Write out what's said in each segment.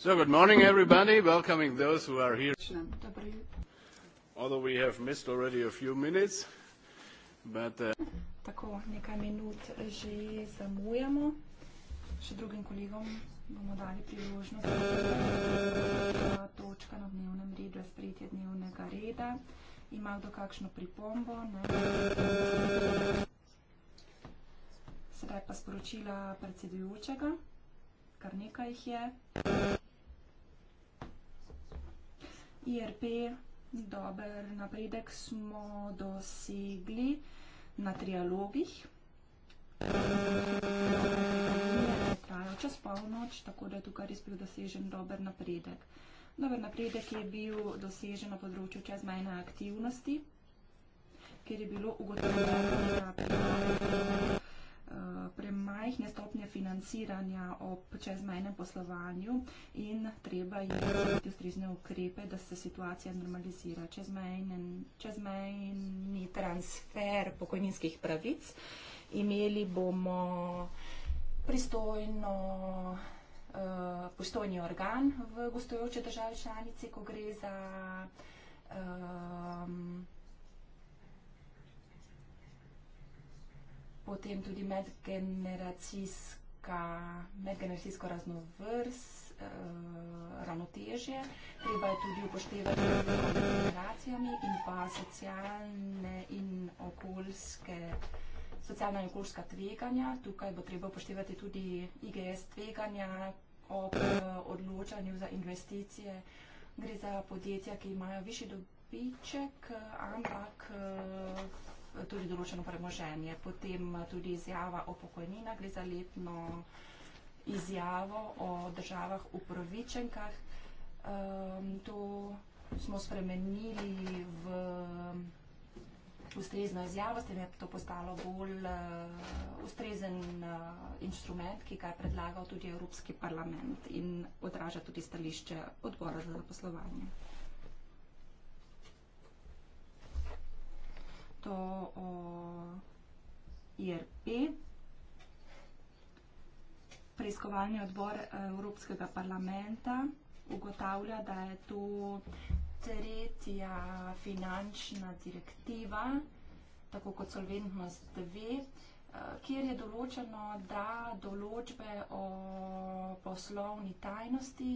So good morning, everybody. Welcoming those who are here. Although we have missed already a few minutes, but uh, tako nekaj minut že zamujamo. Še drugim kolegom bomo dali priložnost, da se točka na dnevnem redu, sprejetje dnevnega reda. Ima kdo kakšno pripombo? Ne? Sedaj pa sporočila predsedujočega, kar nekaj jih je. IRP e dober napredek smo dosegli na trialogih. Trajal čas polnoč, tako da je tukaj res bil dosežen dober napredek. Dober napredek je bil dosežen na področju čezmejne aktivnosti, kjer je bilo ugotovljeno, da pri Eh, premajhne stopnje financiranja ob čezmejnem poslovanju in treba je sprejeti ustrezne ukrepe, da se situacija normalizira. Čezmejni transfer pokojninskih pravic imeli bomo pristojno eh, postojni organ v gostujoče državi članici, ko gre za vsega, eh, potem tudi medgeneracijska, medgeneracijsko raznovrst, uh, ravnotežje. Treba je tudi upoštevati med generacijami in pa socialne in okoljske. Socialna in okoljska tveganja, tukaj bo treba upoštevati tudi IGS tveganja ob eh, odločanju za investicije. Gre za podjetja, ki imajo višji dobiček, eh, ampak tudi določeno premoženje. Potem eh, tudi izjava o pokojninah, gre za letno izjavo o državah upravičenkah. Um, to smo spremenili v eh, ustrezno izjavo, s tem je to postalo bolj uh, ustrezen uh, instrument, ki ga je predlagal tudi Evropski parlament in odraža tudi stališče odbora za zaposlovanje. to o IRP. Preiskovalni odbor eh, Evropskega parlamenta ugotavlja, da je to tretja finančna direktiva, tako kot Solventnost 2, eh, kjer je določeno, da določbe o poslovni tajnosti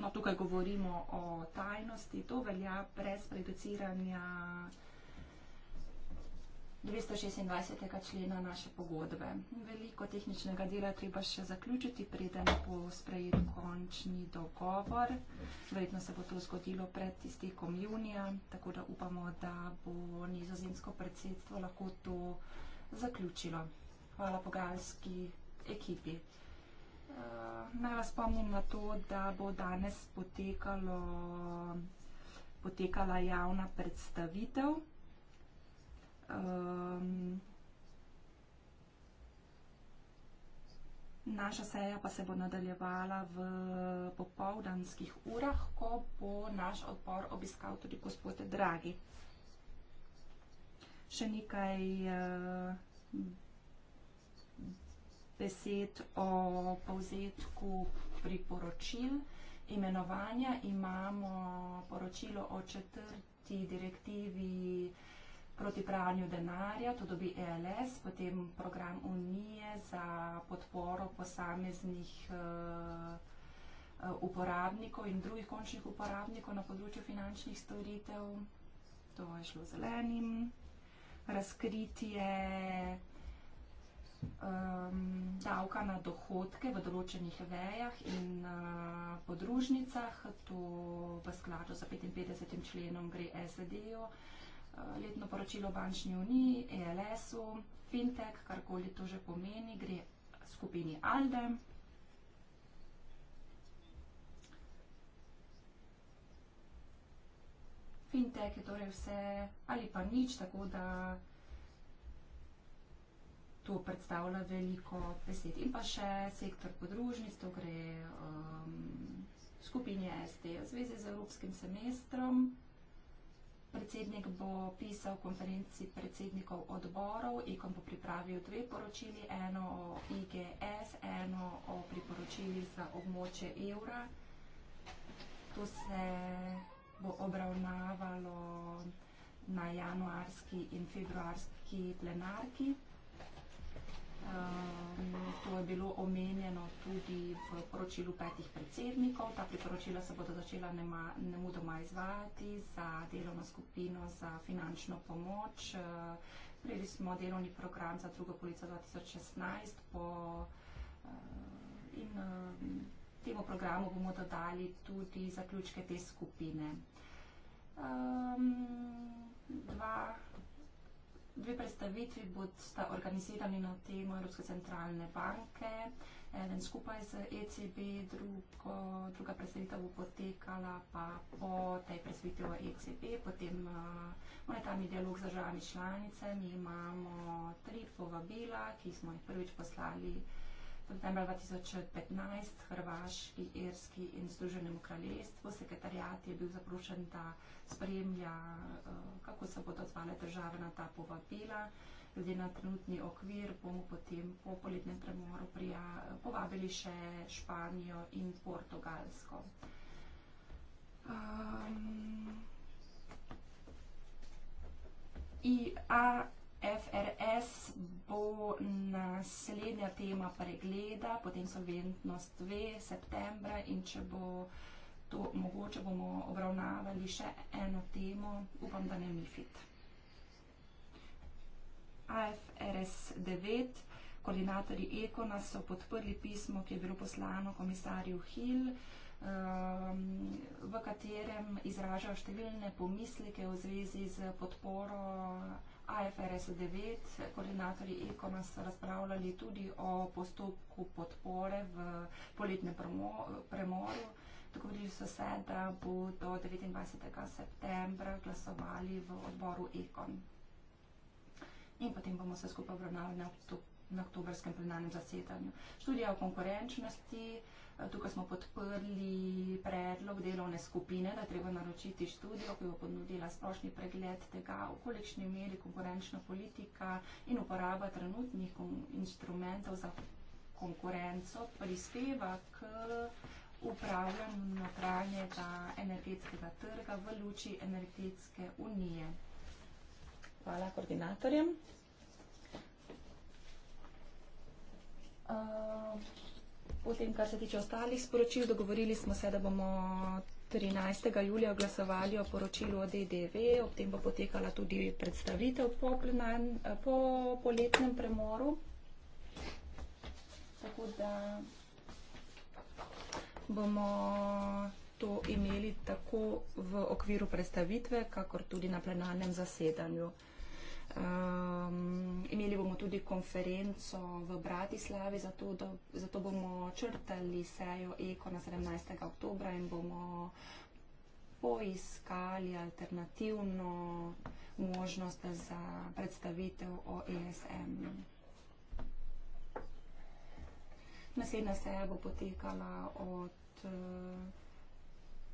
no, tukaj govorimo o tajnosti, to velja brez prejudiciranja 226. člena naše pogodbe. Veliko tehničnega dela treba še zaključiti, preden bo sprejet končni dogovor. Verjetno se bo to zgodilo pred iztekom junija, tako da upamo, da bo nizozemsko predsedstvo lahko to zaključilo. Hvala pogajalski ekipi. Naj vas spomnim na to, da bo danes potekalo, potekala javna predstavitev. Um, naša seja pa se bo nadaljevala v popovdanskih urah, ko bo naš odpor obiskal tudi gospode Dragi. Še nekaj. Uh, besed o povzetku priporočil. Imenovanja imamo poročilo o četrti direktivi proti pranju denarja, to dobi ELS, potem program Unije za podporo posameznih eh, eh, uporabnikov in drugih končnih uporabnikov na področju finančnih storitev. To je šlo zelenim. Razkritje um, davka na dohodke v določenih vejah in uh, podružnicah. To v skladu za 55. členom gre SED-ju, uh, letno poročilo Bančni uniji, ELS-u, fintech, karkoli to že pomeni, gre skupini ALDE. Fintech je torej vse ali pa nič, tako da to predstavlja veliko besed. In pa še sektor podružnic, to gre um, skupinje ST v zvezi z evropskim semestrom. Predsednik bo pisal konferenci predsednikov odborov, ekom bo pripravil dve poročili, eno o IGS, eno o priporočili za območje evra. To se bo obravnavalo na januarski in februarski plenarki. Ehm, to je bilo omenjeno tudi v poročilu petih predsednikov. Ta priporočila se bodo začela nemudoma izvajati za delovno skupino za finančno pomoč. Ehm, Prijeli smo delovni program za drugo polico 2016 po, ehm, in temu programu bomo dodali tudi zaključke te skupine. Um, dva Dve predstavitvi bodo organizirani na temo Evropske centralne banke, en skupaj z ECB, drugo, druga predstavitev bo potekala pa po tej predstavitvi v ECB, potem eh, monetarni dialog z državami članicami. Imamo tri povabila, ki smo jih prvič poslali septembra 2015 Hrvaški, Irski in Združenemu kraljestvu. Sekretarjat je bil zaprošen, da spremlja, eh, kako se bodo odzvale države na ta povabila. Glede na trenutni okvir bomo potem po poletnem premoru prija, povabili še Španijo in Portugalsko. Um, I, a, FRS bo naslednja tema pregleda, potem solventnost 2 septembra in če bo to mogoče, bomo obravnavali še eno temo, upam, da ne MIFID. AFRS 9, koordinatorji EKONA so podprli pismo, ki je bilo poslano komisarju Hill, um, v katerem izražajo številne pomislike v zvezi z podporo EKONA, AFRS 9, koordinatorji ECOMA so razpravljali tudi o postopku podpore v poletnem premoru. Dogovorili so se, da bo do 29. septembra glasovali v odboru ECOM. In potem bomo se skupaj obravnavali na, na oktobrskem plenarnem zasedanju. Študija o konkurenčnosti. Eh, tukaj smo podprli predlog delovne skupine, da treba naročiti študijo, ki bo ponudila splošni pregled tega, v kolikšni meri konkurenčna politika in uporaba trenutnih instrumentov za konkurenco prispeva k upravljanju notranjega energetskega trga v luči energetske unije. Hvala koordinatorjem. Uh... Potem, kar se tiče ostalih sporočil, dogovorili smo se, da bomo 13. julija glasovali o poročilu o DDV, ob tem bo potekala tudi predstavitev po, plenan, po poletnem premoru. Tako da bomo to imeli tako v okviru predstavitve, kakor tudi na plenarnem zasedanju. Um, imeli bomo tudi konferenco v Bratislavi, zato, da, zato bomo črtali sejo Eko na 17. oktober in bomo poiskali alternativno možnost za predstavitev o ESM. Naslednja seja bo potekala od. Uh,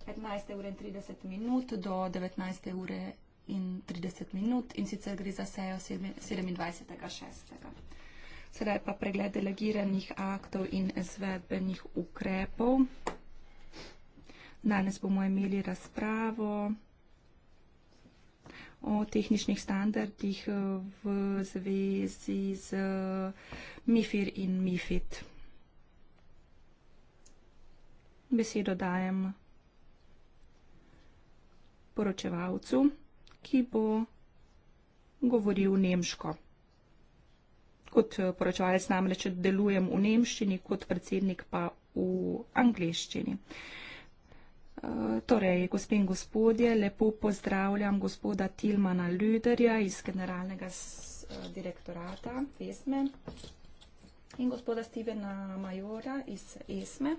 eh, 15.30 do 19.30 in 30 minut in sicer gre za sejo 27.6. Sedaj pa pregled delegiranih aktov in izvedbenih ukrepov. Danes bomo imeli razpravo o tehničnih standardih eh, v zvezi z eh, MIFIR in MIFIT. Besedo dajem poročevalcu ki bo govoril nemško. Kot eh, poročevalec namreč delujem v nemščini, kot predsednik pa v angliščini. Eh, torej, gospe in gospodje, lepo pozdravljam gospoda Tilmana Lüderja iz generalnega eh, direktorata ESME in gospoda Stevena Majora iz ESME.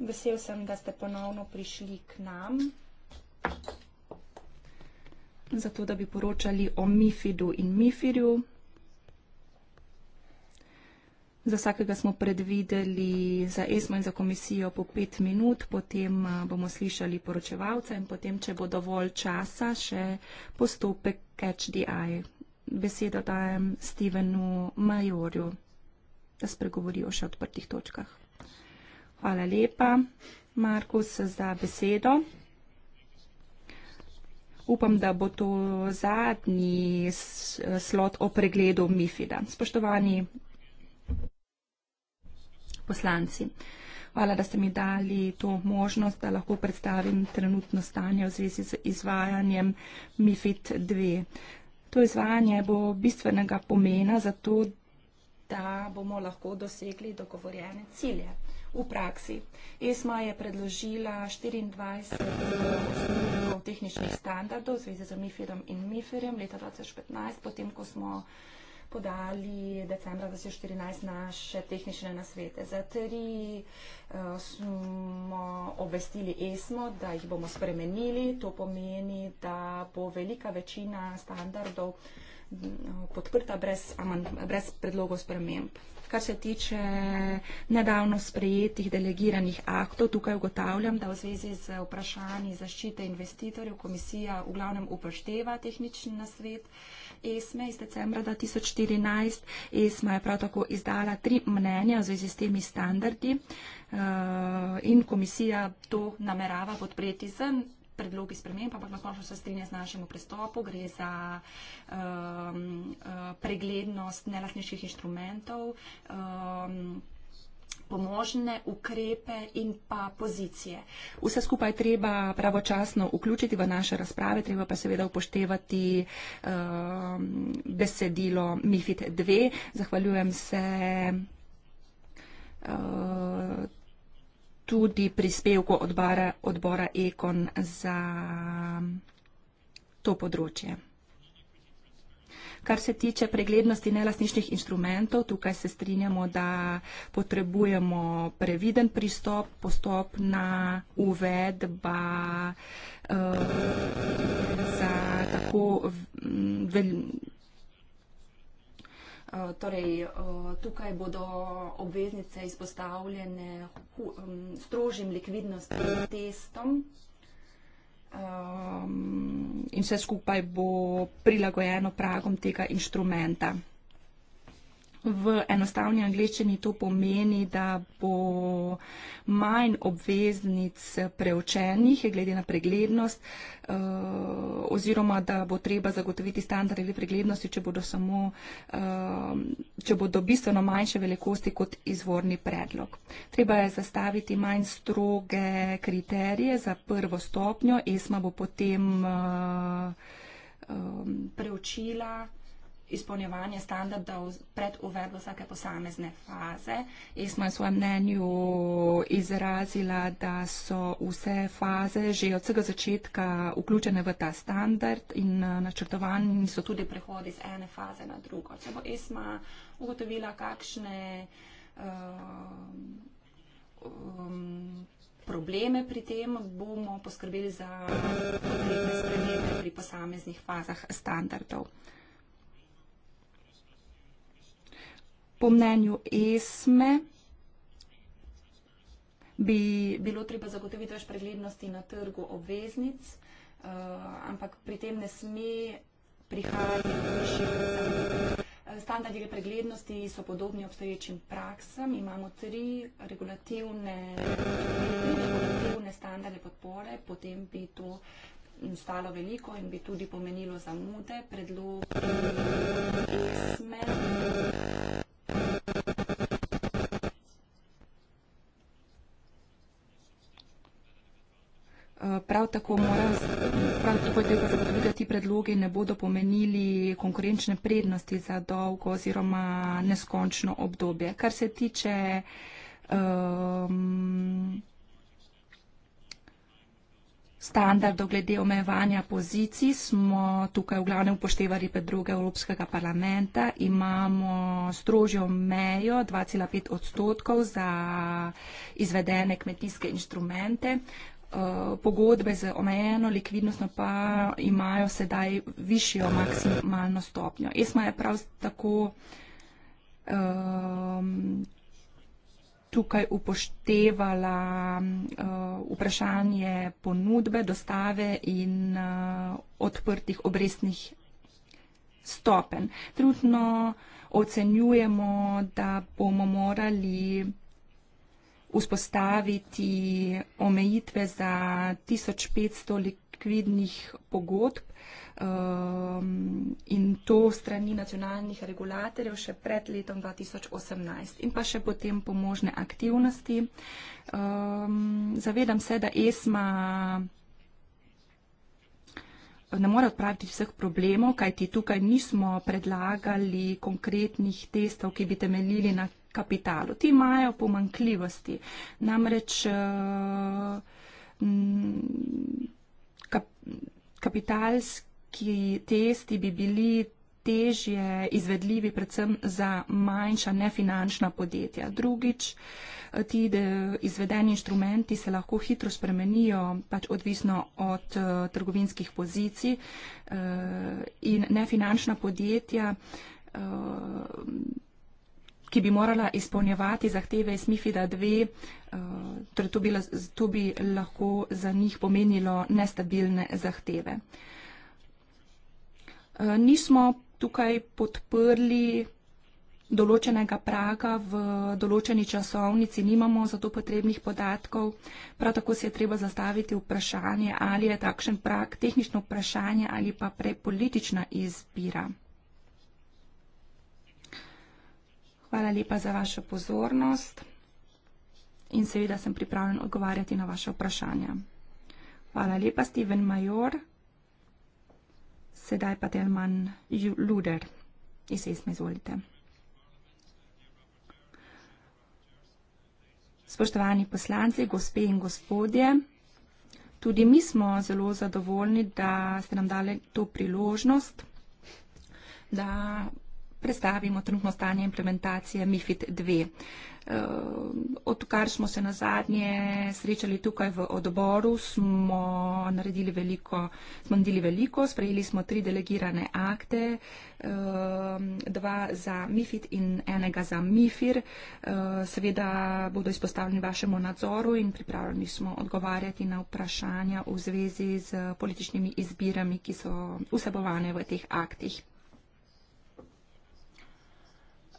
Vesel sem, da ste ponovno prišli k nam, zato da bi poročali o Mifidu in Mifirju. Za vsakega smo predvideli za ESMO in za komisijo po pet minut, potem eh, bomo slišali poročevalca in potem, če bo dovolj časa, še postopek Catch the Eye. Besedo dajem Stevenu Majorju, da spregovori o še odprtih točkah. Hvala lepa, Markus, za besedo. Upam, da bo to zadnji slot o pregledu MIFID-a. Spoštovani poslanci, hvala, da ste mi dali to možnost, da lahko predstavim trenutno stanje v zvezi z izvajanjem MIFID-2. To izvajanje bo bistvenega pomena za to, da bomo lahko dosegli dogovorjene cilje v praksi. ESMA je predložila 24 tehničnih standardov v zvezi z MIFIDom in MIFIRjem leta 2015, potem ko smo podali decembra 2014 naše tehnične nasvete. Za tri eh, smo obvestili ESMO, da jih bomo spremenili. To pomeni, da bo velika večina standardov podprta brez, brez predlogov sprememb. Kar se tiče nedavno sprejetih delegiranih aktov, tukaj ugotavljam, da v zvezi z vprašanji zaščite investitorjev komisija v glavnem upošteva tehnični nasvet ESME iz decembra 2014. ESMA je prav tako izdala tri mnenja v zvezi s temi standardi eh, in komisija to namerava podpreti z predlogi spremenj, ampak na koncu se strinja z našemu pristopu. Gre za um, uh, preglednost nelasniških inštrumentov, um, pomožne ukrepe in pa pozicije. Vse skupaj treba pravočasno vključiti v naše razprave, treba pa seveda upoštevati um, besedilo MIFID 2. Zahvaljujem se. Uh, tudi prispevku odbora, odbora Ekon za to področje. Kar se tiče preglednosti nelastniških instrumentov, tukaj se strinjamo, da potrebujemo previden pristop, postopna uvedba uh, za tako. Vel, Eh, torej, eh, tukaj bodo obveznice izpostavljene strožjim likvidnostnim testom. Um, in vse skupaj bo prilagojeno pragom tega inštrumenta. V enostavni angleščini to pomeni, da bo manj obveznic preučenih glede na preglednost eh, oziroma da bo treba zagotoviti standard glede preglednosti, če bodo, samo, eh, če bodo bistveno manjše velikosti kot izvorni predlog. Treba je zastaviti manj stroge kriterije za prvo stopnjo. ESMA bo potem eh, preučila izpolnjevanje standardov pred uvedbo vsake posamezne faze. ESMA je v svojem mnenju izrazila, da so vse faze že od vsega začetka vključene v ta standard in eh, načrtovani so tudi prehodi z ene faze na drugo. Če bo ESMA ugotovila, kakšne um, um, probleme pri tem, bomo poskrbeli za potrebne spremembe pri posameznih fazah standardov. Po mnenju ESME bi bilo treba zagotoviti več preglednosti na trgu obveznic, eh, ampak pri tem ne sme prihajati do višjih cen. Standardi preglednosti so podobni obstoječim praksam. Imamo tri regulativne, regulativne standarde podpore, potem bi to stalo veliko in bi tudi pomenilo zamude. Predlog ESME. Eh, prav tako morajo tega zagotoviti, da ti predlogi ne bodo pomenili konkurenčne prednosti za dolgo oziroma neskončno obdobje. Kar se tiče um, standardov glede omejevanja pozicij, smo tukaj v glavnem upoštevali predloge Evropskega parlamenta. Imamo strožjo mejo 2,5 odstotkov za izvedene kmetijske inštrumente. Eh, pogodbe z omejeno likvidnostno pa imajo sedaj višjo maksimalno stopnjo. ESMA je prav tako um, tukaj upoštevala uh, vprašanje ponudbe, dostave in uh, odprtih obrestnih stopen. Trudno ocenjujemo, da bomo morali vzpostaviti omejitve za 1500 likvidnih pogodb um, in to strani nacionalnih regulatorjev še pred letom 2018 in pa še potem pomožne aktivnosti. Um, zavedam se, da ESMA ne more odpraviti vseh problemov, kajti tukaj nismo predlagali konkretnih testov, ki bi temeljili na kapitalu. Ti imajo pomankljivosti. Namreč eh, kapitalski testi bi bili težje izvedljivi predvsem za manjša nefinančna podjetja. Drugič, eh, ti izvedeni inštrumenti se lahko hitro spremenijo, pač odvisno od uh, trgovinskih pozicij uh, in nefinančna podjetja uh, ki bi morala izpolnjevati zahteve iz MIFID-a 2, eh, torej to bi, to bi lahko za njih pomenilo nestabilne zahteve. Eh, nismo tukaj podprli določenega praga v določeni časovnici, nimamo za to potrebnih podatkov. Prav tako se je treba zastaviti vprašanje, ali je takšen prag tehnično vprašanje ali pa prepolitična izbira. Hvala lepa za vašo pozornost in seveda sem pripravljen odgovarjati na vaše vprašanja. Hvala lepa, Steven Major. Sedaj pa Telman Luder iz ESME, izvolite. Spoštovani poslanci, gospe in gospodje, tudi mi smo zelo zadovoljni, da ste nam dali to priložnost, da predstavimo trenutno stanje implementacije MIFID 2. Eh, odkar smo se na zadnje srečali tukaj v odboru, smo naredili veliko, smo naredili veliko, sprejeli smo tri delegirane akte, eh, dva za MIFID in enega za MIFIR. Eh, seveda bodo izpostavljeni vašemu nadzoru in pripravljeni smo odgovarjati na vprašanja v zvezi z političnimi izbirami, ki so vsebovane v teh aktih.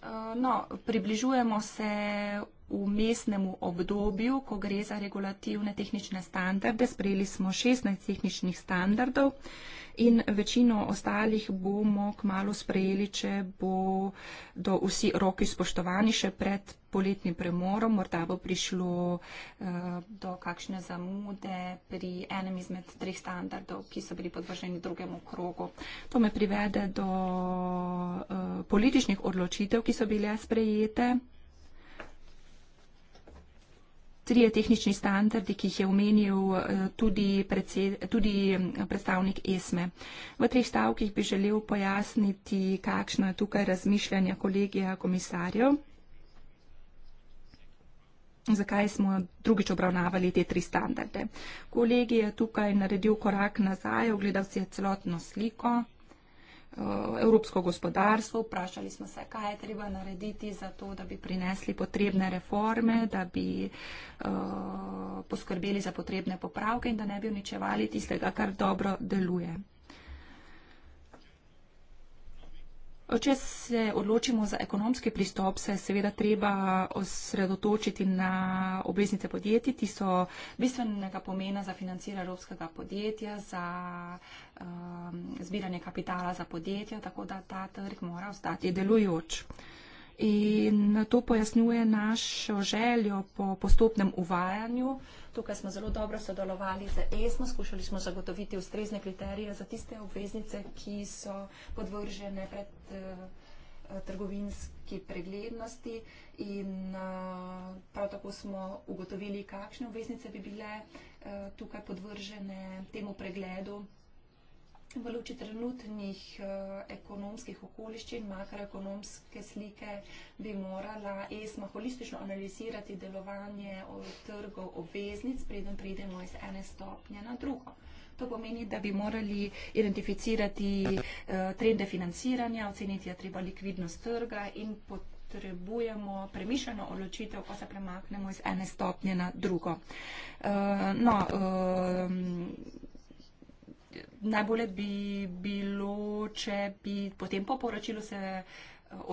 Eh, no, približujemo se vmesnemu obdobju, ko gre za regulativne tehnične standarde. Sprejeli smo 16 tehničnih standardov in večino ostalih bomo kmalo sprejeli, če bo do vsi roki spoštovani še pred poletnim premorom. Morda bo prišlo eh, do kakšne zamude pri enem izmed treh standardov, ki so bili podvrženi drugemu krogu. To me privede do eh, političnih odločitev, ki so bile sprejete trije tehnični standardi, ki jih je omenil eh, tudi, predsed, tudi predstavnik ESME. V treh stavkih bi želel pojasniti, kakšna je tukaj razmišljanja kolegija komisarjev. Zakaj smo drugič obravnavali te tri standarde? Kolegi je tukaj naredil korak nazaj, ogledal si je celotno sliko, Eh, evropsko gospodarstvo, vprašali smo se, kaj je treba narediti za to, da bi prinesli potrebne reforme, da bi eh, poskrbeli za potrebne popravke in da ne bi uničevali tistega, kar dobro deluje. Če se odločimo za ekonomski pristop, se je seveda treba osredotočiti na obveznice podjetij, ki so bistvenega pomena za financiranje evropskega podjetja, za um, zbiranje kapitala za podjetja, tako da ta trg mora ostati delujoč. In to pojasnjuje našo željo po postopnem uvajanju uh, Tukaj smo zelo dobro sodelovali z ESMO, skušali smo zagotoviti ustrezne kriterije za tiste obveznice, ki so podvržene pred eh, trgovinski preglednosti in eh, prav tako smo ugotovili, kakšne obveznice bi bile eh, tukaj podvržene temu pregledu v luči trenutnih eh, ekonomskih okoliščin, makroekonomske slike, bi morala ESMA holistično analizirati delovanje trgov obveznic, preden pridemo iz ene stopnje na drugo. To pomeni, da bi morali identificirati eh, trende financiranja, oceniti je treba likvidnost trga in potrebujemo premišljeno odločitev, ko se premaknemo iz ene stopnje na drugo. Eh, no, ehm, najbolje bi bilo, če bi potem po poročilu se eh,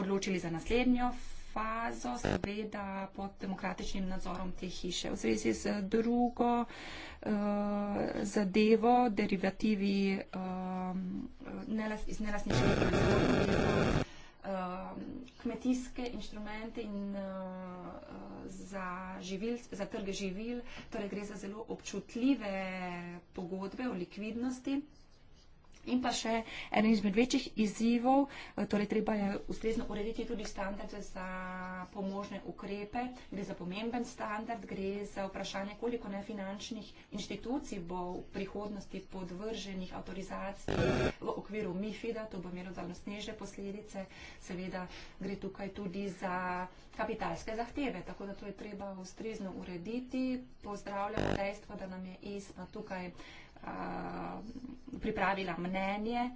odločili za naslednjo fazo, seveda pod demokratičnim nadzorom te hiše. V zvezi z drugo uh, zadevo, derivativi um, eh, nelas, iz nelasničnega nadzora. Um, kmetijske inštrumente in uh, za, živil, za trge živil. Torej gre za zelo občutljive pogodbe o likvidnosti. In pa še eden izmed večjih izzivov, eh, torej treba je ustrezno urediti tudi standarde za pomožne ukrepe. Gre za pomemben standard, gre za vprašanje, koliko nefinančnih inštitucij bo v prihodnosti podvrženih avtorizaciji v okviru MIFID-a, to bo imelo zelo snežne posledice. Seveda gre tukaj tudi za kapitalske zahteve, tako da to je treba ustrezno urediti. Pozdravljam dejstvo, da nam je ESMA tukaj pripravila mnenje.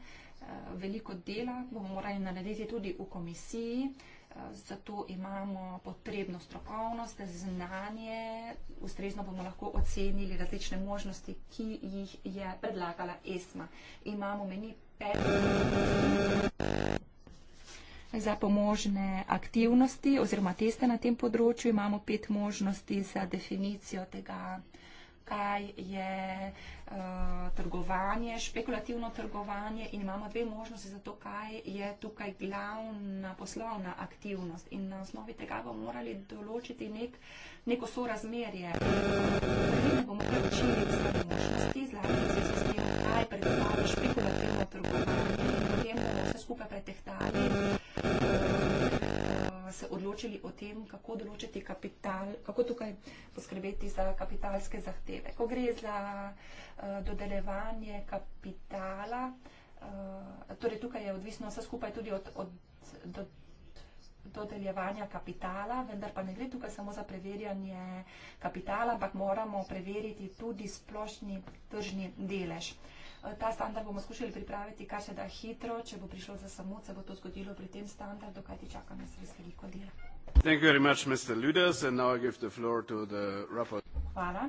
Veliko dela bomo morali narediti tudi v komisiji, zato imamo potrebno strokovnost, znanje, ustrezno bomo lahko ocenili različne možnosti, ki jih je predlagala ESMA. Imamo meni pet za pomožne aktivnosti oziroma teste na tem področju, imamo pet možnosti za definicijo tega kaj je uh, trgovanje, špekulativno trgovanje in imamo dve možnosti za to, kaj je tukaj glavna poslovna aktivnost. In na osnovi tega bomo morali določiti nek, neko sorazmerje. Ne bomo morali učiti vse možnosti, zlasti se sistem, kaj predstavlja špekulativno trgovanje in potem se skupaj pretehtali se odločili o tem, kako določiti kapital, kako tukaj poskrbeti za kapitalske zahteve. Ko gre za uh, eh, dodelevanje kapitala, uh, torej tukaj je odvisno vse skupaj tudi od, od do, dodeljevanja kapitala, vendar pa ne gre tukaj samo za preverjanje kapitala, ampak moramo preveriti tudi splošni tržni delež. Uh, Eh, ta standard bomo skušali pripraviti kar se da hitro. Če bo prišlo za samo, se bo to zgodilo pri tem standardu, kaj ti čaka nas res veliko dela. Thank you very much, Mr. Ludes, and now I give the floor to the rapporteur. Hvala.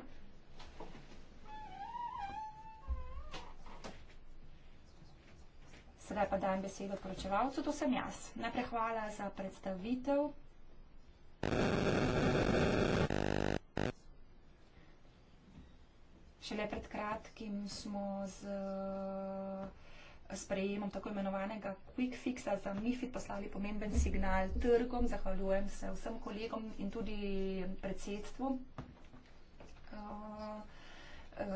Sedaj pa dajem besedo poročevalcu, to sem jaz. Najprej hvala za predstavitev. šele pred kratkim smo z sprejemom tako imenovanega quick fixa za MIFID poslali pomemben signal trgom. Zahvaljujem se vsem kolegom in tudi predsedstvu. Eh,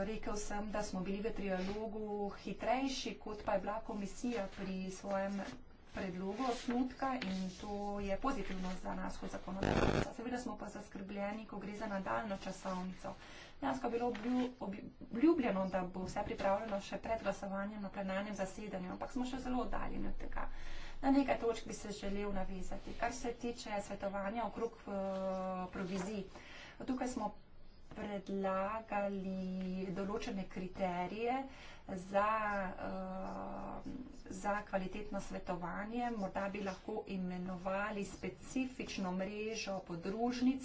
rekel sem, da smo bili v trialogu hitrejši, kot pa je bila komisija pri svojem predlogu osnutka in to je pozitivno za nas kot zakonodajalca. Seveda smo pa zaskrbljeni, ko gre za nadaljno časovnico dejansko bilo obljubljeno, da bo vse pripravljeno še pred glasovanjem na plenarnem zasedanju, ampak smo še zelo oddaljeni od tega. Na nekaj točk bi se želel navezati. Kar se tiče svetovanja okrog uh, provizij, tukaj smo predlagali določene kriterije, uh, za, uh, za kvalitetno svetovanje. Morda bi lahko imenovali specifično mrežo podružnic.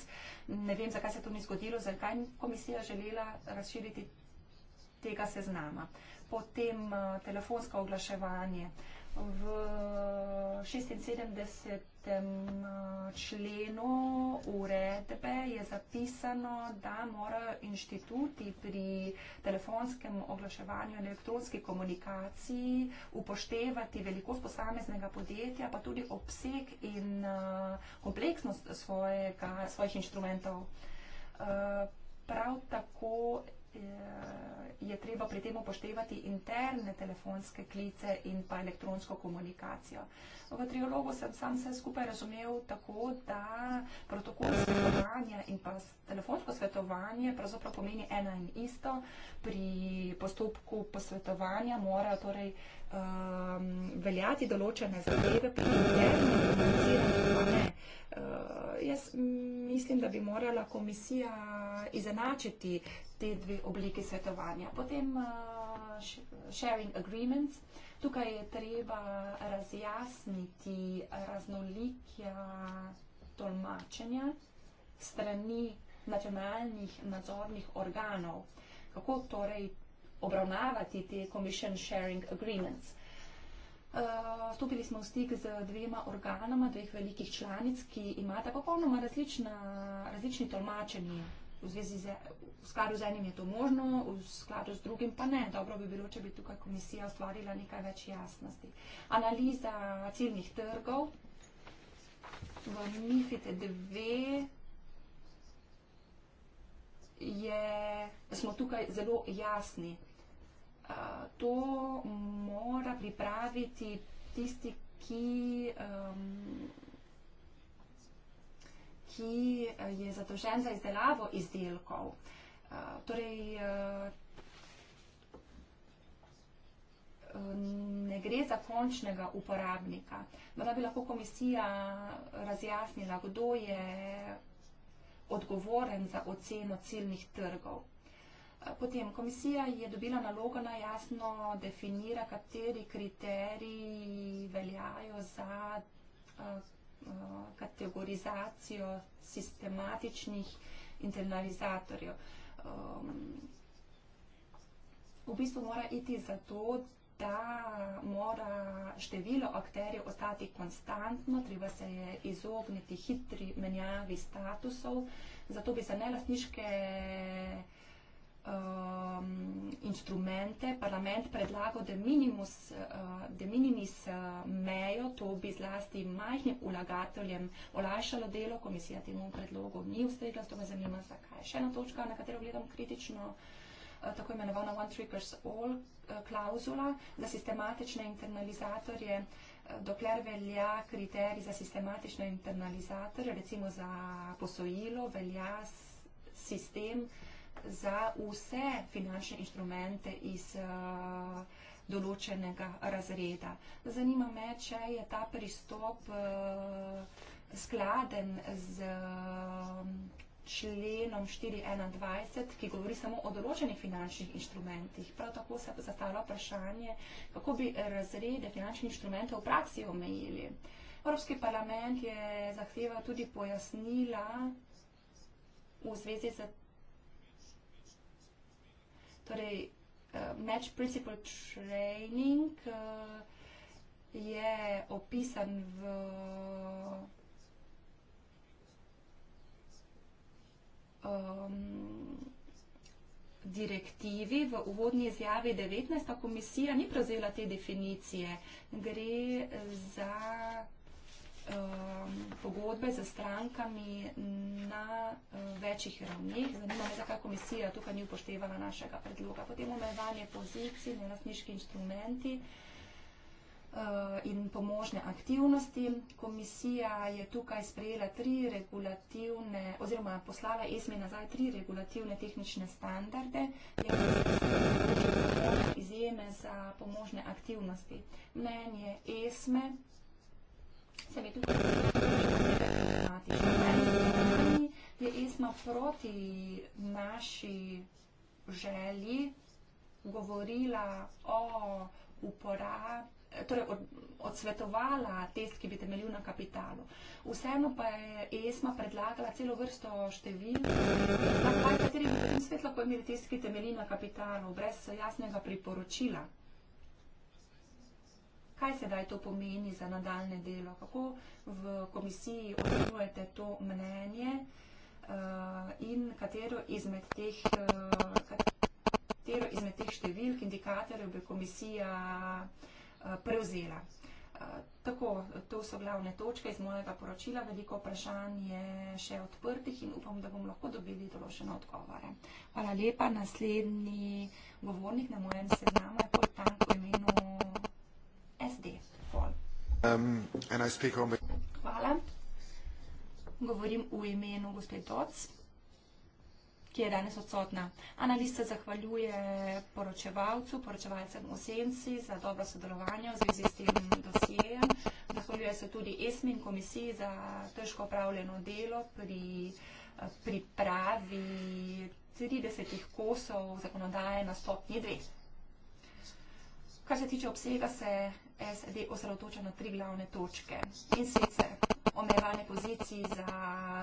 Ne vem, zakaj se to ni zgodilo, zakaj je komisija želela razširiti tega seznama. Potem uh, telefonsko oglaševanje. V 76. Eh, členu uredbe je zapisano, da morajo inštituti pri telefonskem oglaševanju in elektronski komunikaciji upoštevati velikost posameznega podjetja, pa tudi obseg in eh, kompleksnost svojega, svojih inštrumentov. Eh, prav tako Eh, je treba pri tem upoštevati interne telefonske klice in pa elektronsko komunikacijo. V triologu sem sam vse skupaj razumel tako, da protokol svetovanja in pa telefonsko svetovanje pravzaprav pomeni ena in isto. Pri postopku posvetovanja morajo torej um, veljati določene zadeve, pri internem komuniciranju pa ne. Eh, jaz mislim, da bi morala komisija izenačiti te dve obliki svetovanja. Potem uh, sharing agreements. Tukaj je treba razjasniti raznolikja tolmačenja strani nacionalnih nadzornih organov, kako torej obravnavati te commission sharing agreements. Uh, stopili smo v stik z dvema organoma, dveh velikih članic, ki imata popolnoma različna, različni tolmačenji. V, z, v skladu z enim je to možno, v skladu z drugim pa ne. Dobro bi bilo, če bi tukaj komisija ustvarila nekaj več jasnosti. Analiza ciljnih trgov v MIFID 2 je, smo tukaj zelo jasni to mora pripraviti tisti, ki, um, ki e, je zadolžen za izdelavo izdelkov. Uh, torej, e, ne gre za končnega uporabnika. Morda bi lahko komisija razjasnila, kdo je odgovoren za oceno ciljnih trgov. Potem komisija je dobila nalogo na jasno definira, kateri kriteriji veljajo za eh, eh, kategorizacijo sistematičnih internalizatorjev. Ehm, v bistvu mora iti za to, da mora število akterjev ostati konstantno, treba se je izogniti hitri menjavi statusov, zato bi za nelastniške um, instrumente, parlament predlagal uh, de minimis, de uh, minimis mejo, to bi zlasti majhnim ulagateljem olajšalo delo, komisija temu predlogu ni ustregla, zato me zanima, zakaj. Še ena točka, na katero gledam kritično, uh, tako imenovana one trickers all klauzula za sistematične internalizatorje, dokler velja kriterij za sistematične internalizatorje, recimo za posojilo, velja sistem, uh, za vse finančne instrumente iz uh, določenega razreda. Zanima me, če je ta pristop uh, skladen z uh, členom 421, ki govori samo o določenih finančnih inštrumentih. Prav tako se je zastavilo vprašanje, kako bi razrede finančnih inštrumentov v praksi omejili. Evropski parlament je zahteval tudi pojasnila v zvezi z torej uh, match principle training uh, je opisan v um, direktivi v uvodni izjavi 19. komisija ni prevzela te definicije. Gre za um, pogodbe z strankami na um, večjih ravneh. Zanima me, zakaj komisija tukaj ni upoštevala našega predloga. Potem omejevanje pozicij, nenasniški inštrumenti uh, in pomožne aktivnosti. Komisija je tukaj sprejela tri regulativne oziroma poslala ESME nazaj tri regulativne tehnične standarde, izjeme za pomožne aktivnosti. Mnenje ESME se mi tudi pridružili. Je ESMA proti naši želji govorila o uporabi. Torej, odsvetovala test, ki bi temeljil na kapitalu. Vseeno pa je ESMA predlagala celo vrsto številk, na katerih bi svet lahko imeli test, ki temelji na kapitalu, brez jasnega priporočila kaj sedaj to pomeni za nadaljne delo, kako v komisiji odzivujete to mnenje uh, in katero izmed teh, uh, katero izmed teh številk indikatorjev bi komisija uh, prevzela. Uh, tako, to so glavne točke iz mojega poročila. Veliko vprašanj je še odprtih in upam, da bomo lahko dobili določene odgovore. Hvala lepa. Naslednji govornik na mojem seznamu je Portanko imenu. Um, Hvala. Govorim v imenu gospe Toc, ki je danes odsotna. Analista zahvaljuje poročevalcu, poročevalcem v Senci za dobro sodelovanje v zvezi s tem dosijem. Zahvaljuje se tudi ESMIN komisiji za težko upravljeno delo pri eh, pripravi 30 kosov zakonodaje na stopni dveh. Kar se tiče obsega, se SD e osredotoča na tri glavne točke in sicer omejevanje pozicij za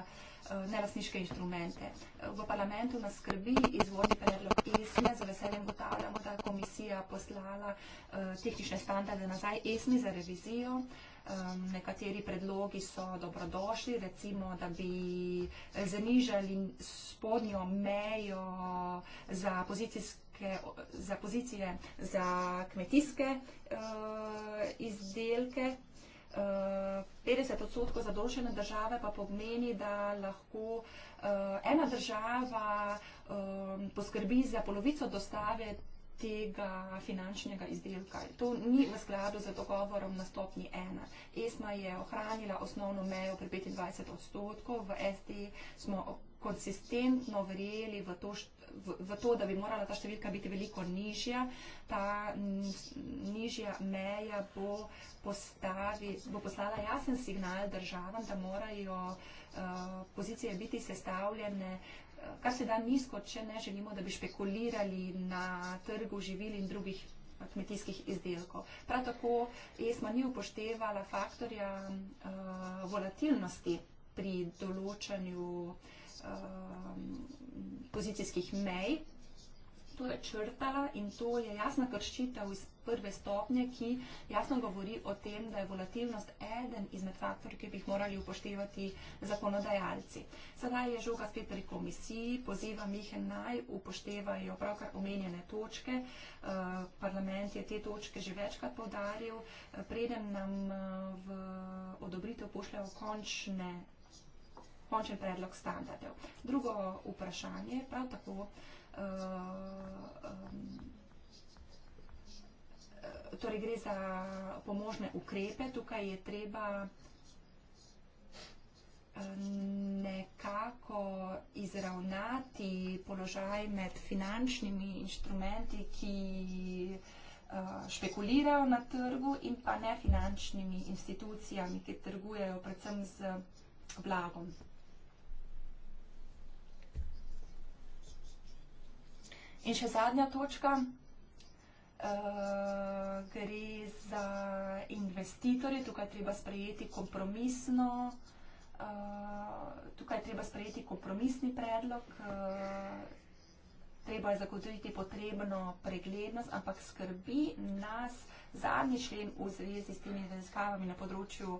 eh, nelasniške inštrumente. V parlamentu nas skrbi izvodni predlog ESME, za veseljem gotavljamo, da je komisija poslala eh, tehnične standarde nazaj ESMI za revizijo. Ehm, nekateri predlogi so dobrodošli, recimo, da bi zanižali spodnjo mejo za pozicijske izdelke, za pozicije za kmetijske uh, izdelke. Uh, e, 50 odstotkov zadolžene države pa pomeni, da lahko uh, ena država uh, poskrbi za polovico dostave tega finančnega izdelka. To ni v skladu z dogovorom na stopni ena. ESMA je ohranila osnovno mejo pri 25 odstotkov, v SD smo konsistentno verjeli v to, v, v to, da bi morala ta številka biti veliko nižja, ta nižja meja bo, postavi, bo poslala jasen signal državam, da morajo uh, pozicije biti sestavljene. Eh, kar se da nizko, če ne želimo, da bi špekulirali na trgu živil in drugih eh, kmetijskih izdelkov. Prav tako ESMA ni upoštevala faktorja uh, volatilnosti pri določanju uh, Um, pozicijskih mej. To je črtala in to je jasna krščitev iz prve stopnje, ki jasno govori o tem, da je volatilnost eden izmed faktorjev, ki bi jih morali upoštevati zakonodajalci. Sedaj je žoga spet pri komisiji, pozivam jih naj upoštevajo pravkar omenjene točke. Uh, parlament je te točke že večkrat povdaril, uh, preden nam uh, v odobritev pošljajo končne končen predlog standardov. Drugo vprašanje, prav tako, eh, eh, torej gre za pomožne ukrepe, tukaj je treba eh, nekako izravnati položaj med finančnimi inštrumenti, ki špekulirajo na trgu in pa nefinančnimi institucijami, ki trgujejo predvsem z blagom. In še zadnja točka. Uh, gre za investitorje, tukaj treba sprejeti kompromisno, uh, tukaj treba sprejeti kompromisni predlog, uh, treba je zagotoviti potrebno preglednost, ampak skrbi nas zadnji člen v zvezi s temi raziskavami na področju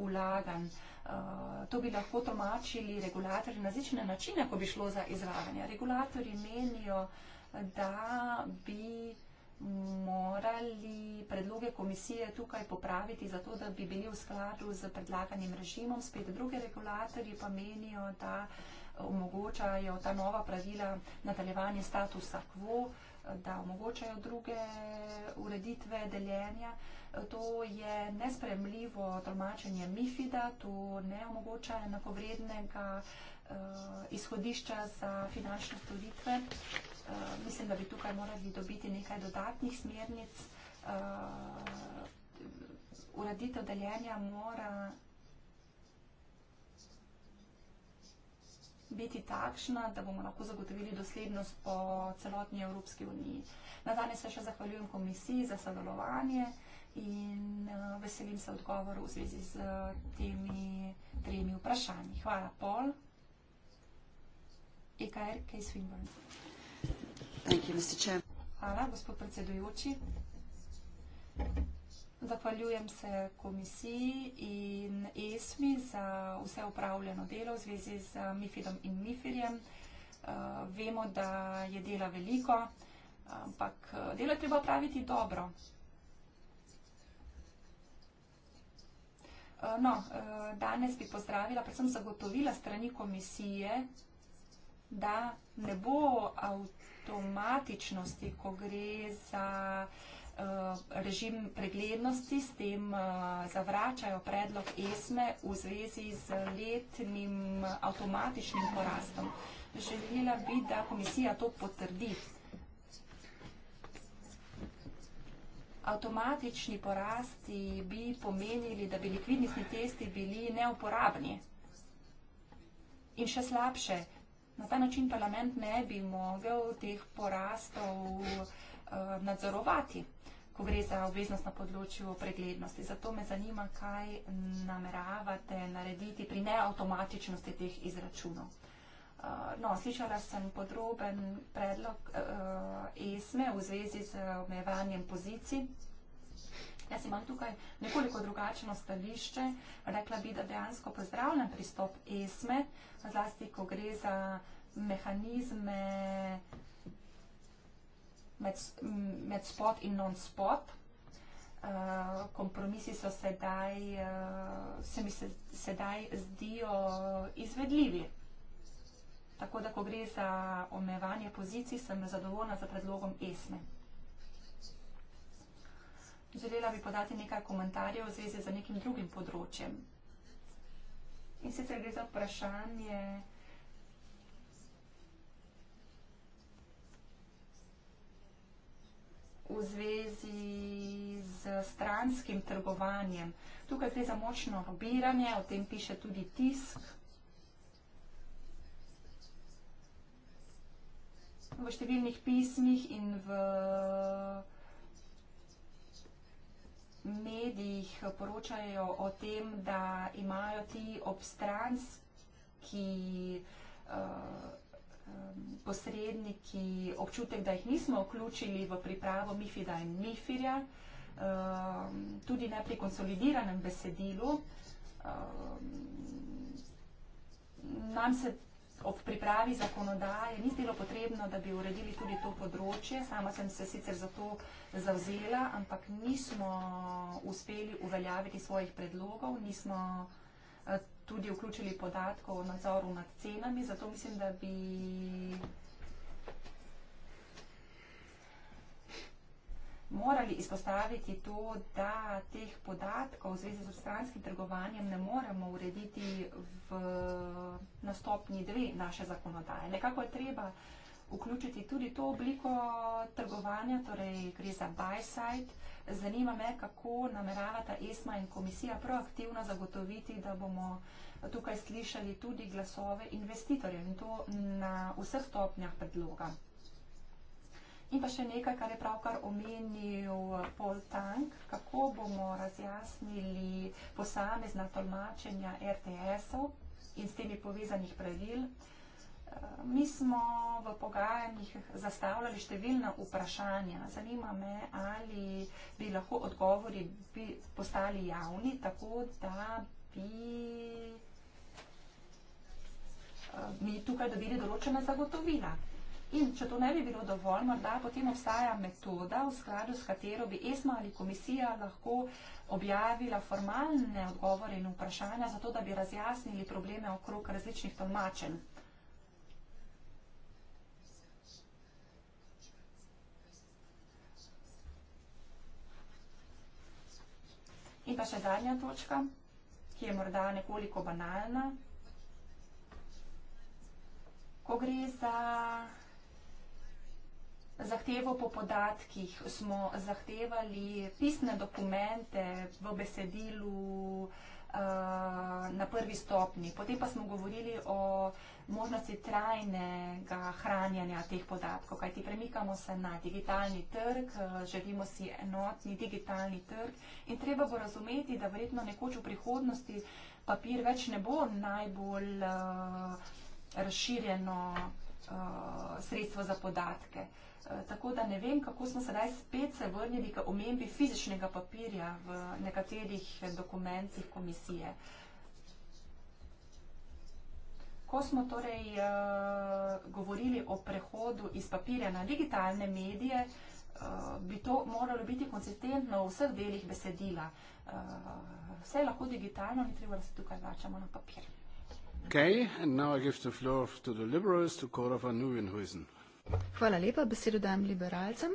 vlaganj. Uh, to bi lahko tolmačili regulatorji na različne načine, ko bi šlo za izvajanje. Regulatorji menijo, uh, da bi morali predloge komisije tukaj popraviti, zato da bi bili v skladu z predlaganim režimom. Spet druge regulatorje pa menijo, da omogočajo ta nova pravila nadaljevanje statusa quo, da omogočajo druge ureditve deljenja. To je nespremljivo tolmačenje MIFID-a, to ne omogoča enakovrednega uh, izhodišča za finančne storitve. Uh, Eh, mislim, da bi tukaj morali dobiti nekaj dodatnih smernic. Uh, ureditev deljenja mora biti takšna, da bomo lahko zagotovili doslednost po celotni Evropski uniji. Na danes se še zahvaljujem komisiji za sodelovanje in uh, veselim se odgovoru v zvezi z temi tremi vprašanji. Hvala, Pol. EKR, Case Swinburne. Hvala, gospod predsedujoči. Zahvaljujem se komisiji in ESMI za vse upravljeno delo v zvezi z MIFIDom in MIFIRjem. Eh, vemo, da je dela veliko, ampak eh, delo je treba opraviti dobro. Eh, no, danes bi pozdravila, predvsem zagotovila strani komisije, da ne bo avtomatizacija avtomatičnosti, ko gre za eh, režim preglednosti, s tem eh, zavračajo predlog ESME v zvezi z letnim avtomatičnim porastom. Želela bi, da komisija to potrdi. Avtomatični porasti bi pomenili, da bi likvidnostni testi bili neuporabni. In še slabše, Na ta način parlament ne bi mogel teh porastov eh, nadzorovati, ko gre za obveznost na področju preglednosti. Zato me zanima, kaj nameravate narediti pri neautomatičnosti teh izračunov. Eh, no, slišala sem podroben predlog eh, ESME v zvezi z omejevanjem pozicij Jaz imam tukaj nekoliko drugačno stališče. Rekla bi, da dejansko pozdravljam pristop ESME, zlasti, ko gre za mehanizme med, med spot in non-spot. Uh, kompromisi so sedaj, uh, se mi se, sedaj zdijo izvedljivi. Tako da, ko gre za omejevanje pozicij, sem zadovoljna za predlogom ESME želela bi podati nekaj komentarjev v zvezi z nekim drugim področjem. In sicer gre za vprašanje. V zvezi z stranskim trgovanjem. Tukaj gre za močno lobiranje, o tem piše tudi tisk. V številnih pismih in v medijih poročajo o tem, da imajo ti obstranski eh, eh, posredniki občutek, da jih nismo vključili v pripravo Mifida in Mifirja, eh, tudi ne pri konsolidiranem besedilu. Nam se ob pripravi zakonodaje ni bilo potrebno, da bi uredili tudi to področje. Sama sem se sicer za to zavzela, ampak nismo uspeli uveljaviti svojih predlogov, nismo eh, tudi vključili podatkov o nadzoru nad cenami, zato mislim, da bi morali izpostaviti to, da teh podatkov v zvezi z obstranskim trgovanjem ne moremo urediti v nastopni dve naše zakonodaje. Nekako je treba vključiti tudi to obliko trgovanja, torej gre za buy-side. Zanima me, kako nameravata ESMA in komisija proaktivno zagotoviti, da bomo tukaj slišali tudi glasove investitorjev in to na vseh stopnjah predloga. In pa še nekaj, kar je pravkar omenil eh, Paul Tank, kako bomo razjasnili posamezna tolmačenja RTS-ov in s temi povezanih pravil. Eh, mi smo v pogajanjih zastavljali številna vprašanja. Zanima me, ali bi lahko odgovori bi postali javni, tako da bi eh, mi tukaj dobili določena zagotovila. In če to ne bi bilo dovolj, morda potem obstaja metoda, v skladu s katero bi ESMA ali komisija lahko objavila formalne odgovore in vprašanja, zato da bi razjasnili probleme okrog različnih tolmačenj. In pa še zadnja točka, ki je morda nekoliko banalna. Ko gre za Zahtevo po podatkih smo zahtevali pisne dokumente v besedilu eh, na prvi stopni. Potem pa smo govorili o možnosti trajnega hranjanja teh podatkov, kajti premikamo se na digitalni trg, eh, želimo si enotni digitalni trg in treba bo razumeti, da verjetno nekoč v prihodnosti papir več ne bo najbolj eh, razširjeno sredstvo za podatke. Eh, tako da ne vem, kako smo sedaj spet se vrnili k omembi fizičnega papirja v nekaterih dokumentih komisije. Ko smo torej eh, govorili o prehodu iz papirja na digitalne medije, eh, bi to moralo biti konsistentno v vseh delih besedila. Vse je lahko digitalno, ni treba, da se tukaj vračamo na papir. Okay, and now I give the floor to the liberals, to Cora van Nieuwenhuizen. Hvala lepa. Besedo dajem liberalcem.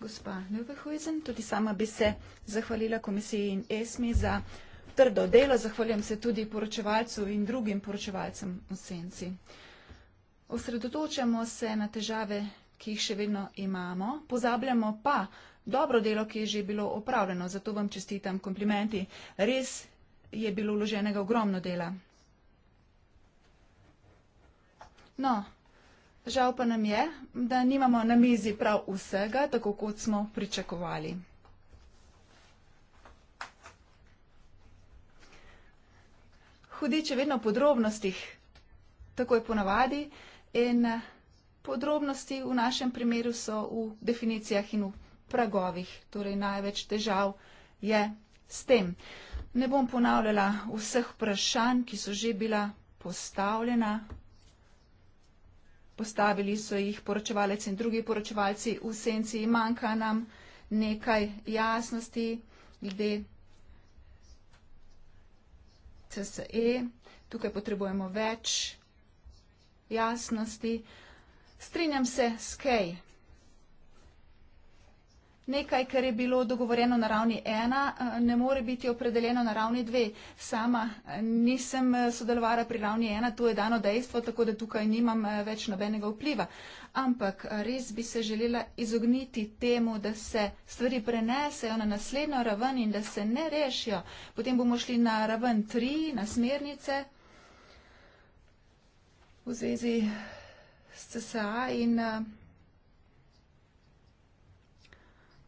Gospa Neuwehuizen, tudi sama bi se zahvalila komisiji in ESMI za trdo delo. Zahvaljujem se tudi poročevalcu in drugim poročevalcem v senci. Osredotočamo se na težave, ki jih še vedno imamo. Pozabljamo pa dobro delo, ki je že bilo opravljeno. Zato vam čestitam komplimenti. Res je bilo vloženega ogromno dela. No, Žal pa nam je, da nimamo na mizi prav vsega, tako kot smo pričakovali. Hudiče vedno v podrobnostih, tako je ponavadi, in podrobnosti v našem primeru so v definicijah in v pragovih, torej največ težav je s tem. Ne bom ponavljala vseh vprašanj, ki so že bila postavljena, postavili so jih poročevalec in drugi poročevalci v senci. Manjka nam nekaj jasnosti glede CSE. Tukaj potrebujemo več jasnosti. Strinjam se s Kej. Nekaj, kar je bilo dogovorjeno na ravni ena, eh, ne more biti opredeljeno na ravni dve. Sama eh, nisem eh, sodelovala pri ravni ena, to je dano dejstvo, tako da tukaj nimam več nobenega vpliva. Ampak res bi se želela izogniti temu, da se stvari prenesejo na naslednjo raven in da se ne rešijo. Potem bomo šli na raven tri, na smernice v zvezi s CSA in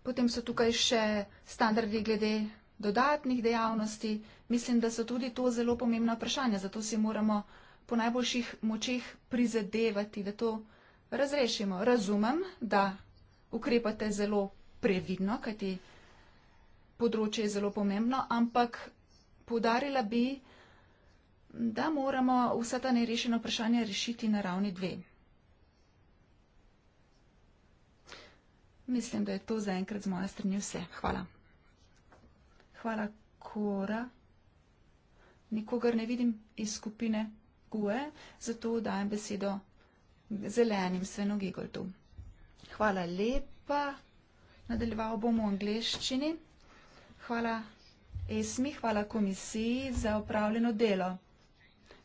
Potem so tukaj še standardi glede dodatnih dejavnosti. Mislim, da so tudi to zelo pomembna vprašanja, zato si moramo po najboljših močeh prizadevati, da to razrešimo. Razumem, da ukrepate zelo previdno, kajti področje je zelo pomembno, ampak podarila bi, da moramo vsa ta nerešena vprašanja rešiti na ravni dveh. Mislim, da je to zaenkrat z moje strani vse. Hvala. Hvala, Kora. Nikogar ne vidim iz skupine GUE, zato dajem besedo zelenim svenogigoltu. Hvala lepa. Nadaljeval bomo v angleščini. Hvala ESMI, hvala komisiji za upravljeno delo.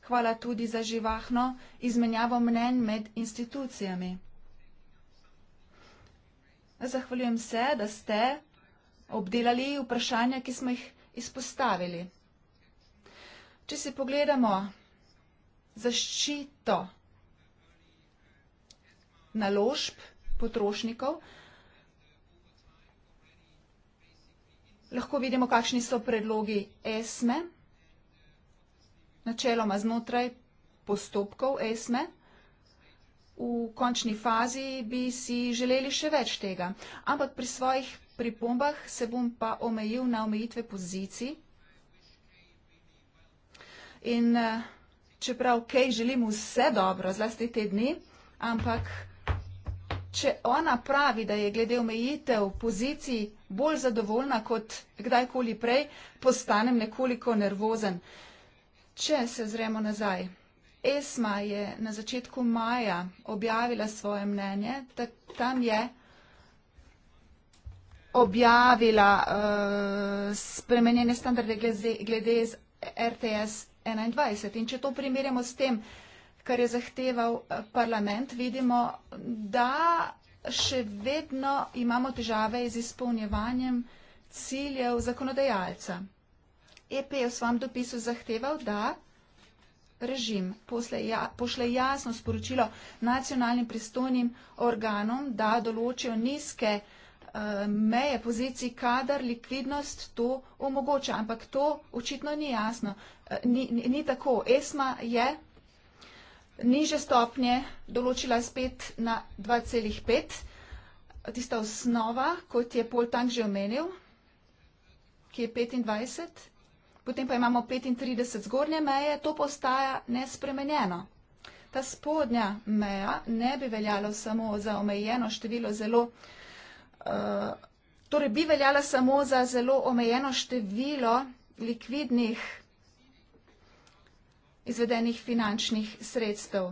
Hvala tudi za živahno izmenjavo mnen med institucijami. Zahvaljujem se, da ste obdelali vprašanja, ki smo jih izpostavili. Če si pogledamo zaščito naložb potrošnikov, lahko vidimo, kakšni so predlogi ESME, načeloma znotraj postopkov ESME v končni fazi bi si želeli še več tega. Ampak pri svojih pripombah se bom pa omejil na omejitve pozicij. In eh, čeprav Kej okay, želim vse dobro, zlasti te dni, ampak če ona pravi, da je glede omejitev pozicij bolj zadovoljna kot kdajkoli prej, postanem nekoliko nervozen. Če se zremo nazaj. ESMA je na začetku maja objavila svoje mnenje, tam je objavila uh, spremenjene standarde glede, glede z RTS 21. In če to primerjamo s tem, kar je zahteval eh, parlament, vidimo, da še vedno imamo težave z izpolnjevanjem ciljev zakonodajalca. EP je v svojem dopisu zahteval, da režim posle, ja, pošle jasno sporočilo nacionalnim pristojnim organom, da določijo nizke uh, meje pozicij, kadar likvidnost to omogoča. Ampak to očitno ni jasno. Eh, ni, ni, ni tako. ESMA je niže stopnje določila spet na 2,5. Tista osnova, kot je Pol Tank že omenil, ki je 25. Potem pa imamo 35 zgornje meje, to postaja nespremenjeno. Ta spodnja meja ne bi veljala samo za omejeno število zelo, uh, torej bi veljala samo za zelo omejeno število likvidnih izvedenih finančnih sredstev.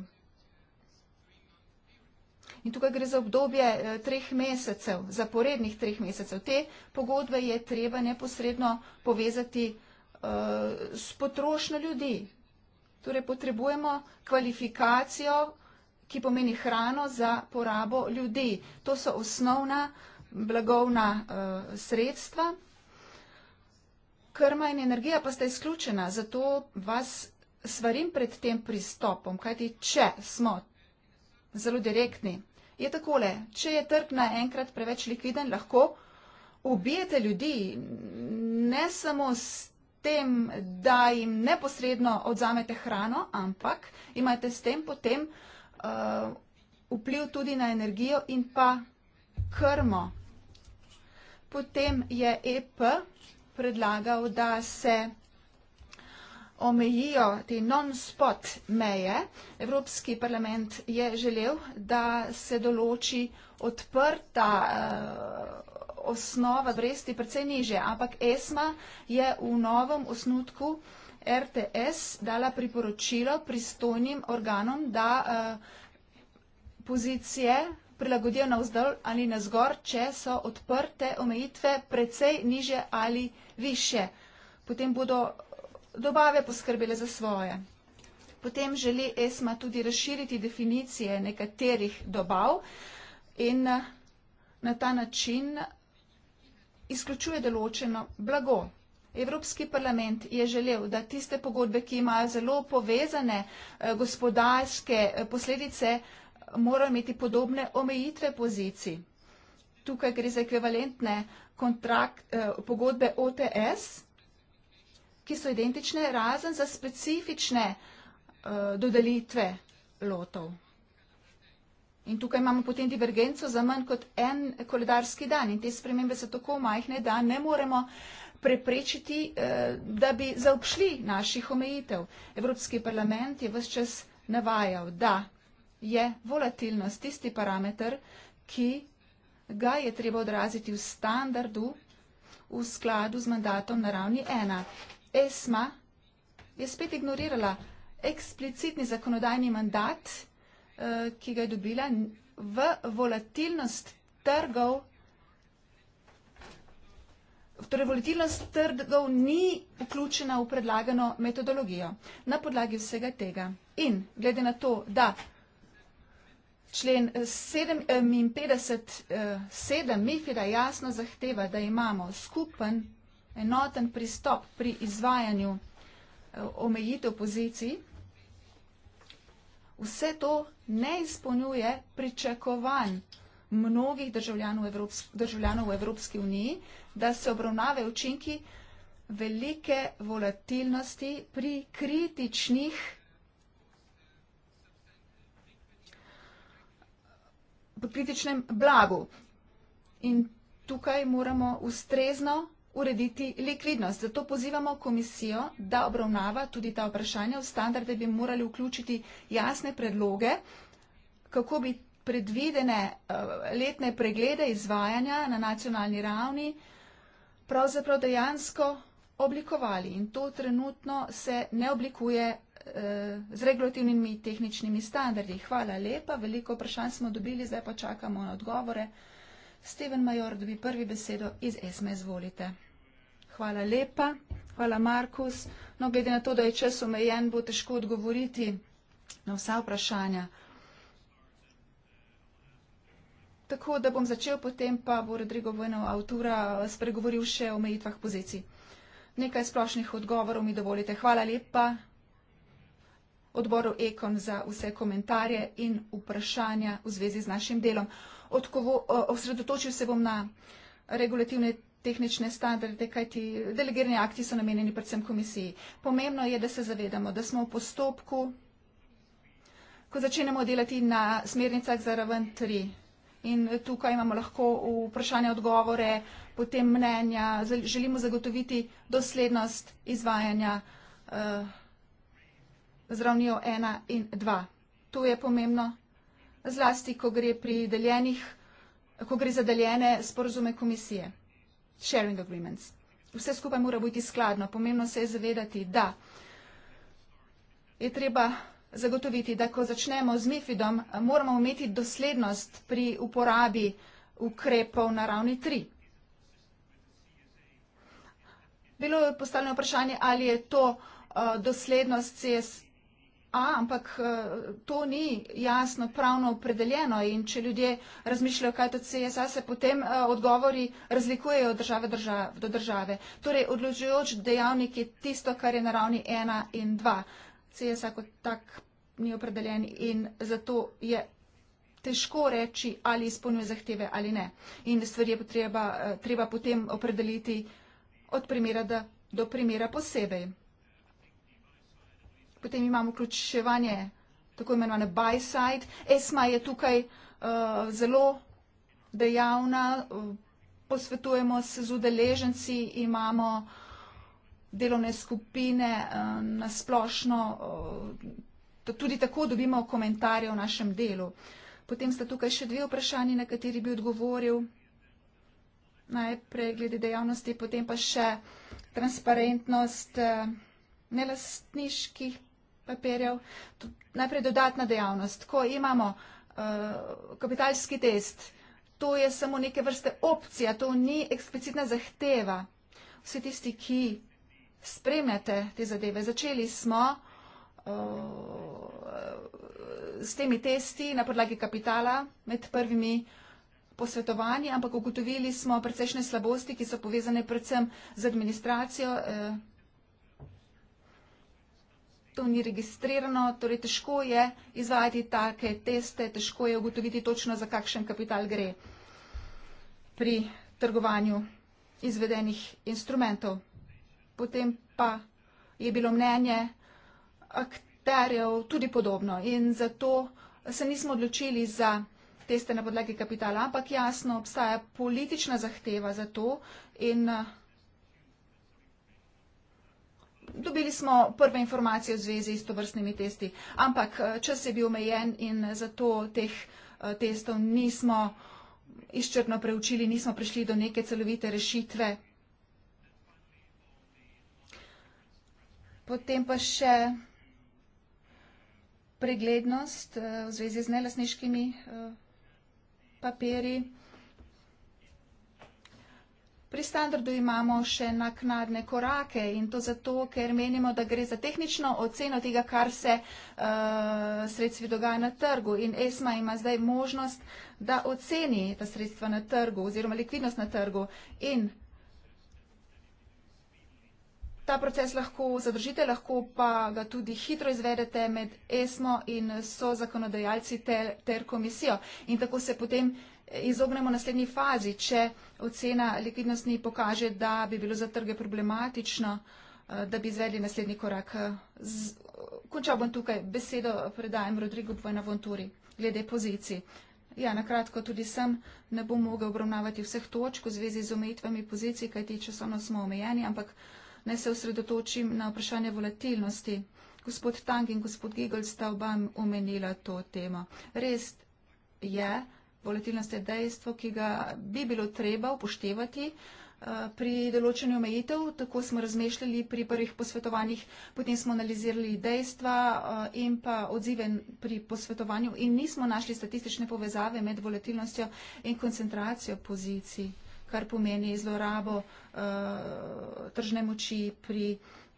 In tukaj gre za obdobje eh, treh mesecev, zaporednih treh mesecev. Te pogodbe je treba neposredno povezati uh, s potrošnjo ljudi. Torej potrebujemo kvalifikacijo, ki pomeni hrano za porabo ljudi. To so osnovna blagovna uh, sredstva. Krma in energija pa sta izključena, zato vas svarim pred tem pristopom, kajti če smo zelo direktni, je takole, če je trg naenkrat preveč likviden, lahko ubijete ljudi, ne samo s tem, da jim neposredno odzamete hrano, ampak imate s tem potem uh, vpliv tudi na energijo in pa krmo. Potem je EP predlagal, da se omejijo te non-spot meje. Evropski parlament je želel, da se določi odprta. Uh, osnova vrednosti precej niže, ampak ESMA je v novem osnutku RTS dala priporočilo pristojnim organom, da eh, pozicije prilagodijo na vzdolj ali na zgor, če so odprte omejitve precej niže ali više. Potem bodo dobave poskrbele za svoje. Potem želi ESMA tudi razširiti definicije nekaterih dobav in eh, na ta način izključuje določeno blago. Evropski parlament je želel, da tiste pogodbe, ki imajo zelo povezane eh, gospodarske eh, posledice, morajo imeti podobne omejitve pozicij. Tukaj gre za ekvivalentne kontrakt, eh, pogodbe OTS, ki so identične razen za specifične eh, dodelitve lotov. In tukaj imamo potem divergenco za manj kot en koledarski dan in te spremembe so tako majhne, da ne moremo preprečiti, eh, da bi zaobšli naših omejitev. Evropski parlament je vse čas navajal, da je volatilnost tisti parameter, ki ga je treba odraziti v standardu v skladu z mandatom na ravni ena. ESMA je spet ignorirala eksplicitni zakonodajni mandat Eh, ki ga je dobila, v volatilnost trgov, torej volatilnost trgov ni vključena v predlagano metodologijo na podlagi vsega tega. In glede na to, da člen 57.7 eh, eh, MIFIDA jasno zahteva, da imamo skupen enoten pristop pri izvajanju omejitev pozicij, Vse to ne izpolnjuje pričakovanj mnogih državljanov, Evrops državljanov v Evropski uniji, da se obravnave učinki velike volatilnosti pri kritičnih pri kritičnem blagu. In tukaj moramo ustrezno urediti likvidnost. Zato pozivamo komisijo, da obravnava tudi ta vprašanja. V standarde bi morali vključiti jasne predloge, kako bi predvidene eh, letne preglede izvajanja na nacionalni ravni pravzaprav dejansko oblikovali. In to trenutno se ne oblikuje eh, z regulativnimi tehničnimi standardi. Hvala lepa, veliko vprašanj smo dobili, zdaj pa čakamo na odgovore. Steven Major dobi prvi besedo iz ESME, izvolite. Hvala lepa, hvala Markus. No, glede na to, da je čas omejen, bo težko odgovoriti na vsa vprašanja. Tako da bom začel, potem pa bo Rodrigo Bueno Autura spregovoril še o omejitvah pozicij. Nekaj splošnih odgovorov mi dovolite. Hvala lepa odboru Ekon za vse komentarje in vprašanja v zvezi z našim delom odkovo, osredotočil se bom na regulativne tehnične standarde, kajti delegirani akti so namenjeni predvsem komisiji. Pomembno je, da se zavedamo, da smo v postopku, ko začenemo delati na smernicah za raven 3. In tukaj imamo lahko vprašanje odgovore, potem mnenja, želimo zagotoviti doslednost izvajanja uh, z ravnijo 1 in 2. To je pomembno, zlasti, ko gre, pri deljenih, ko gre za deljene sporozume komisije, sharing agreements. Vse skupaj mora biti skladno. Pomembno se je zavedati, da je treba zagotoviti, da ko začnemo z MIFIDom, moramo imeti doslednost pri uporabi ukrepov na ravni 3. Bilo je postavljeno vprašanje, ali je to uh, doslednost CSD. A, ampak eh, to ni jasno pravno opredeljeno in če ljudje razmišljajo, kaj je to CSA, se potem eh, odgovori razlikujejo od države do države. Torej, odločujoč dejavnik je tisto, kar je na ravni 1 in 2. CSA kot tak ni opredeljen in zato je težko reči, ali izpolnjuje zahteve ali ne. In stvari je potreba, eh, treba potem opredeliti od primera do, do primera posebej. Potem imamo vključevanje tako imenovane buy side. ESMA je tukaj uh, zelo dejavna, posvetujemo se z udeleženci, imamo delovne skupine uh, na splošno, uh, tudi tako dobimo komentarje o našem delu. Potem sta tukaj še dve vprašanje, na kateri bi odgovoril. Najprej glede dejavnosti, potem pa še transparentnost nelastniških papirjev. Najprej dodatna dejavnost. Ko imamo uh, kapitalski test, to je samo neke vrste opcija, to ni eksplicitna zahteva. Vsi tisti, ki spremljate te zadeve, začeli smo uh, s temi testi na podlagi kapitala med prvimi posvetovanji, ampak ugotovili smo precejšne slabosti, ki so povezane predvsem z administracijo. Uh, to ni registrirano, torej težko je izvajati take teste, težko je ugotoviti točno, za kakšen kapital gre pri trgovanju izvedenih instrumentov. Potem pa je bilo mnenje akterjev tudi podobno in zato se nismo odločili za teste na podlagi kapitala, ampak jasno obstaja politična zahteva za to in uh, dobili smo prve informacije v zvezi s tovrstnimi testi, ampak eh, čas je bil omejen in zato teh eh, testov nismo izčrpno preučili, nismo prišli do neke celovite rešitve. Potem pa še preglednost eh, v zvezi z nelasniškimi papiri pri standardu imamo še naknadne korake in to zato, ker menimo, da gre za tehnično oceno tega, kar se uh, sredstvi dogaja na trgu in ESMA ima zdaj možnost, da oceni ta sredstva na trgu oziroma likvidnost na trgu in ta proces lahko zadržite, lahko pa ga tudi hitro izvedete med ESMO in so zakonodajalci ter, ter komisijo in tako se potem izognemo naslednji fazi, če ocena likvidnostni pokaže, da bi bilo za trge problematično, eh, da bi izvedli naslednji korak. Eh, z, končal bom tukaj besedo, predajem Rodrigu Buenaventuri glede pozicij. Ja, na kratko tudi sem ne bom mogel obravnavati vseh točk v zvezi z omejitvami pozicij, kajti časovno smo omejeni, ampak naj se osredotočim na vprašanje volatilnosti. Gospod Tang in gospod Gigl sta oba omenila to temo. Res je, Volatilnost je dejstvo, ki ga bi bilo treba upoštevati eh, pri določenju omejitev. Tako smo razmišljali pri prvih posvetovanjih, potem smo analizirali dejstva eh, in pa odzive pri posvetovanju in nismo našli statistične povezave med volatilnostjo in koncentracijo pozicij, kar pomeni zlorabo uh, tržne moči pri.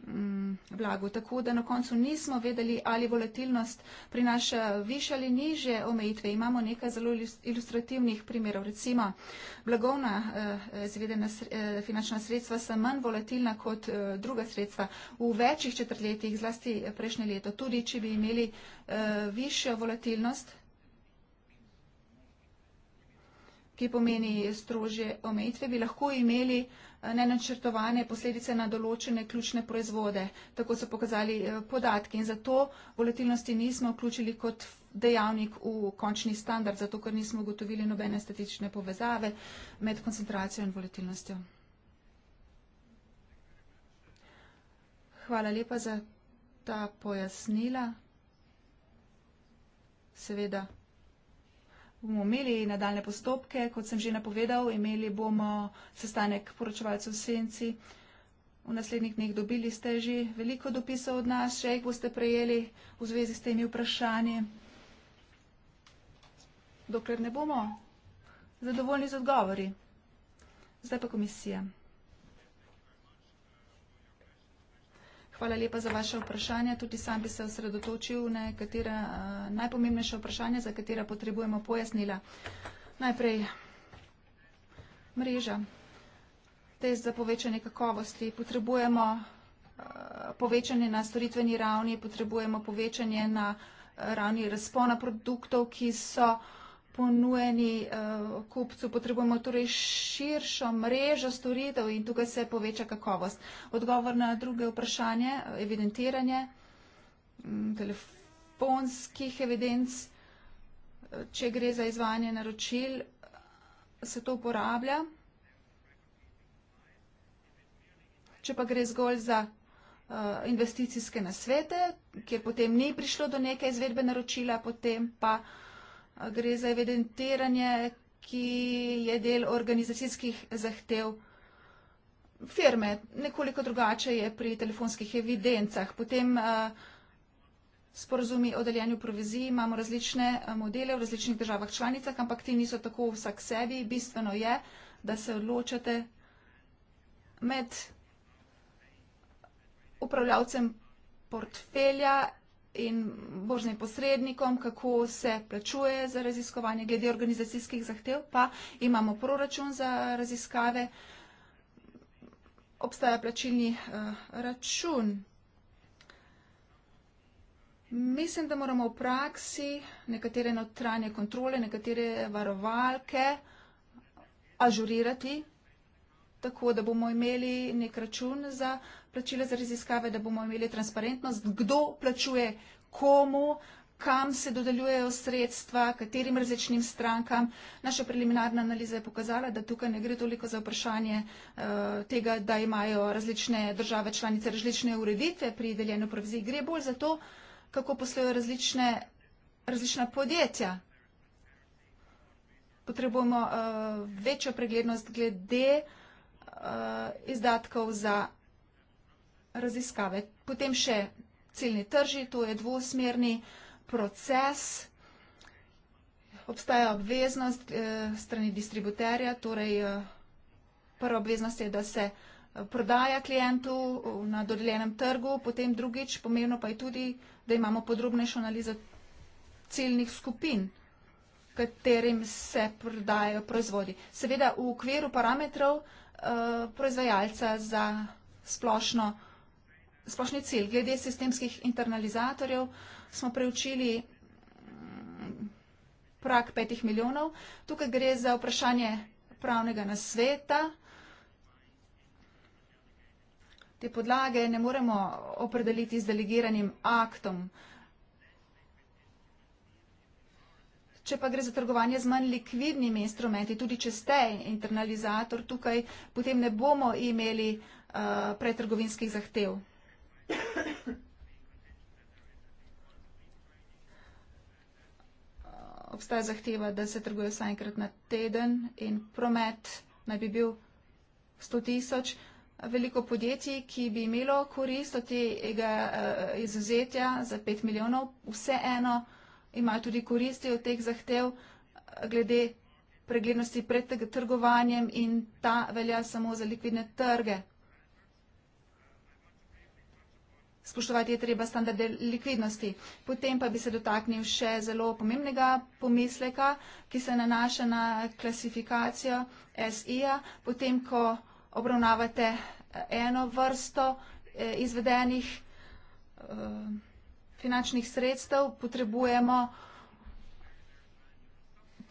Mm, blagu. Tako da na koncu nismo vedeli, ali volatilnost prinaša više ali niže omejitve. Imamo nekaj zelo ilustrativnih primerov. Recimo, blagovna izvedena eh, eh, finančna sredstva so manj volatilna kot eh, druga sredstva v večjih četrtletjih, zlasti prejšnje leto. Tudi, če bi imeli višjo volatilnost, ki pomeni strože omejitve, bi lahko imeli nenačrtovane posledice na določene ključne proizvode, tako so pokazali eh, podatki. In zato volatilnosti nismo vključili kot dejavnik v končni standard, zato ker nismo ugotovili nobene statične povezave med koncentracijo in volatilnostjo. Hvala lepa za ta pojasnila. Seveda bomo imeli nadaljne postopke, kot sem že napovedal, imeli bomo sestanek poročevalcev v senci. V naslednjih dneh dobili ste že veliko dopisov od nas, še jih boste prejeli v zvezi s temi vprašanji. Dokler ne bomo zadovoljni z odgovori. Zdaj pa komisija. Hvala lepa za vaše vprašanje. Tudi sam bi se osredotočil na katera uh, eh, najpomembnejša vprašanja, za katera potrebujemo pojasnila. Najprej mreža. Test za povečanje kakovosti. Potrebujemo uh, povečanje na storitveni ravni, potrebujemo povečanje na eh, ravni razpona produktov, ki so uh, ponujeni eh, kupcu. Potrebujemo torej širšo mrežo storitev in tukaj se poveča kakovost. Odgovor na druge vprašanje, eh, evidentiranje mm, telefonskih evidenc, eh, če gre za izvajanje naročil, se to uporablja. Če pa gre zgolj za investicijske nasvete, kjer potem ni prišlo do neke izvedbe naročila, potem pa gre za evidentiranje, ki je del organizacijskih zahtev firme. Nekoliko drugače je pri telefonskih evidencah. Potem sporozumi o deljenju provizij imamo različne modele v različnih državah članicah, ampak ti niso tako vsak sebi. Bistveno je, da se odločate med upravljavcem portfelja in borznim posrednikom, kako se plačuje za raziskovanje, glede organizacijskih zahtev, pa imamo proračun za raziskave, obstaja plačilni uh, račun. Mislim, da moramo v praksi nekatere notranje kontrole, nekatere varovalke ažurirati, tako da bomo imeli nek račun za raziskave plačila za raziskave, da bomo imeli transparentnost, kdo plačuje komu, kam se dodeljujejo sredstva, katerim različnim strankam. Naša preliminarna analiza je pokazala, da tukaj ne gre toliko za vprašanje uh, tega, da imajo različne države članice različne ureditve pri deljenju provizij. Gre bolj za to, kako poslujejo različne, različna podjetja. Potrebujemo uh, večjo preglednost glede uh, izdatkov za raziskave. Potem še ciljni trži, to je dvosmerni proces. Obstaja obveznost eh, strani distributerja, torej eh, prva obveznost je, da se eh, prodaja klientu eh, na dodeljenem trgu, potem drugič, pomembno pa je tudi, da imamo podrobnejšo analizo ciljnih skupin, katerim se prodajajo proizvodi. Seveda v okviru parametrov eh, proizvajalca za splošno splošni cilj. Glede sistemskih internalizatorjev smo preučili mm, prak petih milijonov. Tukaj gre za vprašanje pravnega nasveta. Te podlage ne moremo opredeliti z delegiranim aktom. Če pa gre za trgovanje z manj likvidnimi instrumenti, tudi če ste internalizator, tukaj potem ne bomo imeli uh, pretrgovinskih zahtev. Obstaja zahteva, da se trguje vsaj enkrat na teden in promet naj bi bil 100 tisoč. Veliko podjetij, ki bi imelo korist od tega eh, izuzetja za 5 milijonov, vseeno imajo tudi koristi od teh zahtev eh, glede preglednosti pred trgovanjem in ta velja samo za likvidne trge. spoštovati je treba standarde likvidnosti. Potem pa bi se dotaknil še zelo pomembnega pomisleka, ki se nanaša na klasifikacijo SI-ja, potem ko obravnavate eh, eno vrsto eh, izvedenih eh, finančnih sredstev, potrebujemo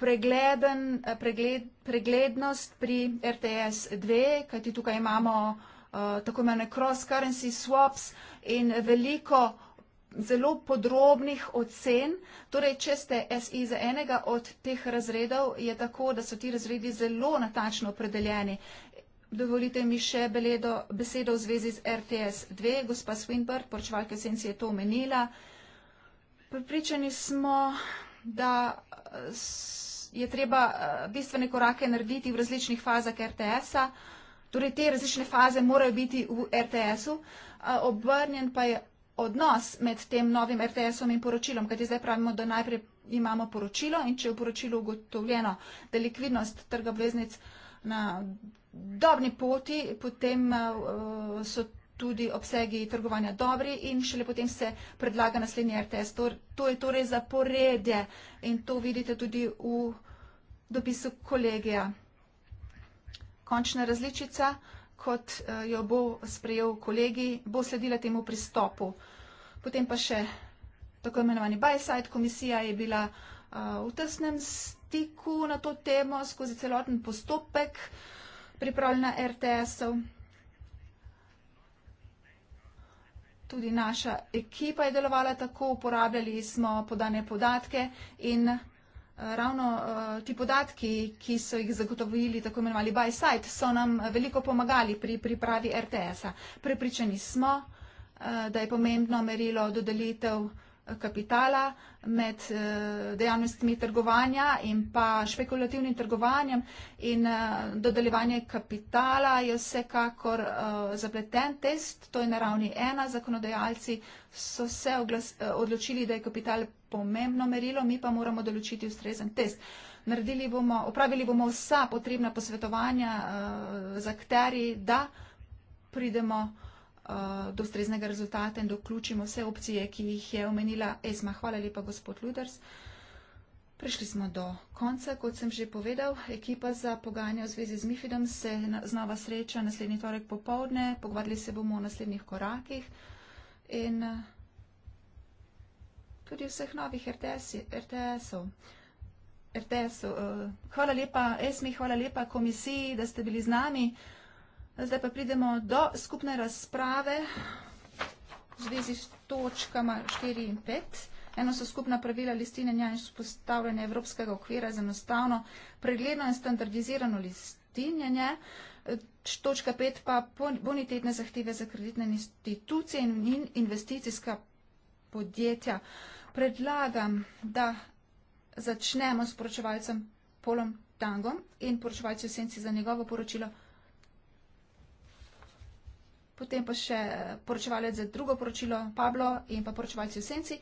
pregleden, pregled, preglednost pri RTS 2, kajti tukaj imamo uh, Eh, tako imenovane cross-currency swaps in veliko zelo podrobnih ocen. Torej, če ste SI za enega od teh razredov, je tako, da so ti razredi zelo natačno opredeljeni. Dovolite mi še beledo, besedo v zvezi z RTS 2. Gospa Swinburne, poročevalka Senci je to omenila. Pripričani smo, da eh, je treba eh, bistvene korake narediti v različnih fazah RTS-a. Uh, Torej, te različne faze morajo biti v RTS-u, obrnjen pa je odnos med tem novim RTS-om in poročilom, kajti zdaj pravimo, da najprej imamo poročilo in če je v poročilu ugotovljeno, da je likvidnost trga obveznic na dobni poti, potem so tudi obsegi trgovanja dobri in šele potem se predlaga naslednji RTS. To, to je torej zaporedje in to vidite tudi v dopisu kolegija končna različica, kot eh, jo bo sprejel kolegi, bo sledila temu pristopu. Potem pa še tako imenovani by-side komisija je bila eh, v tesnem stiku na to temo skozi celoten postopek pripravljena RTS-ov. Tudi naša ekipa je delovala tako, uporabljali smo podane podatke in ravno uh, ti podatki, ki so jih zagotovili tako imenovali by site, so nam veliko pomagali pri pripravi RTS-a. Prepričani smo, uh, da je pomembno merilo dodelitev eh, kapitala med dejavnostmi trgovanja in pa špekulativnim trgovanjem in dodeljevanje kapitala je vsekakor zapleten test, to je na ravni ena, zakonodajalci so se odločili, da je kapital pomembno merilo, mi pa moramo določiti ustrezen test. Bomo, opravili bomo vsa potrebna posvetovanja uh, z akteri, da pridemo uh, do ustreznega rezultata in doključimo vse opcije, ki jih je omenila ESMA. Hvala lepa, gospod Luders. Prišli smo do konca, kot sem že povedal. Ekipa za pogajanje v zvezi z MIFIDom se znova sreča naslednji torek popovdne. Pogovarjali se bomo o naslednjih korakih. In, uh, tudi vseh novih RTS-ov. RTS eh, hvala lepa, Esmi, hvala lepa komisiji, da ste bili z nami. Zdaj pa pridemo do skupne razprave v zvezi s točkama 4 in 5. Eno so skupna pravila listinjenja in vzpostavljanje Evropskega okvira za enostavno, pregledno in standardizirano listinjenje. Točka 5 pa bonitetne zahteve za kreditne institucije in investicijska podjetja. Uh, predlagam, da začnemo s poročevalcem Polom Tangom in poročevalcem Senci za njegovo poročilo. Potem pa še poročevalec za drugo poročilo Pablo in pa poročevalcem Senci.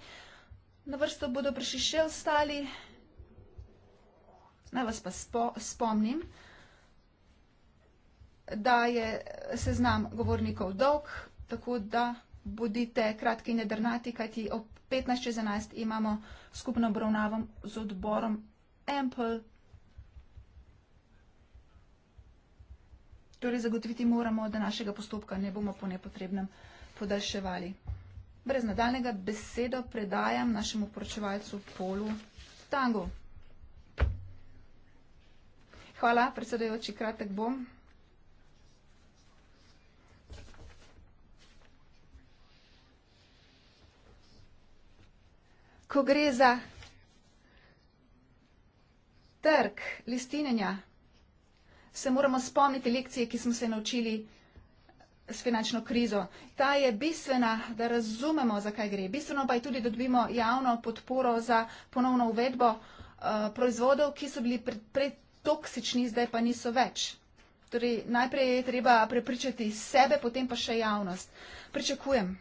Na vrsto bodo prišli še ostali. Naj vas pa spo, spomnim, da je seznam govornikov dolg, tako da bodite kratki in nedrnati, kajti ob 15 čez 11 imamo skupno obravnavo z odborom Ample. Torej zagotoviti moramo, da našega postopka ne bomo po nepotrebnem podaljševali. Brez nadaljnega besedo predajam našemu poročevalcu Polu Tangu. Hvala, predsedujoči, kratek bom. ko gre za trg listinjenja, se moramo spomniti lekcije, ki smo se naučili s finančno krizo. Ta je bistvena, da razumemo, zakaj gre. Bistveno pa je tudi, da dobimo javno podporo za ponovno uvedbo uh, proizvodov, ki so bili pretoksični, pre zdaj pa niso več. Torej, najprej je treba prepričati sebe, potem pa še javnost. Pričakujem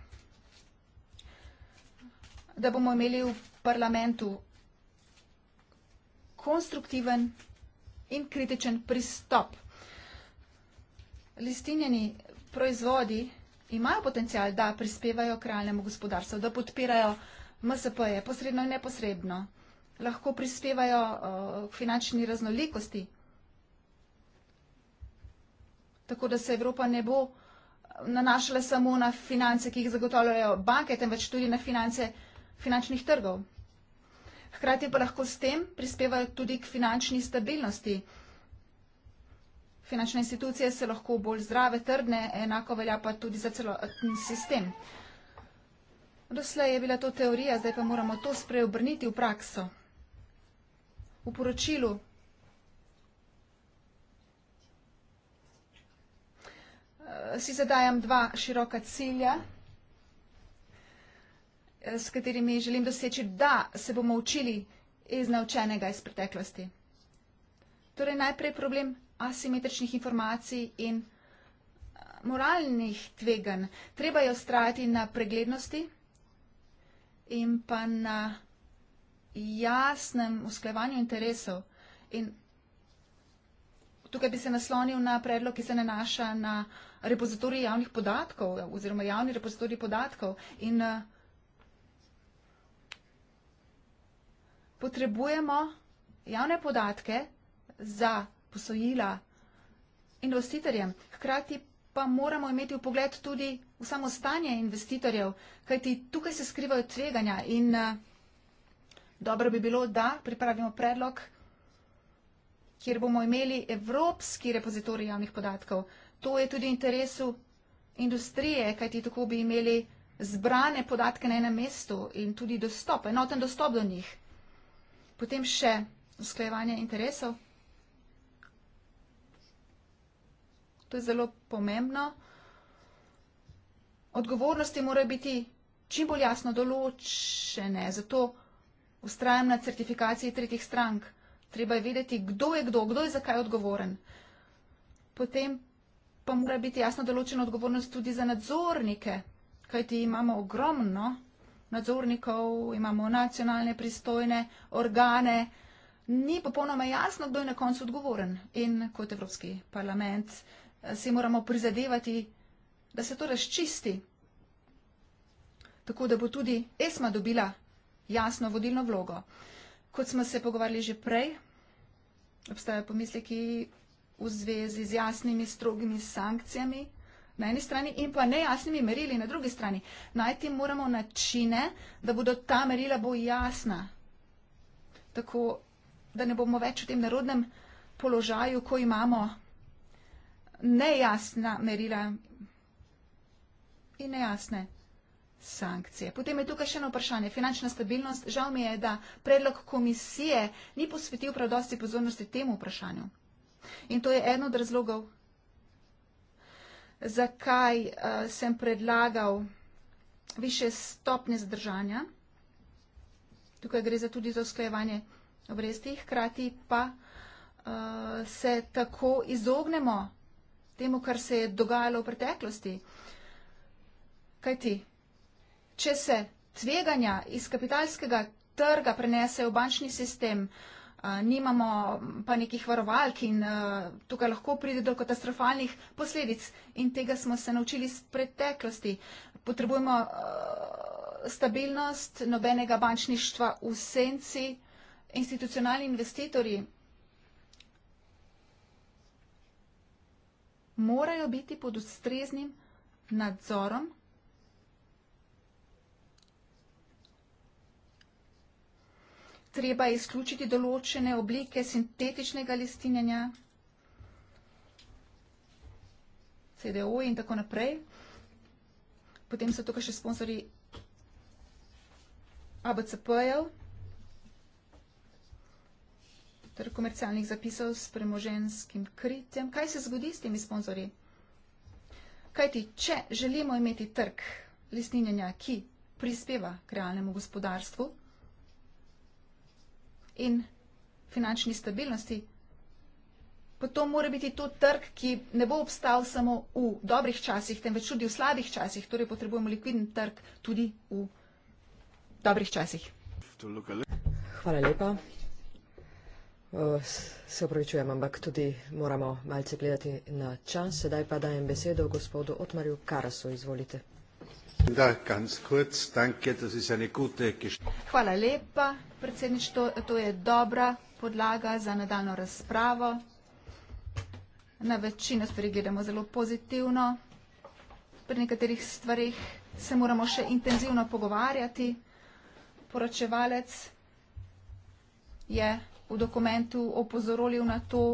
da bomo imeli v parlamentu konstruktiven in kritičen pristop. Listinjeni proizvodi imajo potencial, da prispevajo k realnemu gospodarstvu, da podpirajo MSP-je posredno in neposredno, lahko prispevajo eh, k finančni raznolikosti, tako da se Evropa ne bo eh, nanašala samo na finance, ki jih zagotavljajo banke, temveč tudi na finance, ki jih zagotavljajo finančnih trgov. Hkrati pa lahko s tem prispevajo tudi k finančni stabilnosti. Finančne institucije se lahko bolj zdrave, trdne, enako velja pa tudi za celotni sistem. Doslej je bila to teorija, zdaj pa moramo to spreobrniti v prakso. V poročilu si zadajam dva široka cilja s katerimi želim doseči, da se bomo učili iz naučenega iz preteklosti. Torej najprej problem asimetričnih informacij in eh, moralnih tvegan. Treba je ustrajati na preglednosti in pa na jasnem usklevanju interesov. In tukaj bi se naslonil na predlog, ki se nanaša na repozitorij javnih podatkov eh, oziroma javni repozitorij podatkov in uh, potrebujemo javne podatke za posojila investitorjem, hkrati pa moramo imeti v pogled tudi v samo stanje investitorjev, kajti tukaj se skrivajo tveganja in eh, dobro bi bilo, da pripravimo predlog, kjer bomo imeli evropski repozitorij javnih podatkov. To je tudi v interesu industrije, kajti tako bi imeli zbrane podatke na enem mestu in tudi dostop, enoten dostop do njih. Potem še usklajevanje interesov. To je zelo pomembno. Odgovornosti morajo biti čim bolj jasno določene, zato ustrajam na certifikaciji tretjih strank. Treba je vedeti, kdo je kdo, kdo je zakaj odgovoren. Potem pa mora biti jasno določena odgovornost tudi za nadzornike, kajti imamo ogromno nadzornikov, imamo nacionalne pristojne organe, ni popolnoma jasno, kdo je na koncu odgovoren. In kot Evropski parlament eh, si moramo prizadevati, da se to razčisti, tako da bo tudi ESMA dobila jasno vodilno vlogo. Kot smo se pogovarjali že prej, obstajajo pomisleki v zvezi z jasnimi, strogimi sankcijami na eni strani in pa nejasnimi merili na drugi strani. Najti moramo načine, da bodo ta merila bolj jasna. Tako, da ne bomo več v tem narodnem položaju, ko imamo nejasna merila in nejasne sankcije. Potem je tukaj še eno vprašanje. Finančna stabilnost. Žal mi je, da predlog komisije ni posvetil prav dosti pozornosti temu vprašanju. In to je eno od razlogov, zakaj uh, sem predlagal više stopnje zdržanja. Tukaj gre za tudi za usklajevanje obresti, hkrati pa uh, se tako izognemo temu, kar se je dogajalo v preteklosti. Kaj ti? Če se tveganja iz kapitalskega trga prenesejo v bančni sistem, uh, nimamo pa nekih varovalk in tukaj lahko pride do katastrofalnih posledic in tega smo se naučili iz preteklosti. Potrebujemo stabilnost, nobenega bančništva v senci, institucionalni investitorji morajo biti pod ustreznim nadzorom treba izključiti določene oblike sintetičnega listinjenja, CDO in tako naprej. Potem so tukaj še sponsori ABCP-jev ter torej komercialnih zapisov s premoženskim kritjem. Kaj se zgodi s temi sponzori? Kajti, če želimo imeti trg listinjenja, ki prispeva k realnemu gospodarstvu, in finančni stabilnosti, potem mora biti to trg, ki ne bo obstal samo v dobrih časih, temveč tudi v slabih časih. Torej potrebujemo likviden trg tudi v dobrih časih. Hvala lepa. Se upravičujem, ampak tudi moramo malce gledati na čas. Sedaj pa dajem besedo gospodu Otmarju Karasu. Izvolite. Hvala lepa, predsedništvo, to je dobra podlaga za nadaljno razpravo. Na večino stvari gledamo zelo pozitivno, pri nekaterih stvarih se moramo še intenzivno pogovarjati. Poročevalec je v dokumentu opozoril na to,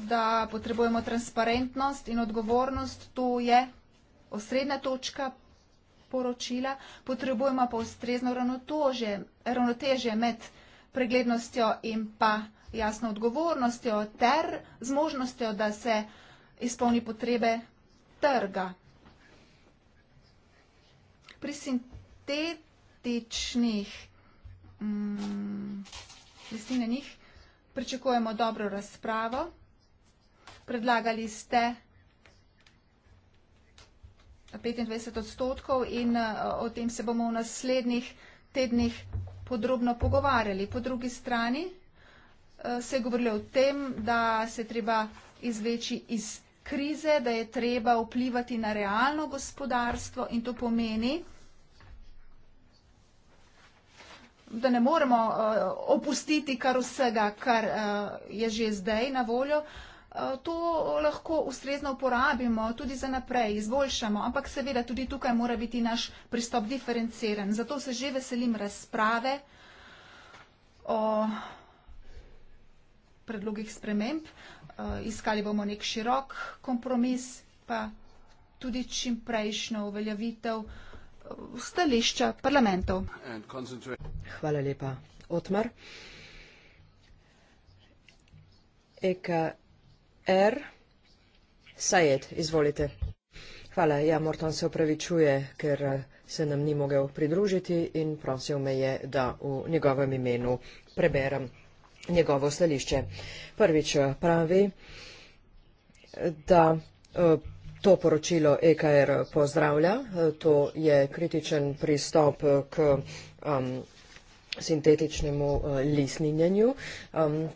da potrebujemo transparentnost in odgovornost, to je osrednja točka poročila. Potrebujemo pa ustrezno ravnotežje med preglednostjo in pa jasno odgovornostjo ter zmožnostjo, da se izpolni potrebe trga. Pri sintetičnih mm, listinenih pričakujemo dobro razpravo predlagali ste 25 odstotkov in eh, o tem se bomo v naslednjih tednih podrobno pogovarjali. Po drugi strani eh, se je govorilo o tem, da se treba izveči iz krize, da je treba vplivati na realno gospodarstvo in to pomeni, da ne moremo eh, opustiti kar vsega, kar je že zdaj na voljo, Eh, to lahko ustrezno uporabimo tudi za naprej, izboljšamo, ampak seveda tudi tukaj mora biti naš pristop diferenciran. Zato se že veselim razprave o predlogih sprememb. Eh, iskali bomo nek širok kompromis, pa tudi čim prejšnjo uveljavitev eh, stališča parlamentov. Hvala lepa. Otmar. Eka R. Sajed, izvolite. Hvala, ja, Morton se opravičuje, ker eh, se nam ni mogel pridružiti in prosil me je, da v njegovem imenu preberem njegovo stališče. Prvič eh, pravi, da eh, to poročilo EKR pozdravlja, to je kritičen pristop k um, sintetičnemu eh, lisninjenju,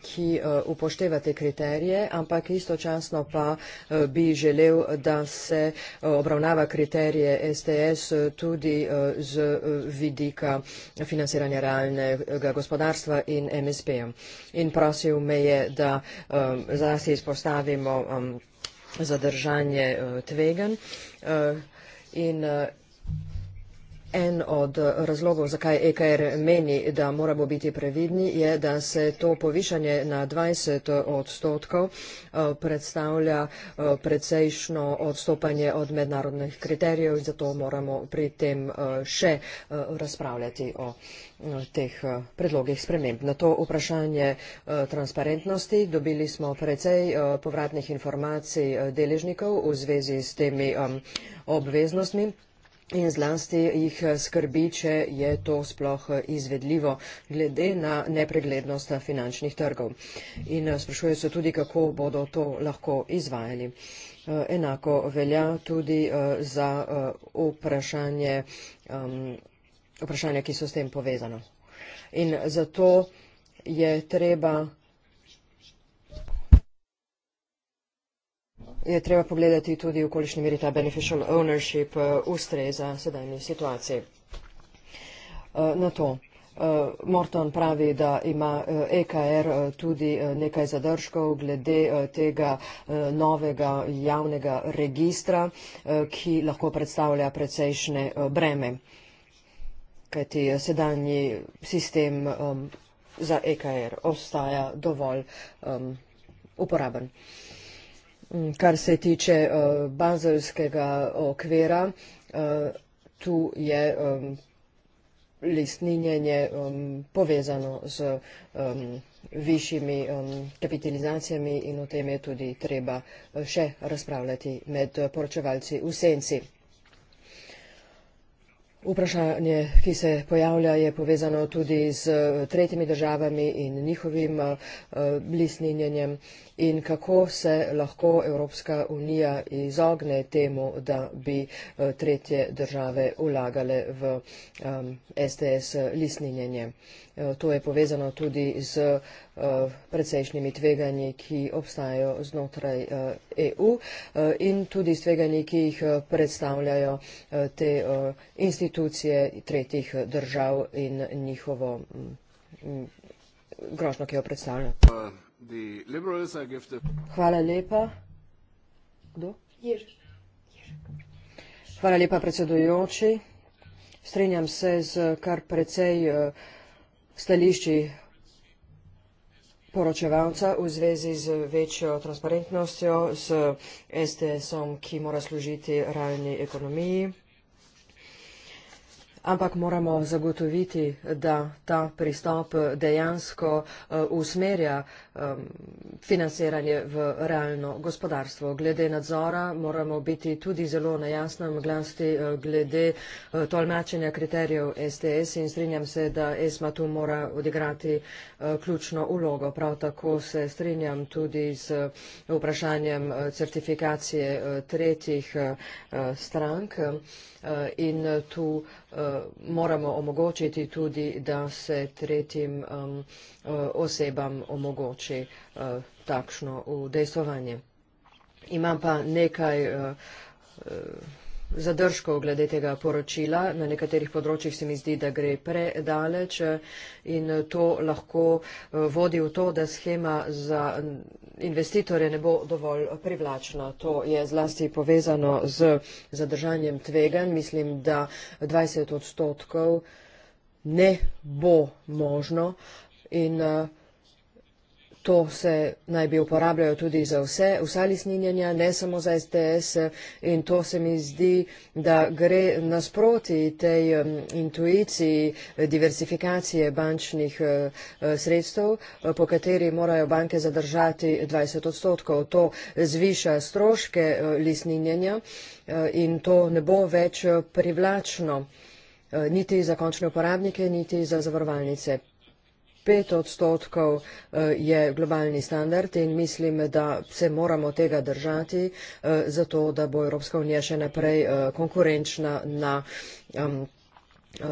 ki eh, upošteva te kriterije, ampak istočasno pa eh, bi želel, da se obravnava kriterije STS tudi z vidika financiranja realnega gospodarstva in MSP-ja. In prosil me je, da zase izpostavimo zadržanje tvegan in En od razlogov, zakaj EKR meni, da moramo biti previdni, je, da se to povišanje na 20 odstotkov eh, predstavlja eh, precejšno odstopanje od mednarodnih kriterijev in zato moramo pri tem eh, še razpravljati o teh predlogih sprememb. Na to vprašanje transparentnosti dobili smo precej povratnih informacij deležnikov v zvezi s temi obveznostmi. In zlasti jih eh, skrbi, če je to sploh eh, izvedljivo, glede na nepreglednost eh, finančnih trgov. In sprašujejo se tudi, kako bodo to lahko izvajali. Enako velja tudi za vprašanje, vprašanje ki so s tem povezano. In zato je treba je treba pogledati tudi v količni meri ta beneficial ownership eh, ustreza sedajni situaciji. Eh, na to. Eh, Morton pravi, da ima EKR e tudi nekaj zadržkov glede tega novega javnega registra, ki lahko predstavlja precejšnje breme, kajti sedanji sistem za EKR ostaja dovolj uporaben kar se tiče uh, eh, bazelskega okvira, uh, tu je um, listninjenje um, povezano z um, višjimi um, kapitalizacijami in o tem je tudi treba eh, še razpravljati med poročevalci v senci. Vprašanje, ki se pojavlja, je povezano tudi z tretjimi državami in njihovim uh, listninjenjem. Uh, in kako se lahko Evropska unija izogne temu, da bi eh, tretje države ulagale v um, STS lisninjenje. Eh, to je povezano tudi z eh, precejšnjimi tveganji, ki obstajajo znotraj EU e in tudi s tveganji, ki jih predstavljajo te institucije tretjih držav in njihovo mm, mm, grožno, ki jo predstavljajo. Uh, Hvala lepa, predsedujoči. Strenjam se z kar precej eh, stališči poročevalca v zvezi z večjo transparentnostjo, s STS-om, ki mora služiti realni ekonomiji ampak moramo zagotoviti, da ta pristop dejansko eh, usmerja financiranje v realno gospodarstvo. Glede nadzora moramo biti tudi zelo na jasnem glasti eh, glede eh, tolmačenja kriterijev STS in strinjam se, da ESMA tu mora odigrati ključno ulogo. Prav tako se strinjam tudi z vprašanjem certifikacije tretjih strank. Eh, in eh, tu eh, moramo omogočiti tudi, da se tretjim osebam omogoči takšno udejstvovanje. Imam pa nekaj zadržkov glede tega poročila. Na nekaterih področjih se mi zdi, da gre predaleč eh, in to lahko eh, vodi v to, da schema za mm, investitorje ne bo dovolj privlačna. To je zlasti povezano z zadržanjem tvegan. Mislim, da 20 odstotkov ne bo možno in uh, To se naj bi uporabljajo tudi za vse, vsa lisninjanja, ne samo za STS in to se mi zdi, da gre nasproti tej intuiciji diversifikacije bančnih eh, eh, sredstev, eh, po kateri morajo banke zadržati 20 odstotkov. To zviša stroške lisninjanja in to ne bo več privlačno niti za končne uporabnike, niti za zavarovalnice. 5 odstotkov eh, je globalni standard in mislim, da se moramo tega držati, eh, zato da bo Evropska unija še naprej eh, konkurenčna na. Um,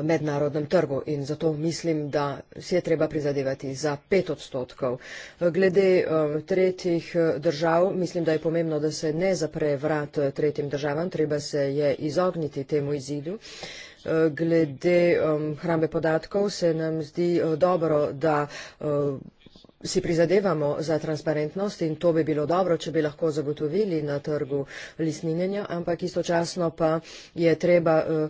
mednarodnem trgu in zato mislim, da si je treba prizadevati za pet odstotkov. Glede um, tretjih uh, držav mislim, da je pomembno, da se ne zapre vrat uh, tretjim državam, treba se je izogniti temu izidu. Uh, glede um, hrambe podatkov se nam zdi dobro, da si prizadevamo za transparentnost in to bi bilo dobro, če bi lahko zagotovili na trgu lisninjenja, ampak istočasno pa je treba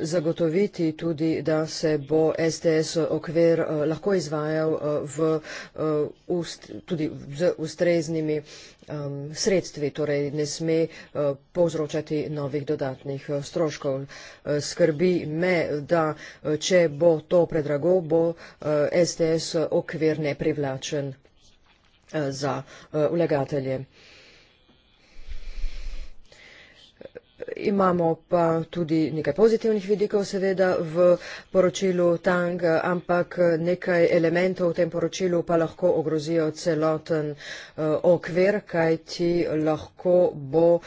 zagotoviti tudi, da se bo STS okvir eh, lahko izvajal eh, v, eh, tudi z ustreznimi sredstvi, torej ne sme povzročati novih dodatnih stroškov. Skrbi me, da če bo to predrago, bo STS okvir neprivlačen za vlagatelje. Imamo pa tudi nekaj pozitivnih vidikov, seveda, v poročilu Tang, ampak nekaj elementov v tem poročilu pa lahko ogrozijo celoten uh, okvir, kaj ti lahko bo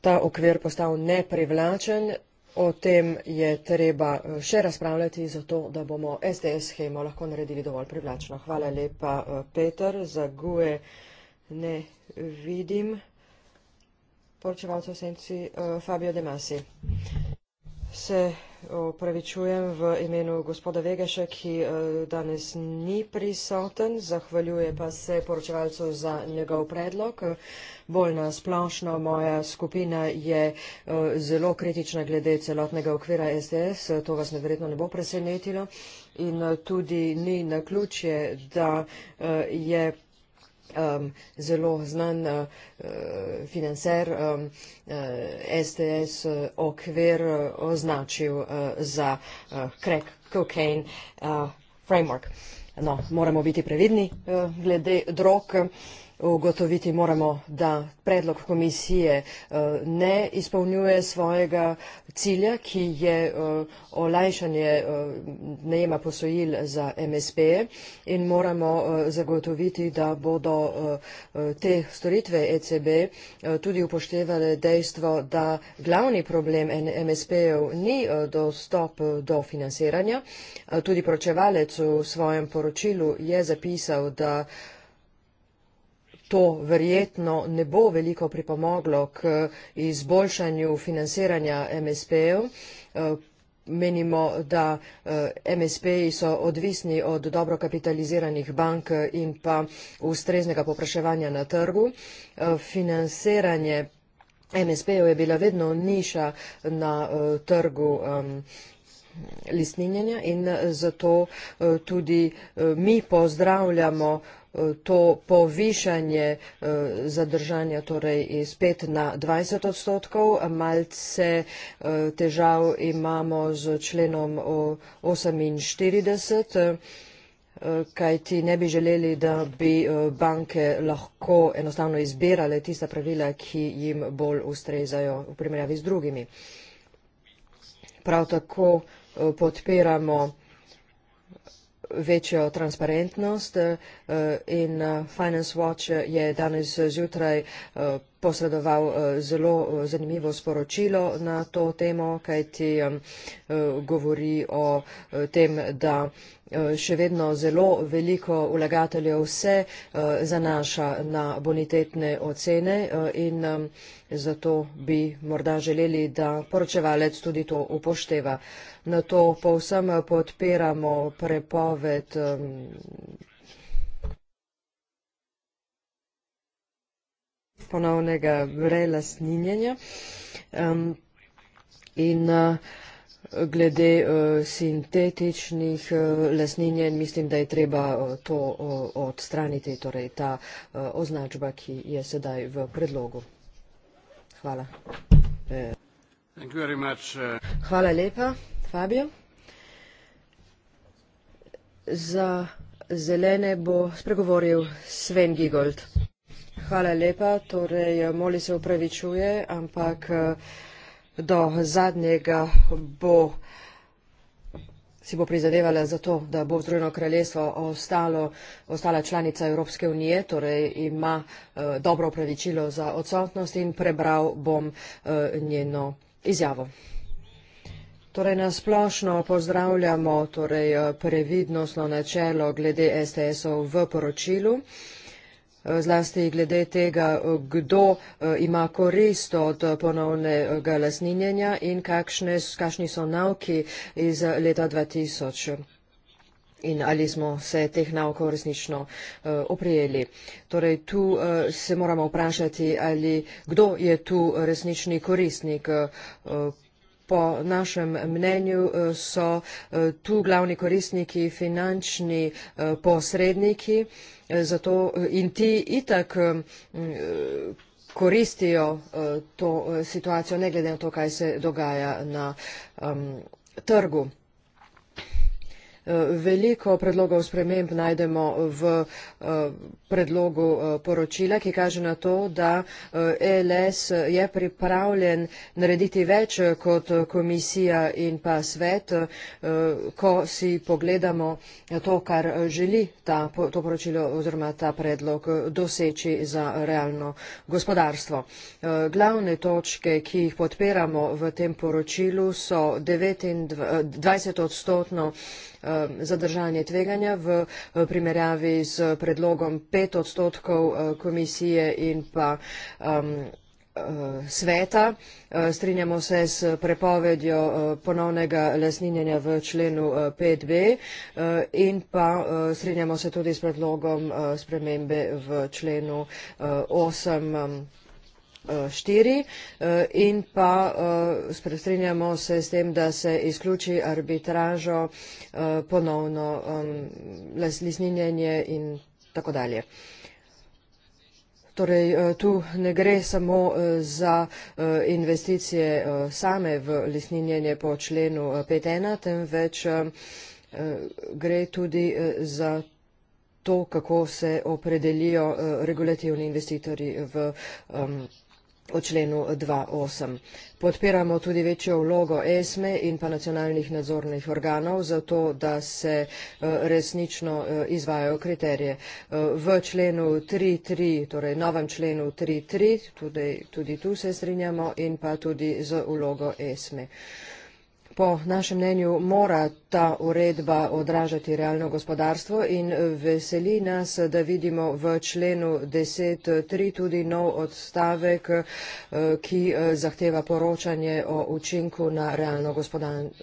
ta okvir postal neprivlačen. O tem je treba eh, še razpravljati, zato da bomo SDS schemo lahko naredili dovolj privlačno. Hvala lepa, eh, Peter. Za GUE ne vidim poročevalcev senci eh, Fabio De Masi. Se opravičujem v imenu gospoda Vegeša, ki eh, danes ni prisoten, zahvaljuje pa se poročevalcu za njegov predlog. Bolj nasplošno moja skupina je eh, zelo kritična glede celotnega okvira SDS, to vas nevredno ne bo presenetilo in tudi ni na ključje, da je um, zelo znan uh, uh financer um, uh, STS uh, okvir uh, označil uh, za uh, crack cocaine uh, framework. No, moramo biti previdni uh, glede drog. Uh, ugotoviti moramo, da predlog komisije eh, ne izpolnjuje svojega cilja, ki je eh, olajšanje eh, najema posojil za MSP in moramo zagotoviti, da bodo te storitve ECB tudi upoštevale dejstvo, da glavni problem MSP-ev ni dostop do financiranja. Tudi poročevalec v svojem poročilu je zapisal, da to verjetno ne bo veliko pripomoglo k izboljšanju financiranja MSP-jev. Eh, menimo, da eh, MSP-ji so odvisni od dobro kapitaliziranih bank eh, in pa ustreznega popraševanja na trgu. Financiranje MSP-jev je bila vedno niša na trgu listninjenja in zato tudi mi pozdravljamo to povišanje eh, zadržanja torej iz 5 na 20 odstotkov. Malce eh, težav imamo z členom 48 kaj ti ne bi želeli, da bi eh, banke lahko enostavno izbirale tista pravila, ki jim bolj ustrezajo v primerjavi z drugimi. Prav tako podpiramo večjo transparentnost eh, in eh, Finance Watch je danes zjutraj eh, posredoval zelo zanimivo sporočilo na to temo, kajti govori o tem, da Eh, še vedno zelo veliko vlagateljev se eh, zanaša na bonitetne ocene eh, in zato bi morda želeli, da poročevalec tudi to upošteva. Na to povsem podpiramo prepoved. ponovnega vrela snimljenja. Um, in uh, glede eh, sintetičnih eh, lesninjen, mislim, da je treba eh, to odstraniti, torej ta označba, ki je sedaj v predlogu. Hvala. Hvala lepa, Fabio. Za zelene bo spregovoril Sven Gigold. Hvala lepa, torej Moli se upravičuje, ampak uh, do zadnjega bo, si bo prizadevala za to, da bo Združeno kraljestvo ostalo, ostala članica Evropske unije, torej ima uh, dobro upravičilo za odsotnost in prebral bom uh, njeno izjavo. Torej nasplošno pozdravljamo torej, eh, previdnostno načelo glede STS-ov v poročilu. Uh, Eh, zlasti glede tega, eh, kdo eh, ima korist od ponovnega lasninjenja in kakšne, kakšni so navki iz leta 2000 in ali smo se teh navkov resnično oprijeli. Torej, tu se moramo vprašati, ali kdo je tu resnični koristnik. Po našem mnenju so tu glavni koristniki finančni posredniki, Eh, zato eh, in ti itak eh, koristijo to situacijo, ne glede na to, kaj se dogaja na trgu. Eh, veliko predlogov sprememb najdemo v eh, predlogu eh, poročila, ki kaže na to, da ELS e je pripravljen narediti več kot komisija in pa svet, ko si pogledamo to, kar želi ta, to poročilo oziroma ta predlog doseči za realno gospodarstvo. Glavne točke, ki jih podpiramo v tem poročilu, so 29 odstotno Eh, zadržanje tveganja v eh, primerjavi z predlogom pet odstotkov eh, komisije in pa um, sveta. Strinjamo se s prepovedjo ponovnega lasninjenja v členu 5b in pa strinjamo se tudi s predlogom spremembe v členu 8 4 eh, in pa eh, sprestrinjamo se s tem, da se izključi arbitražo eh, ponovno lesninjenje in tako dalje. Torej, tu ne gre samo za investicije same v lesninjenje po členu 5.1, temveč gre tudi za to, kako se opredelijo regulativni investitori v lesninjenje o členu 2.8. Podpiramo tudi večjo vlogo ESME in pa nacionalnih nadzornih organov za to, da se eh, resnično eh, izvajajo kriterije. Eh, v členu 3.3, torej novem členu 3.3, tudi, tudi tu se strinjamo in pa tudi z vlogo ESME. Po našem mnenju mora ta uredba odražati realno gospodarstvo in veseli nas, da vidimo v členu 10.3 tudi nov odstavek, eh, ki eh, zahteva poročanje o učinku na realno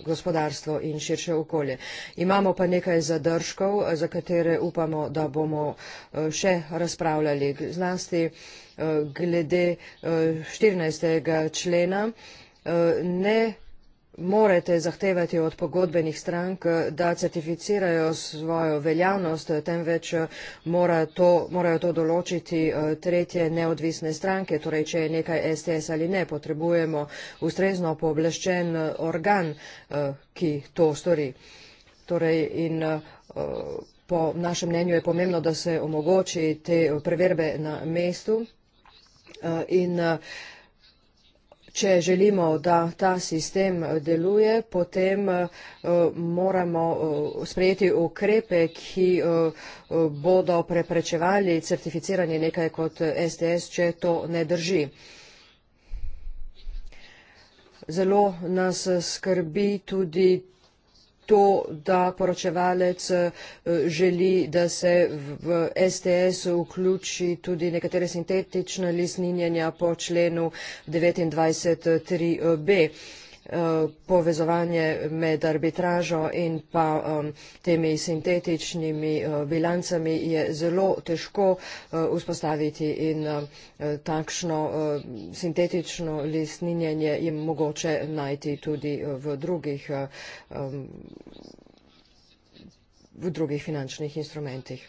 gospodarstvo in širše okolje. Imamo pa nekaj zadržkov, za katere upamo, da bomo eh, še razpravljali zlasti glede 14. člena. Ne morate zahtevati od pogodbenih strank, da certificirajo svojo veljavnost, temveč eh, mora to, morajo to določiti eh, tretje neodvisne stranke, torej če je nekaj STS ali ne, potrebujemo ustrezno pooblaščen eh, organ, ki to stori. Torej in po našem mnenju je pomembno, da se omogoči te preverbe na mestu in Če želimo, da ta sistem deluje, potem eh, moramo eh, sprejeti ukrepe, ki eh, bodo preprečevali certificiranje nekaj kot STS, če to ne drži. Zelo nas skrbi tudi to, da poročevalec eh, želi, da se v STS vključi tudi nekatere sintetične lisninjenja po členu 29.3b. Eh, povezovanje med arbitražo in pa temi sintetičnimi eh, bilancami je zelo težko eh, vzpostaviti in takšno sintetično lesninjenje je mogoče najti tudi v drugih, v drugih finančnih instrumentih.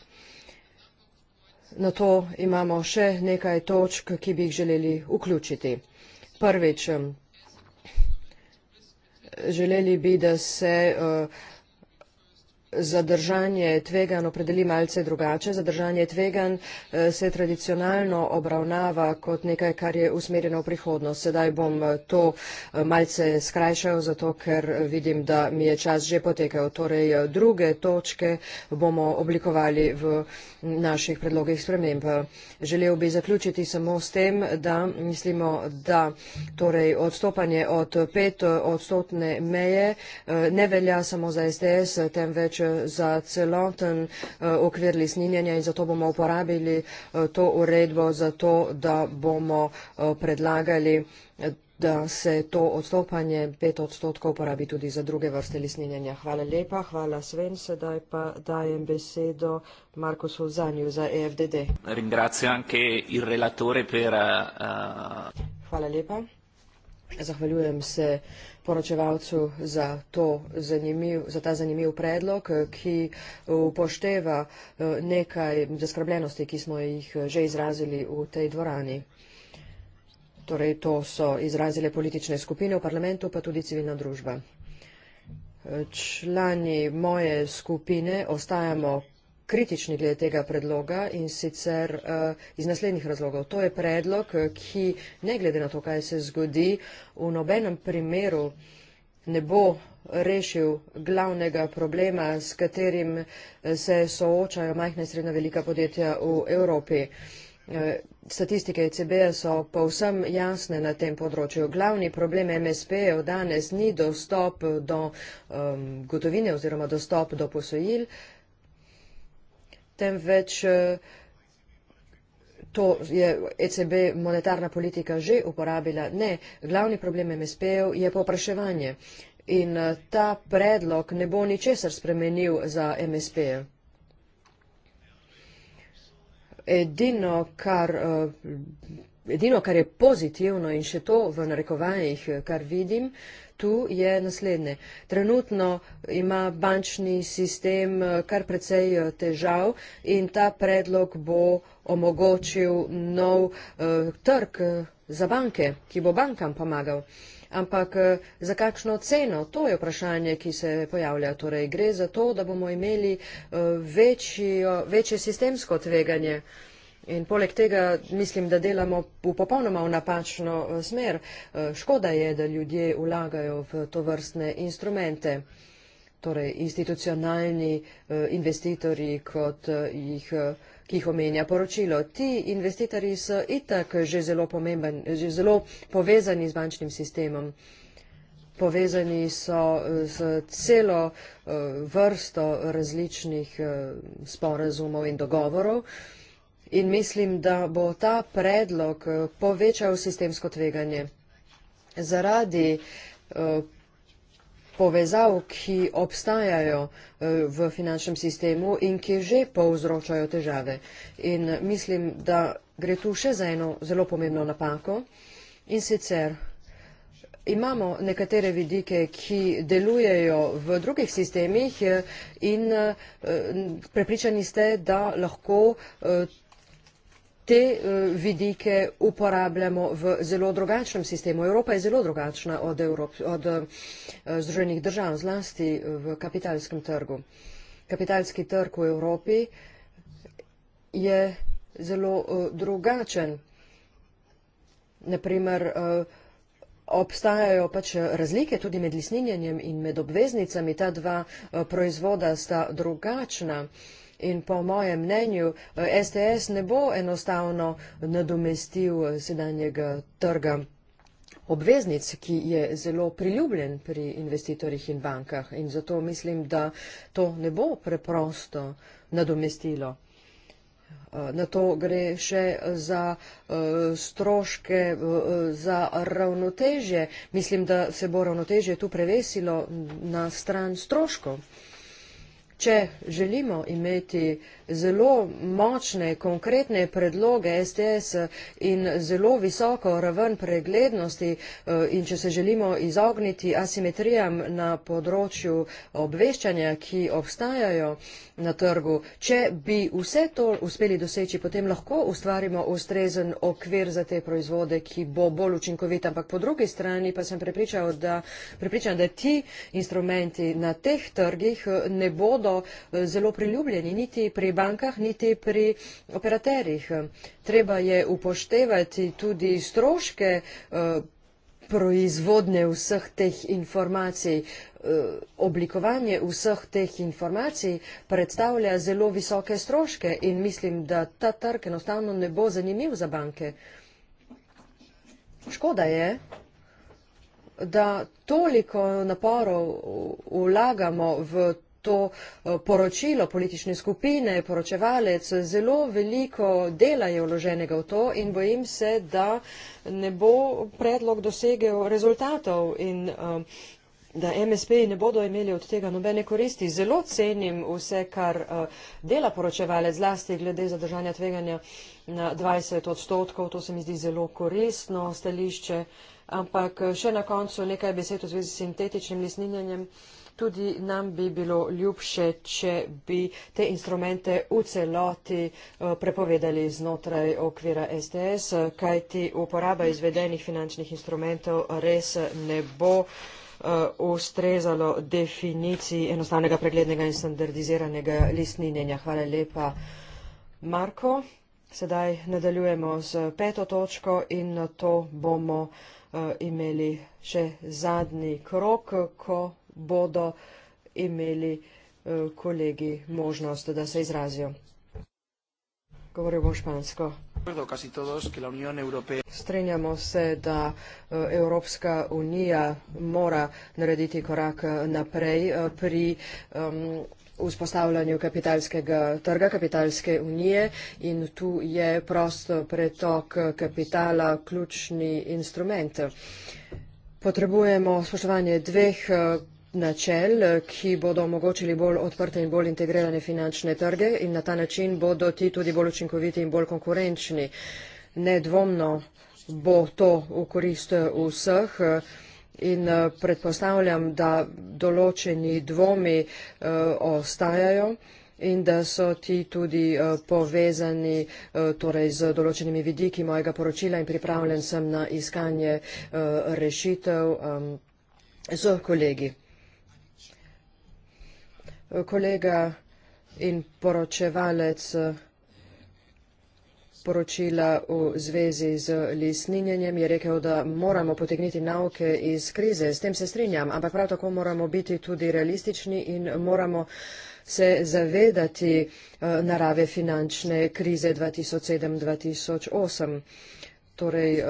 Na to imamo še nekaj točk, ki bi jih želeli vključiti. Prvič, želeli bi, da se uh, zadržanje tvegan opredeli malce drugače. Zadržanje tvegan eh, se tradicionalno obravnava kot nekaj, kar je usmerjeno v prihodnost. Sedaj bom eh, to eh, malce skrajšal, zato ker vidim, da mi je čas že potekal. Torej, druge točke bomo oblikovali v naših predlogih sprememb. Želel bi zaključiti samo s tem, da mislimo, da torej, odstopanje od pet odstotne meje ne velja samo za SDS, temveč za celoten eh, okvir lisninjenja in zato bomo uporabili eh, to uredbo za to, da bomo eh, predlagali da se to odstopanje 5 odstotkov uporabi tudi za druge vrste lisninjenja. Hvala lepa, hvala Sven, sedaj pa dajem besedo Marko Solzanju za EFDD. Hvala lepa, zahvaljujem se uh, poročevalcu za, zanimiv, za ta zanimiv predlog, ki upošteva eh, nekaj zaskrbljenosti, ki smo jih eh, že izrazili v tej dvorani. Torej, to so izrazile politične skupine v parlamentu, pa tudi civilna družba. Eh, člani moje skupine ostajamo kritični glede tega predloga in sicer uh, iz naslednjih razlogov. To je predlog, eh, ki ne glede na to, kaj se zgodi, v nobenem primeru ne bo rešil glavnega problema, s katerim eh, se soočajo majhna in srednja velika podjetja v Evropi. Statistike ECB-a so povsem jasne na tem področju. Glavni problem MSP-ev danes ni dostop do um, gotovine oziroma dostop do posojil, uh, temveč eh, To je ECB monetarna politika že uporabila. Ne, glavni problem MSP-ev je popraševanje. In eh, ta predlog ne bo ničesar spremenil za MSP-e. Edino, eh, edino, kar je pozitivno in še to v narekovanjih, kar vidim, tu je naslednje. Trenutno ima bančni sistem eh, kar precej eh, težav in ta predlog bo omogočil nov uh, trg za banke, ki bo bankam pomagal. Ampak za kakšno ceno? To je vprašanje, ki se pojavlja. Torej, gre za to, da bomo imeli uh, večjo, večje sistemsko tveganje. Uh, In poleg tega mislim, da delamo v popolnoma v napačno eh, smer. Eh, škoda je, da ljudje vlagajo v to vrstne instrumente. Torej, institucionalni eh, investitorji, kot jih, ki jih omenja poročilo. Ti investitorji so itak že zelo, pomemben, že zelo povezani z bančnim sistemom. Povezani so z celo vrsto različnih sporazumov in dogovorov. In mislim, da bo ta predlog eh, povečal sistemsko tveganje. Zaradi eh, povezav, ki obstajajo eh, v finančnem sistemu in ki že povzročajo težave. In mislim, da gre tu še za eno zelo pomembno napako. In sicer imamo nekatere vidike, ki delujejo v drugih sistemih in prepričani ste, da lahko te eh, vidike uporabljamo v zelo drugačnem sistemu. Evropa je zelo drugačna od, Evrop, od eh, Združenih držav, zlasti eh, v kapitalskem trgu. Kapitalski trg v Evropi je zelo drugačen. Naprimer, obstajajo pač razlike tudi med lisninjenjem in med obveznicami. Ta dva proizvoda sta drugačna in po mojem mnenju STS eh, ne bo enostavno nadomestil eh, sedanjega trga obveznic, ki je zelo priljubljen pri investitorjih in bankah in zato mislim, da to ne bo preprosto nadomestilo. Eh, na to gre še za stroške, za ravnotežje. Mislim, da se bo ravnotežje tu prevesilo na stran stroškov. Če želimo imeti zelo močne, konkretne predloge STS in zelo visoko raven preglednosti eh, in če se želimo izogniti asimetrijam na področju obveščanja, ki obstajajo na trgu, če bi vse to uspeli doseči, potem lahko ustvarimo ustrezen okvir za te proizvode, ki bo bolj učinkovit, ampak po drugi strani pa sem prepričal, da, prepričan, da ti instrumenti na teh trgih eh, ne bodo eh, zelo priljubljeni, niti pri bankah niti pri operaterjih. Treba je upoštevati tudi stroške eh, proizvodnje vseh teh informacij. Eh, oblikovanje vseh teh informacij predstavlja zelo visoke stroške in mislim, da ta trg enostavno ne bo zanimiv za banke. Škoda je, da toliko naporov vlagamo v to eh, poročilo politične skupine, poročevalec, zelo veliko dela je vloženega v to in bojim se, da ne bo predlog dosegel rezultatov in eh, da MSP ne bodo imeli od tega nobene koristi. Zelo cenim vse, kar eh, dela poročevalec zlasti glede zadržanja tveganja na 20 odstotkov, to se mi zdi zelo koristno stališče, ampak še na koncu nekaj besed v zvezi s sintetičnim lisninjanjem. Tudi nam bi bilo ljubše, če bi te instrumente v celoti eh, prepovedali znotraj okvira SDS, kajti uporaba izvedenih finančnih instrumentov res ne bo eh, ustrezalo definiciji enostavnega preglednega in standardiziranega listninjenja. Hvala lepa, Marko. Sedaj nadaljujemo z peto točko in na to bomo uh, imeli še zadnji krok, ko bodo imeli eh, kolegi možnost, da se izrazijo. Govorimo špansko. Strenjamo se, da eh, Evropska unija mora narediti korak eh, naprej pri vzpostavljanju kapitalskega trga, kapitalske unije in tu je prost pretok kapitala ključni instrument. Potrebujemo spoštovanje dveh načel, ki bodo omogočili bolj odprte in bolj integrirane finančne trge in na ta način bodo ti tudi bolj učinkoviti in bolj konkurenčni. Nedvomno bo to v korist eh, vseh eh, in eh, predpostavljam, da določeni dvomi ostajajo in da so ti tudi povezani torej z določenimi vidiki mojega poročila in pripravljen sem na iskanje rešitev z kolegi kolega in poročevalec eh, poročila v zvezi z lesninjenjem je rekel, da moramo potegniti nauke iz krize. S tem se strinjam, ampak prav tako moramo biti tudi realistični in moramo se zavedati eh, narave finančne krize 2007-2008. Torej, eh,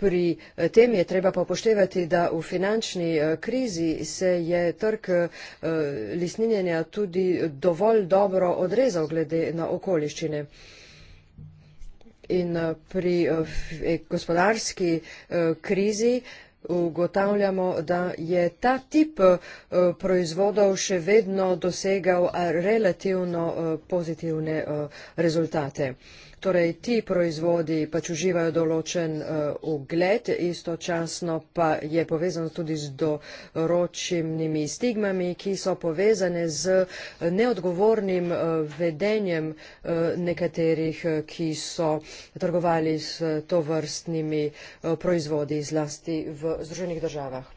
Pri eh, tem je treba pa upoštevati, da v finančni eh, krizi se je trg eh, lisninjenja tudi dovolj dobro odrezal glede na okoliščine. In pri gospodarski krizi ugotavljamo, da je ta tip proizvodov še vedno dosegal relativno pozitivne rezultate. Torej, ti proizvodi pač uživajo določen eh, ugled, uh, istočasno pa je povezan tudi z doročimnimi stigmami, ki so povezane z eh, neodgovornim uh, vedenjem uh, nekaterih, uh, ki so trgovali s to vrstnimi uh, proizvodi, zlasti v Združenih državah.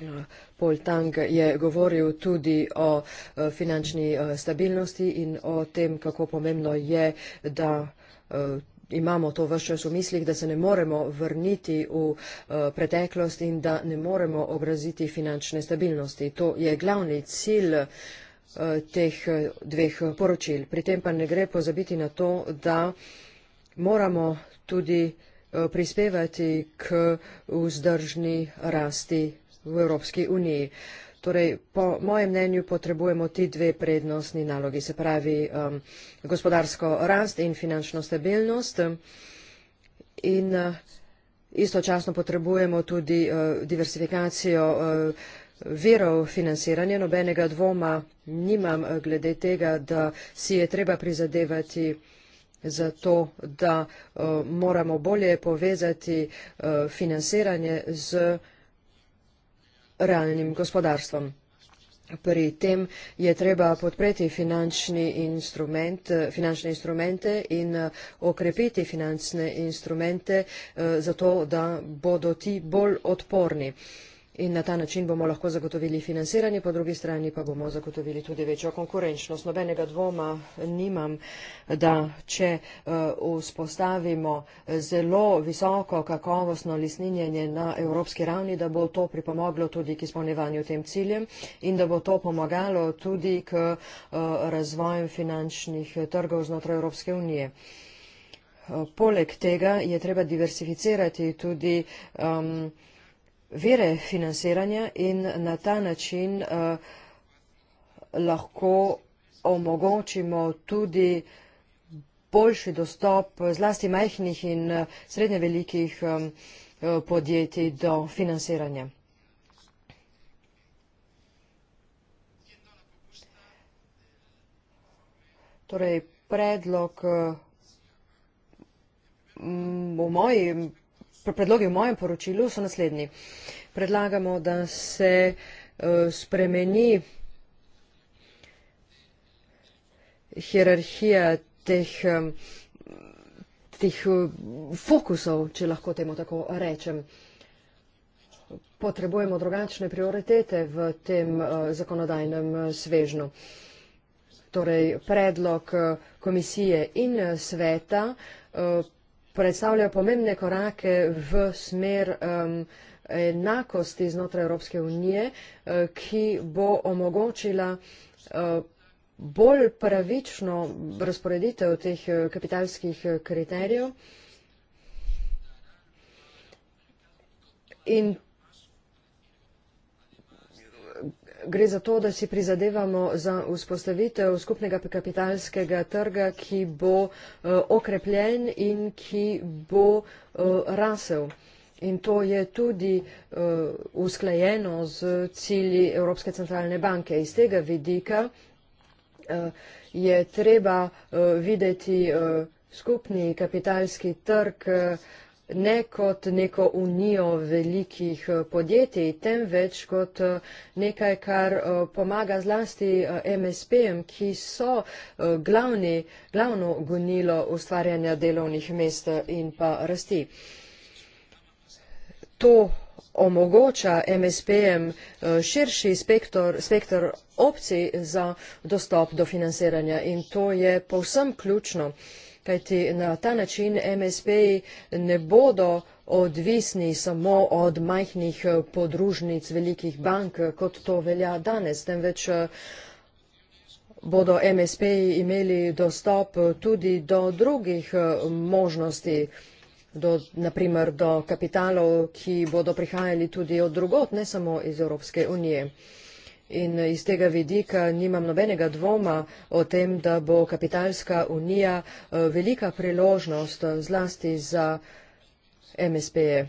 Uh, Paul Tang je govoril tudi o eh, finančni eh, stabilnosti in o tem, kako pomembno je, da eh, imamo to vse čas v mislih, da se ne moremo vrniti v preteklost in da ne moremo ogroziti finančne stabilnosti. To je glavni cilj teh dveh poročil. Pri tem pa ne gre pozabiti na to, da moramo tudi prispevati k vzdržni rasti v Evropski uniji. Torej, po mojem mnenju potrebujemo ti dve prednostni nalogi, se pravi um, gospodarsko rast in finančno stabilnost. In uh, istočasno potrebujemo tudi uh, diversifikacijo uh, verov financiranja. Nobenega dvoma nimam uh, glede tega, da si je treba prizadevati za to, da uh, moramo bolje povezati uh, financiranje z. Uh, realnim gospodarstvom. Pri tem je treba podpreti finančni instrument, finančne instrumente in eh, okrepiti finančne instrumente, eh, zato da bodo ti bolj odporni. In na ta način bomo lahko zagotovili financiranje, po drugi strani pa bomo zagotovili tudi večjo konkurenčnost. Nobenega dvoma nimam, da če eh, vzpostavimo eh, zelo visoko kakovostno lisninjenje na evropski ravni, da bo to pripomoglo tudi k izpolnjevanju tem ciljem in da bo to pomagalo tudi k eh, razvoju finančnih trgov znotraj Evropske unije. Poleg tega je treba diversificirati tudi um, vire financiranja in na ta način eh, lahko omogočimo tudi boljši dostop zlasti majhnih in eh, srednje velikih eh, podjetij do financiranja. Torej, predlog v moji predlogi v mojem poročilu so naslednji. Predlagamo, da se eh, spremeni hierarhija teh, teh eh, fokusov, če lahko temu tako rečem. Potrebujemo drugačne prioritete v tem eh, zakonodajnem svežnu. Torej, predlog komisije in sveta predstavljajo pomembne korake v smer um, enakosti znotraj Evropske unije, uh, ki bo omogočila uh, bolj pravično razporeditev teh uh, kapitalskih kriterijev. In gre za to, da si prizadevamo za vzpostavitev skupnega kapitalskega trga, ki bo eh, okrepljen in ki bo eh, rasel. In to je tudi eh, usklajeno z cilji Evropske centralne banke. Iz tega vidika je treba videti skupni kapitalski trg ne kot neko unijo velikih eh, podjetij, temveč kot eh, nekaj, kar eh, pomaga zlasti MSP-jem, ki so glavni, glavno gonilo ustvarjanja delovnih mest in pa rasti. To omogoča MSP-jem širši spektr opcij za dostop do financiranja in to je povsem ključno kajti na ta način MSP-ji ne bodo odvisni samo od majhnih eh, podružnic velikih bank, eh, kot to velja danes, temveč eh, bodo MSP-ji imeli dostop tudi do drugih možnosti, do, naprimer do kapitalov, ki bodo prihajali tudi od drugot, ne samo iz Evropske unije. In iz tega vidika nimam nobenega dvoma o tem, da bo kapitalska unija eh, velika priložnost eh, zlasti za MSP-je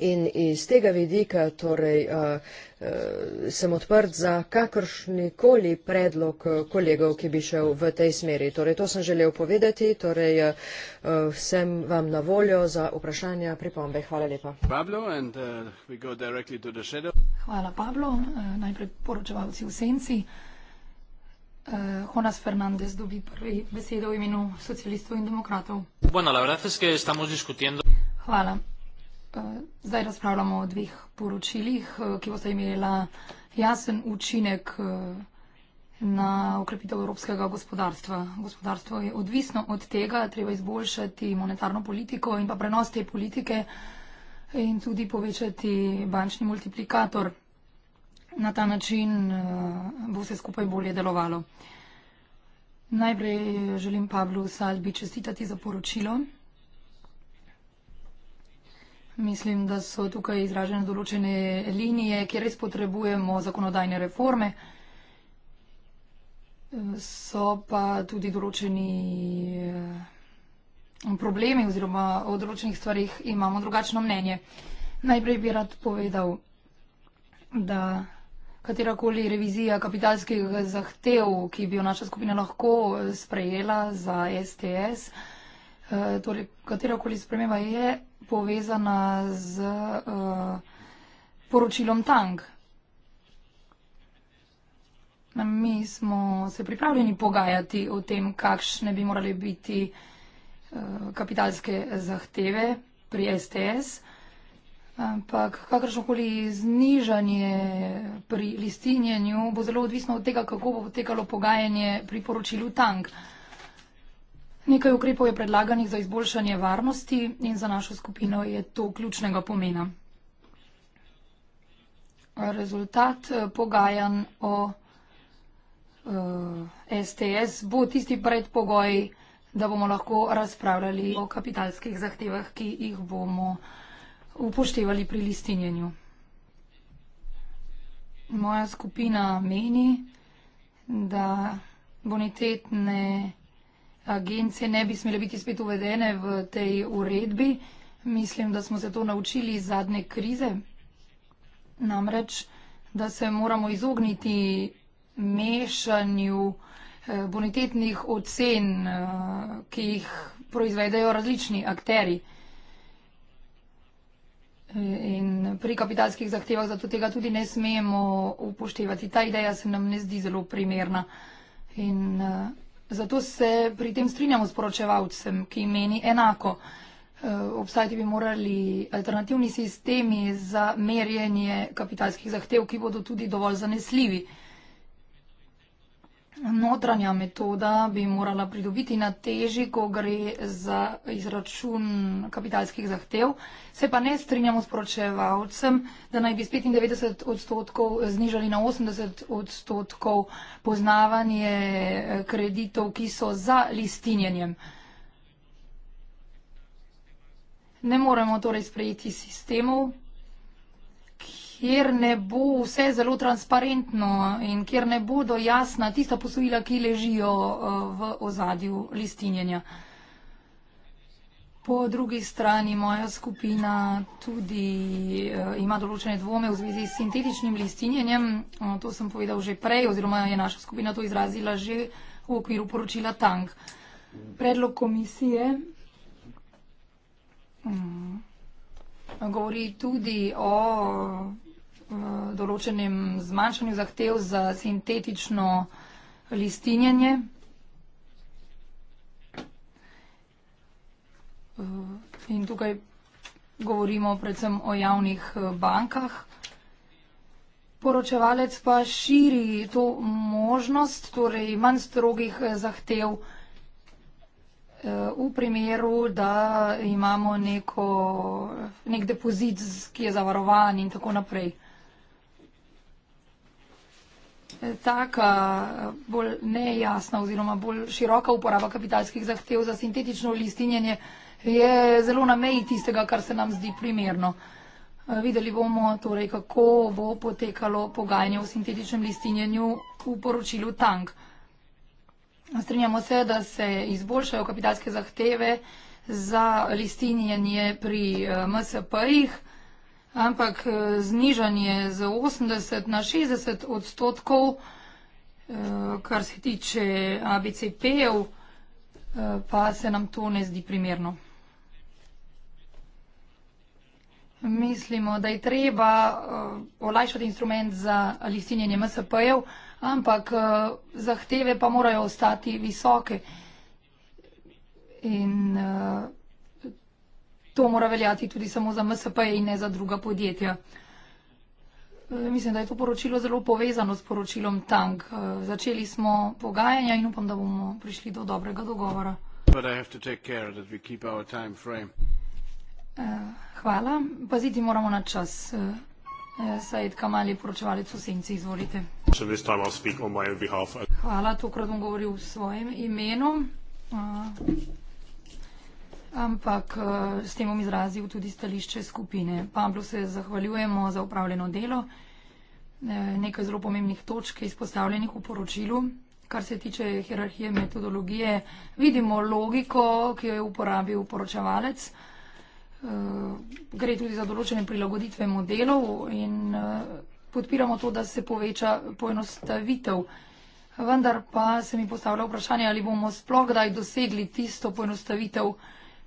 in iz tega vidika torej, uh, uh, sem odprt za kakršnikoli predlog uh, kolegov, ki bi šel v tej smeri. Torej, to sem želel povedati, torej, sem vam na voljo za vprašanja, pripombe. Hvala lepa. Pablo, and, uh, Hvala Pablo, najprej poročevalci v senci. Jonas Fernández dobi prvi besedo v imenu socialistov in demokratov. Bueno, la verdad es que estamos discutiendo. Hvala. Eh, zdaj razpravljamo o dveh poročilih, eh, ki bosta imela jasen učinek eh, na okrepitev evropskega gospodarstva. Gospodarstvo je odvisno od tega, treba izboljšati monetarno politiko in pa prenos te politike in tudi povečati bančni multiplikator. Na ta način bo vse skupaj bolje delovalo. Najprej želim Pablu Salbi čestitati za poročilo. Mislim, da so tukaj izražene določene linije, kjer res potrebujemo zakonodajne reforme. So pa tudi določeni eh, problemi oziroma o določenih stvarih imamo drugačno mnenje. Najprej bi rad povedal, da katerakoli revizija kapitalskih zahtev, ki bi jo naša skupina lahko eh, sprejela za STS, eh, torej katerakoli sprememba je povezana z uh, poročilom Tang. Mi smo se pripravljeni pogajati o tem, kakšne bi morali biti eh, kapitalske zahteve pri STS, ampak kakršnokoli znižanje pri listinjenju bo zelo odvisno od tega, kako bo potekalo pogajanje pri poročilu Tang. Uh, Nekaj ukrepov je predlaganih za izboljšanje varnosti in za našo skupino je to ključnega pomena. Rezultat eh, pogajan o STS eh, bo tisti predpogoj, da bomo lahko razpravljali o kapitalskih zahtevah, ki jih bomo upoštevali pri listinjenju. Moja skupina meni, da bonitetne agencije ne bi smele biti spet uvedene v tej uredbi. Mislim, da smo se to naučili iz zadnje krize. Namreč, da se moramo izogniti mešanju eh, bonitetnih ocen, eh, ki jih proizvedajo različni akteri. Eh, in pri kapitalskih zahtevah zato tega tudi ne smemo upoštevati. Ta ideja se nam ne zdi zelo primerna. In, uh, Zato se pri tem strinjamo s poročevalcem, ki meni enako. Eh, obstajati bi morali alternativni sistemi za merjenje kapitalskih zahtev, ki bodo tudi dovolj zanesljivi. Notranja metoda bi morala pridobiti na teži, ko gre za izračun kapitalskih zahtev. Se pa ne strinjamo s poročevalcem, da naj bi z 95 odstotkov znižali na 80 odstotkov poznavanje eh, kreditov, ki so za listinjenjem. Ne moremo torej sprejeti sistemov, kjer ne bo vse zelo transparentno in kjer ne bodo jasna tista posojila, ki ležijo eh, v ozadju listinjenja. Po drugi strani moja skupina tudi eh, ima določene dvome v zvezi s sintetičnim listinjenjem. To sem povedal že prej oziroma je naša skupina to izrazila že v okviru poročila Tank. Predlog komisije mm, govori tudi o Eh, določenem zmanjšanju zahtev za sintetično listinjenje. Eh, in tukaj govorimo predvsem o javnih eh, bankah. Poročevalec pa širi to možnost, torej manj strogih zahtev v primeru, da imamo neko, nek depozit, ki je zavarovan in tako naprej taka bolj nejasna oziroma bolj široka uporaba kapitalskih zahtev za sintetično listinjenje je zelo na meji tistega, kar se nam zdi primerno. Videli bomo torej, kako bo potekalo pogajanje o sintetičnem listinjenju v poročilu Tank. Strinjamo se, da se izboljšajo kapitalske zahteve za listinjenje pri eh, MSP-jih ampak eh, znižanje za 80 na 60 odstotkov, eh, kar se tiče ABCP-jev, eh, pa se nam to ne zdi primerno. Mislimo, da je treba olajšati instrument za listinjenje MSP-jev, ampak zahteve pa morajo ostati visoke. In uh, to mora veljati tudi samo za MSP in ne za druga podjetja. E, mislim, da je to poročilo zelo povezano s poročilom Tank. E, začeli smo pogajanja in upam, da bomo prišli do dobrega dogovora. E, hvala. Paziti moramo na čas. Said Kamali, poročevalec v Senci, izvolite. Hvala, tokrat bom govoril v svojem imenu. Uh ampak eh, s tem bom izrazil tudi stališče skupine. Pablo se zahvaljujemo za upravljeno delo. Eh, nekaj zelo pomembnih točk izpostavljenih v poročilu. Kar se tiče hierarhije metodologije, vidimo logiko, ki jo je uporabil poročevalec. Eh, gre tudi za določene prilagoditve modelov in podpiramo to, da se poveča poenostavitev. Vendar pa se mi postavlja vprašanje, ali bomo sploh kdaj dosegli tisto poenostavitev,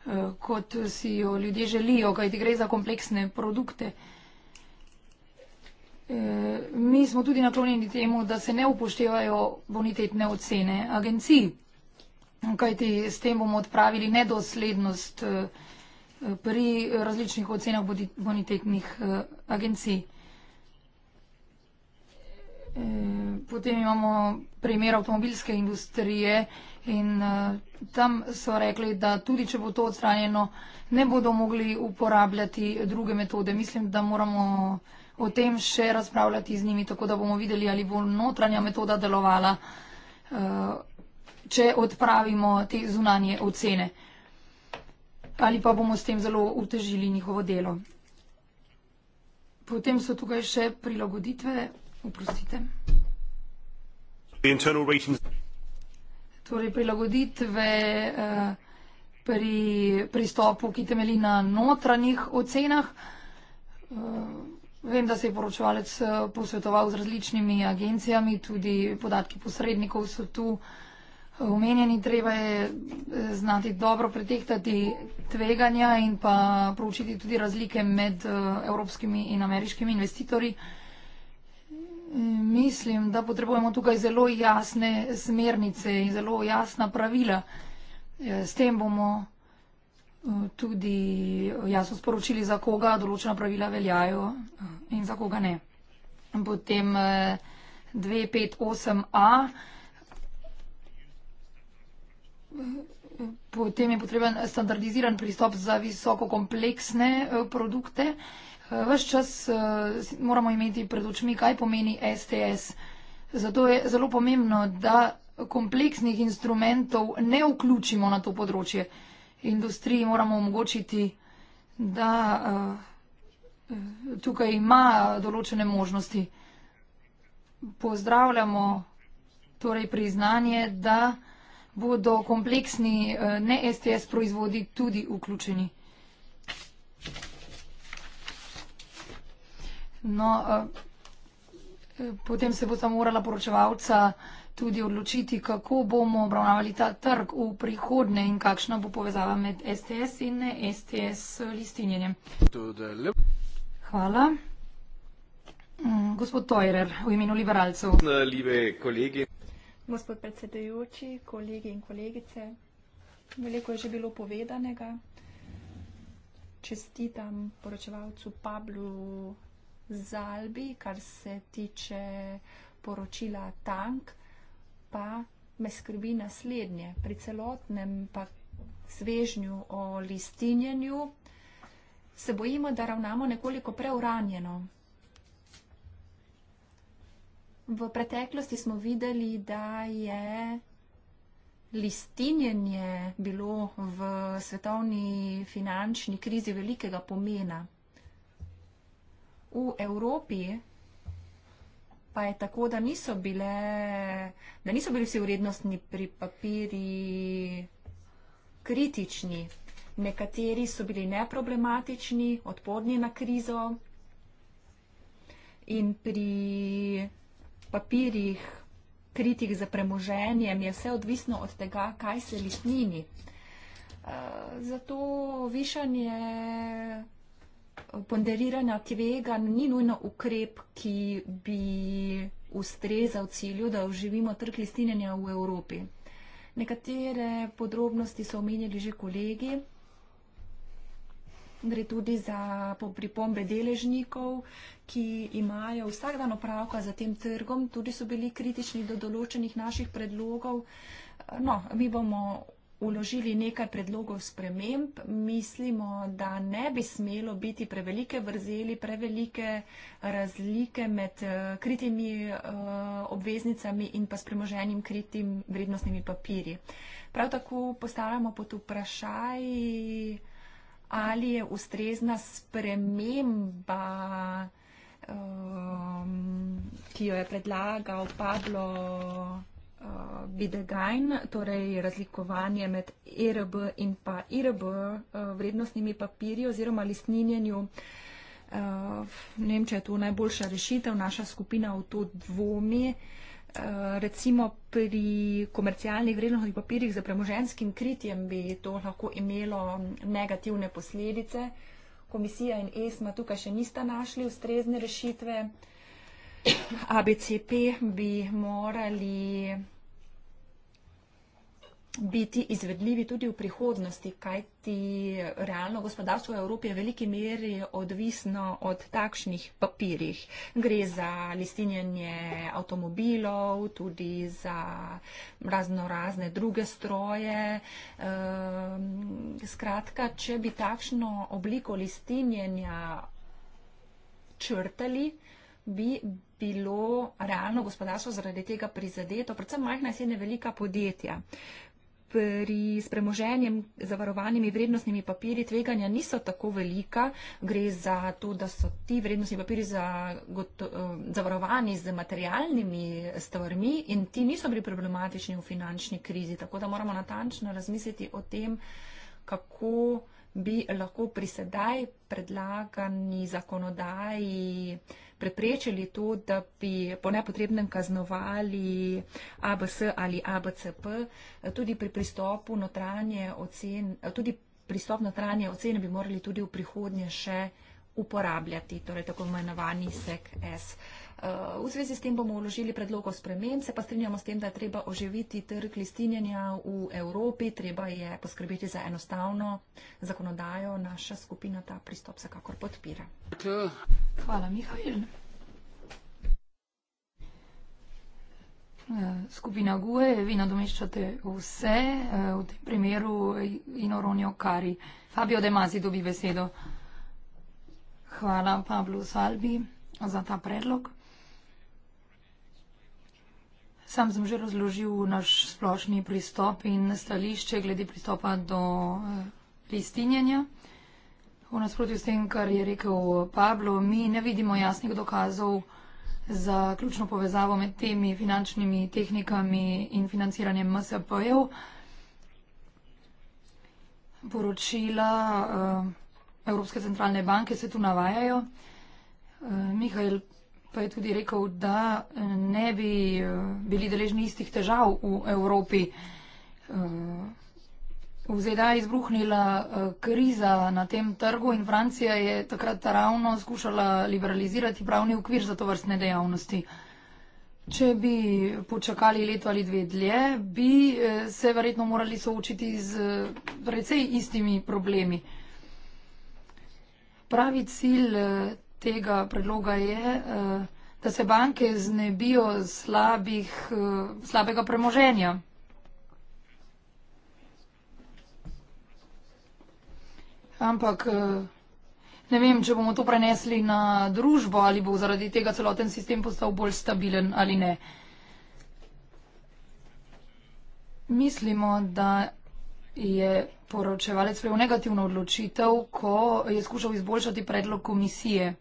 Eh, kot si jo ljudje želijo, kajti gre za kompleksne produkte. Eh, mi smo tudi naklonjeni temu, da se ne upoštevajo bonitetne ocene agencij, kajti s tem bomo odpravili nedoslednost eh, pri različnih ocenah bonitetnih agencij. Potem imamo primer avtomobilske industrije, In uh, tam so rekli, da tudi če bo to odstranjeno, ne bodo mogli uporabljati druge metode. Mislim, da moramo o tem še razpravljati z njimi, tako da bomo videli, ali bo notranja metoda delovala, uh, če odpravimo te zunanje ocene. Ali pa bomo s tem zelo utežili njihovo delo. Potem so tukaj še prilagoditve. Oprostite. The internal ratings. Torej, prilagoditve eh, pri pristopu, ki temeli na notranjih ocenah. Eh, vem, da se je poročevalec eh, posvetoval z različnimi agencijami, tudi podatki posrednikov so tu omenjeni. Treba je znati dobro pretehtati tveganja in pa proučiti tudi razlike med evropskimi in ameriškimi investitorji. Mislim, da potrebujemo tukaj zelo jasne smernice in zelo jasna pravila. E, s tem bomo e, tudi e, jasno sporočili, za koga določena pravila veljajo in za koga ne. Potem 258a. Potem je potreben standardiziran pristop za visoko kompleksne produkte. Ves čas eh, moramo imeti pred očmi, kaj pomeni STS. Zato je zelo pomembno, da kompleksnih instrumentov ne vključimo na to področje. Industriji moramo omogočiti, da eh, tukaj ima določene možnosti. Pozdravljamo torej priznanje, da bodo kompleksni eh, ne STS proizvodi tudi vključeni. No, eh, eh, potem se bo tam morala poročevalca tudi odločiti, kako bomo obravnavali ta trg v prihodne in kakšna bo povezava med STS in STS eh, listinjenjem. Hvala. Mm, gospod Tojrer, v imenu liberalcev. Lebe kolegi. Gospod predsedujoči, kolegi in kolegice, veliko je že bilo povedanega. Čestitam poročevalcu Pablu zalbi, kar se tiče poročila tank, pa me skrbi naslednje. Pri celotnem pa svežnju o listinjenju se bojimo, da ravnamo nekoliko preuranjeno. V preteklosti smo videli, da je listinjenje bilo v svetovni finančni krizi velikega pomena v Evropi pa je tako, da niso, bile, da niso bili vsi vrednostni pri papiri kritični. Nekateri so bili neproblematični, odporni na krizo in pri papirjih kritik za premoženjem je vse odvisno od tega, kaj se lišnini. Eh, zato višanje ponderiranja tveganj ni nujno ukrep, ki bi ustrezal cilju, da oživimo trg listinjenja v Evropi. Nekatere podrobnosti so omenjali že kolegi. Gre tudi za pripombe deležnikov, ki imajo vsak dan opravka za tem trgom. Tudi so bili kritični do določenih naših predlogov. No, mi bomo vložili nekaj predlogov sprememb. Mislimo, da ne bi smelo biti prevelike vrzeli, prevelike razlike med eh, kritimi eh, obveznicami in pa s premoženjem kritim vrednostnimi papirji. Prav tako postavljamo pod vprašaj, ali je ustrezna sprememba, eh, ki jo je predlagal Pablo. Eh, Bidegain, torej razlikovanje med ERB in pa IRB eh, vrednostnimi papirji oziroma listninjenju. Eh, Nemčija je to najboljša rešitev, naša skupina v to dvomi. Recimo pri komercialnih vrednostnih papirjih za premoženskim kritjem bi to lahko imelo negativne posledice. Komisija in ESMA tukaj še nista našli ustrezne rešitve. ABCP bi morali biti izvedljivi tudi v prihodnosti, kajti realno gospodarstvo v Evropi je v veliki meri odvisno od takšnih papirjih. Gre za listinjanje avtomobilov, tudi za razno razne druge stroje. Ehm, skratka, če bi takšno obliko listinjanja črtali, bi bilo realno gospodarstvo zaradi tega prizadeto, predvsem majhna in srednja velika podjetja pri spremoženjem zavarovanimi vrednostnimi papiri tveganja niso tako velika. Gre za to, da so ti vrednostni papiri eh, zavarovani z materialnimi stvarmi in ti niso bili problematični v finančni krizi. Tako da moramo natančno razmisliti o tem, kako bi lahko pri sedaj predlagani zakonodaji preprečili to, da bi po nepotrebnem kaznovali ABS ali ABCP, tudi pri pristopu notranje ocen, tudi pristop notranje ocene bi morali tudi v prihodnje še uporabljati, torej tako imenovani SEC-S. Uh, V zvezi s tem bomo uložili predlogo sprememb, se pa strinjamo s tem, da je treba oživiti trg listinjenja v Evropi, treba je poskrbeti za enostavno zakonodajo. Naša skupina ta pristop vsekakor podpira. Hvala, Mihajl. Eh, skupina GUE, vi nadomeščate vse, eh, v tem primeru in Oronjo Kari. Fabio De Masi dobi besedo. Hvala Pablo Salbi za ta predlog. Sam sem že razložil naš splošni pristop in stališče glede pristopa do eh, listinjenja. V nasprotju s tem, kar je rekel Pablo, mi ne vidimo jasnih dokazov za ključno povezavo med temi finančnimi tehnikami in financiranjem MSP-jev. Poročila eh, Evropske centralne banke se tu navajajo. Eh, Mihajl pa je tudi rekel, da eh, ne bi eh, bili deležni istih težav v Evropi. Eh, v ZDA je izbruhnila kriza na tem trgu in Francija je takrat ravno skušala liberalizirati pravni ukvir za to vrstne dejavnosti. Če bi počakali leto ali dve dlje, bi se verjetno morali soočiti z precej istimi problemi. Pravi cilj tega predloga je, eh, da se banke znebijo slabih, eh, slabega premoženja. Ampak eh, ne vem, če bomo to prenesli na družbo ali bo zaradi tega celoten sistem postal bolj stabilen ali ne. Mislimo, da je poročevalec prejel negativno odločitev, ko je skušal izboljšati predlog komisije.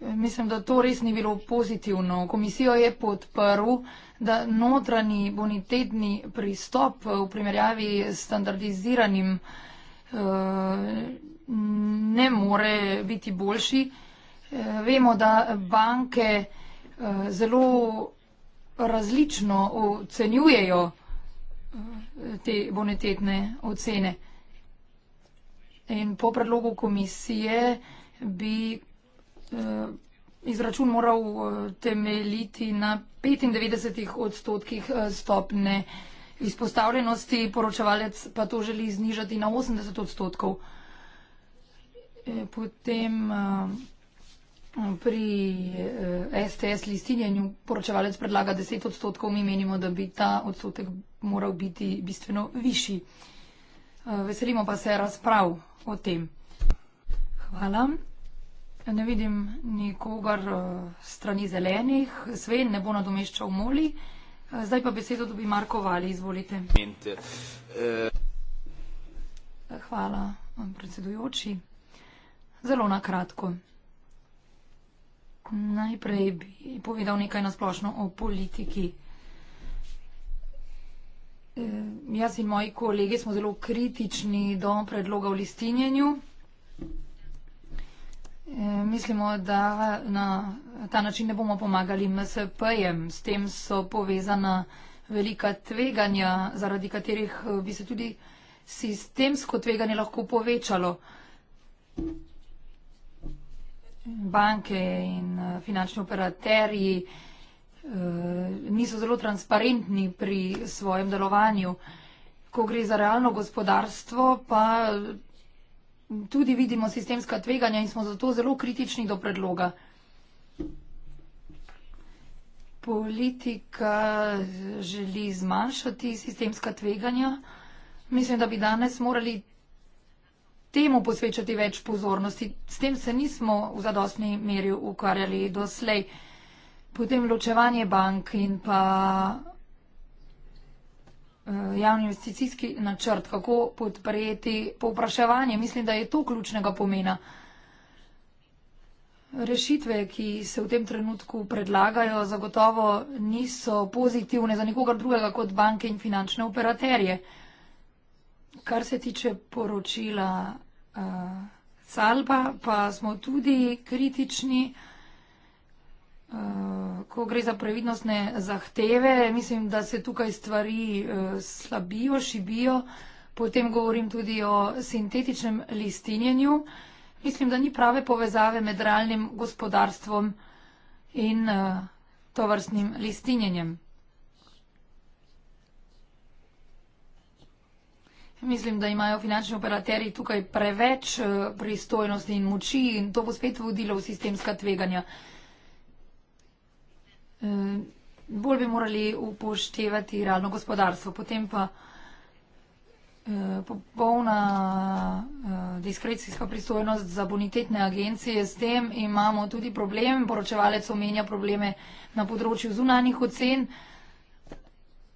Mislim, da to res ni bilo pozitivno. Komisijo je podprl, da notranji bonitetni pristop v primerjavi s standardiziranim eh, ne more biti boljši. Eh, vemo, da banke eh, zelo različno ocenjujejo te bonitetne ocene. In po predlogu komisije bi Eh, izračun moral eh, temeljiti na 95 odstotkih eh, stopne izpostavljenosti, poročevalec pa to želi znižati na 80 odstotkov. Potem pri STS listinjenju poročevalec predlaga 10 odstotkov, mi menimo, da bi ta odstotek moral biti bistveno višji. Veselimo pa se razprav o tem. Hvala. Ne vidim nikogar eh, strani zelenih, Sven ne bo nadomeščal Moli. Eh, zdaj pa besedo dobi Marko Vali, izvolite. Eh, hvala, predsedujoči. Zelo na kratko. Najprej bi povedal nekaj nasplošno o politiki. Jaz in moji kolegi smo zelo kritični do predloga o listinjenju. Eh, mislimo, da na ta način ne bomo pomagali MSP-jem. S tem so povezana velika tveganja, zaradi katerih eh, bi se tudi sistemsko tveganje lahko povečalo. Banke in eh, finančni operaterji niso zelo transparentni pri svojem delovanju. Ko gre za realno gospodarstvo, pa tudi vidimo sistemska tveganja in smo zato zelo kritični do predloga. Politika želi zmanjšati sistemska tveganja. Mislim, da bi danes morali temu posvečati več pozornosti. S tem se nismo v zadostni meri ukvarjali doslej. Potem ločevanje bank in pa javni investicijski načrt, kako podprejeti povpraševanje. Mislim, da je to ključnega pomena. Rešitve, ki se v tem trenutku predlagajo, zagotovo niso pozitivne za nikogar drugega kot banke in finančne operaterje. Kar se tiče poročila uh, eh, Salba, pa smo tudi kritični. Eh, ko gre za previdnostne zahteve, mislim, da se tukaj stvari eh, slabijo, šibijo. Potem govorim tudi o sintetičnem listinjenju. Mislim, da ni prave povezave med realnim gospodarstvom in eh, tovrstnim listinjenjem. Mislim, da imajo finančni operaterji tukaj preveč pristojnosti in moči in to bo spet vodilo v sistemska tveganja. Eh, bolj bi morali upoštevati realno gospodarstvo. Potem pa eh, popolna eh, diskrecijska pristojnost za bonitetne agencije. S tem imamo tudi problem. Poročevalec omenja probleme na področju zunanjih ocen.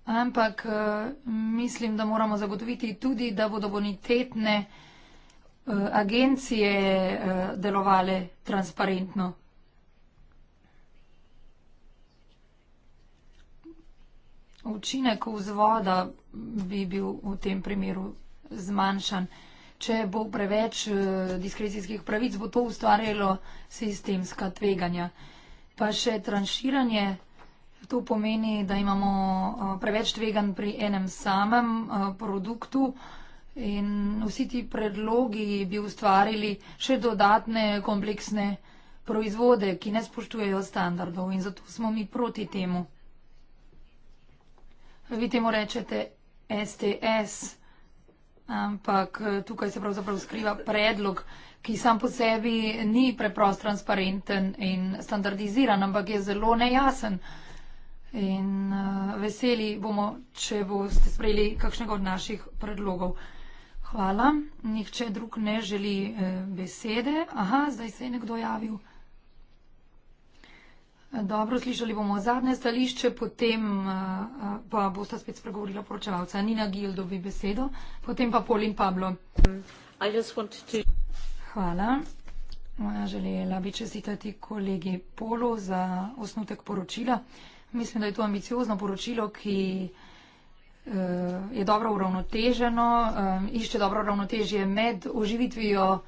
Ampak mislim, da moramo zagotoviti tudi, da bodo bonitetne agencije delovale transparentno. učinek vzvoda bi bil v tem primeru zmanjšan. Če bo preveč eh, diskrecijskih pravic, bo to ustvarjalo sistemska tveganja. Pa še tranširanje, to pomeni, da imamo eh, preveč tvegan pri enem samem eh, produktu in vsi ti predlogi bi ustvarili še dodatne kompleksne proizvode, ki ne spoštujejo standardov in zato smo mi proti temu. Vi temu rečete STS, ampak eh, tukaj se pravzaprav skriva predlog, ki sam po sebi ni preprost, transparenten in standardiziran, ampak je zelo nejasen. In uh, veseli bomo, če boste sprejeli kakšnega od naših predlogov. Hvala. Nihče drug ne želi eh, besede. Aha, zdaj se je nekdo javil. Dobro, slišali bomo zadnje stališče, potem eh, eh, pa bosta spet spregovorila poročevalca. Nina Gil dobi besedo, potem pa Polin Pablo. To... Hvala. Moja želela bi čestitati kolegi Polo za osnutek poročila. Mislim, da je to ambiciozno poročilo, ki eh, je dobro uravnoteženo, išče dobro uravnotežje med oživitvijo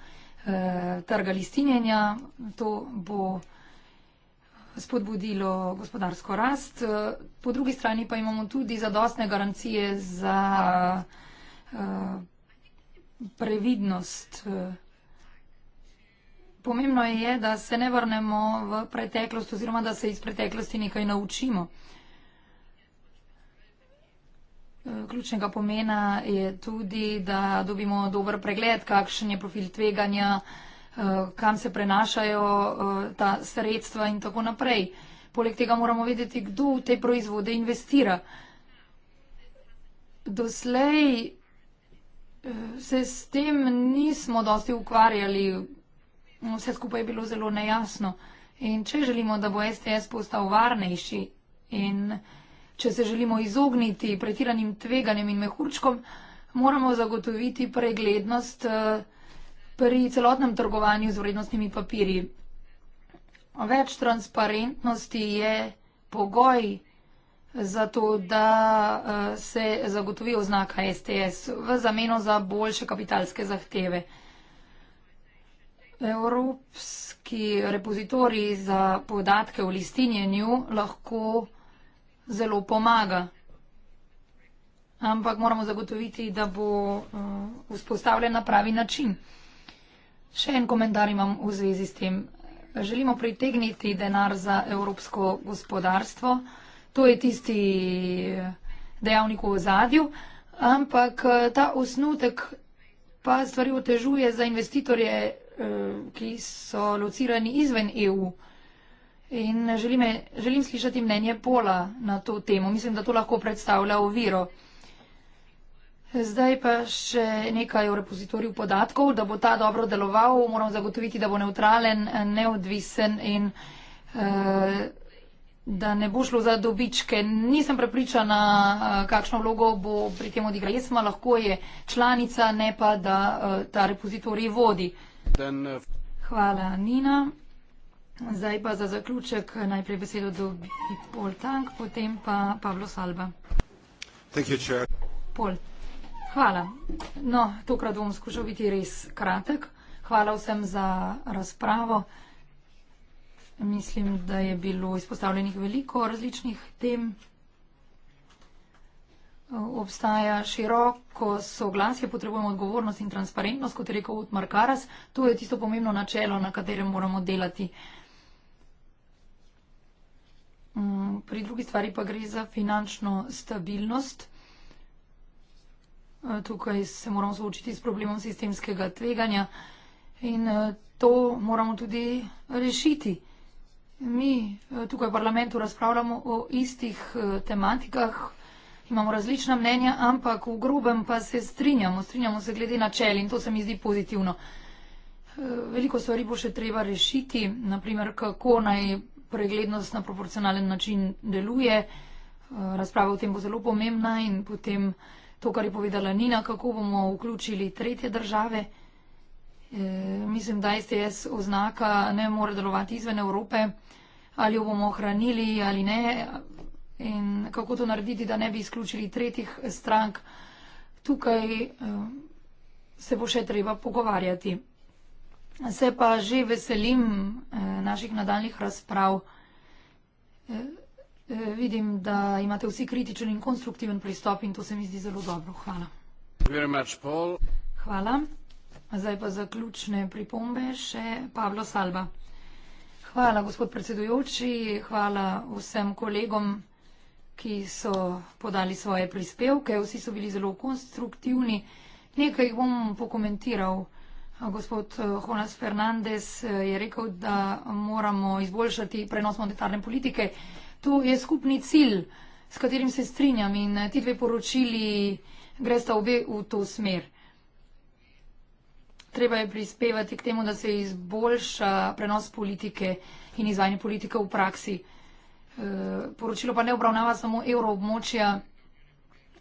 trga listinjenja. To bo spodbudilo gospodarsko rast. Po drugi strani pa imamo tudi zadostne garancije za eh, previdnost. Pomembno je, da se ne vrnemo v preteklost oziroma da se iz preteklosti nekaj naučimo. Ključnega pomena je tudi, da dobimo dober pregled, kakšen je profil tveganja, Eh, kam se prenašajo eh, ta sredstva in tako naprej. Poleg tega moramo vedeti, kdo v te proizvode investira. Doslej eh, se s tem nismo dosti ukvarjali, vse skupaj je bilo zelo nejasno. In če želimo, da bo STS postal varnejši in če se želimo izogniti pretiranim tveganjem in mehurčkom, moramo zagotoviti preglednost. Uh, pri celotnem trgovanju z vrednostnimi papiri. Več transparentnosti je pogoj za to, da eh, se zagotovi oznaka STS v zameno za boljše kapitalske zahteve. Evropski repozitorij za podatke v listinjenju lahko zelo pomaga, ampak moramo zagotoviti, da bo eh, vzpostavljen na pravi način. Še en komentar imam v zvezi s tem. Želimo pritegniti denar za evropsko gospodarstvo. To je tisti eh, dejavnik v zadju, ampak eh, ta osnutek pa stvari otežuje za investitorje, eh, ki so locirani izven EU. In želim, želim slišati mnenje Pola na to temo. Mislim, da to lahko predstavlja oviro. Zdaj pa še nekaj o repozitoriju podatkov. Da bo ta dobro deloval, moramo zagotoviti, da bo neutralen, neodvisen in eh, da ne bo šlo za dobičke. Nisem prepričana, eh, kakšno vlogo bo pri tem odigral. Jaz sem lahko je članica, ne pa da eh, ta repozitorij vodi. Uh, Hvala, Nina. Zdaj pa za zaključek najprej besedo dobi Pol Tank, potem pa Pablo Salba. Pol Tank. Hvala. No, tokrat bom skušal biti res kratek. Hvala vsem za razpravo. Mislim, da je bilo izpostavljenih veliko različnih tem. Obstaja široko soglasje, potrebujemo odgovornost in transparentnost, kot je rekel Utmar Karas. To je tisto pomembno načelo, na katerem moramo delati. Mm, pri drugi stvari pa gre za finančno stabilnost. Eh, tukaj se moramo soočiti s problemom sistemskega tveganja in eh, to moramo tudi rešiti. Mi eh, tukaj v parlamentu razpravljamo o istih tematikah, imamo različna mnenja, ampak v grobem pa se strinjamo, strinjamo se glede načel in to se mi zdi pozitivno. Veliko stvari bo še treba rešiti, naprimer kako naj preglednost na proporcionalen način deluje. Razprava o tem bo zelo pomembna in potem to, kar je povedala Nina, kako bomo vključili tretje države. E, mislim, da STS oznaka ne more delovati izven Evrope, ali jo bomo ohranili ali ne. In kako to narediti, da ne bi izključili tretjih strank, tukaj e, se bo še treba pogovarjati. Se pa že veselim e, naših nadaljnih razprav. E, Eh, vidim, da imate vsi kritičen in konstruktiven pristop in to se mi zdi zelo dobro. Hvala. Much, Hvala. Zdaj pa zaključne pripombe še Pablo Salva. Hvala, gospod predsedujoči. Hvala vsem kolegom, ki so podali svoje prispevke. Vsi so bili zelo konstruktivni. Nekaj bom pokomentiral. Gospod eh, Jonas Fernandez eh, je rekel, da moramo izboljšati prenos monetarne politike to je skupni cilj, s katerim se strinjam in eh, ti dve poročili gresta obe v to smer. Treba je prispevati k temu, da se izboljša prenos politike in izvajanje politike v praksi. Eh, poročilo pa ne obravnava samo evroobmočja,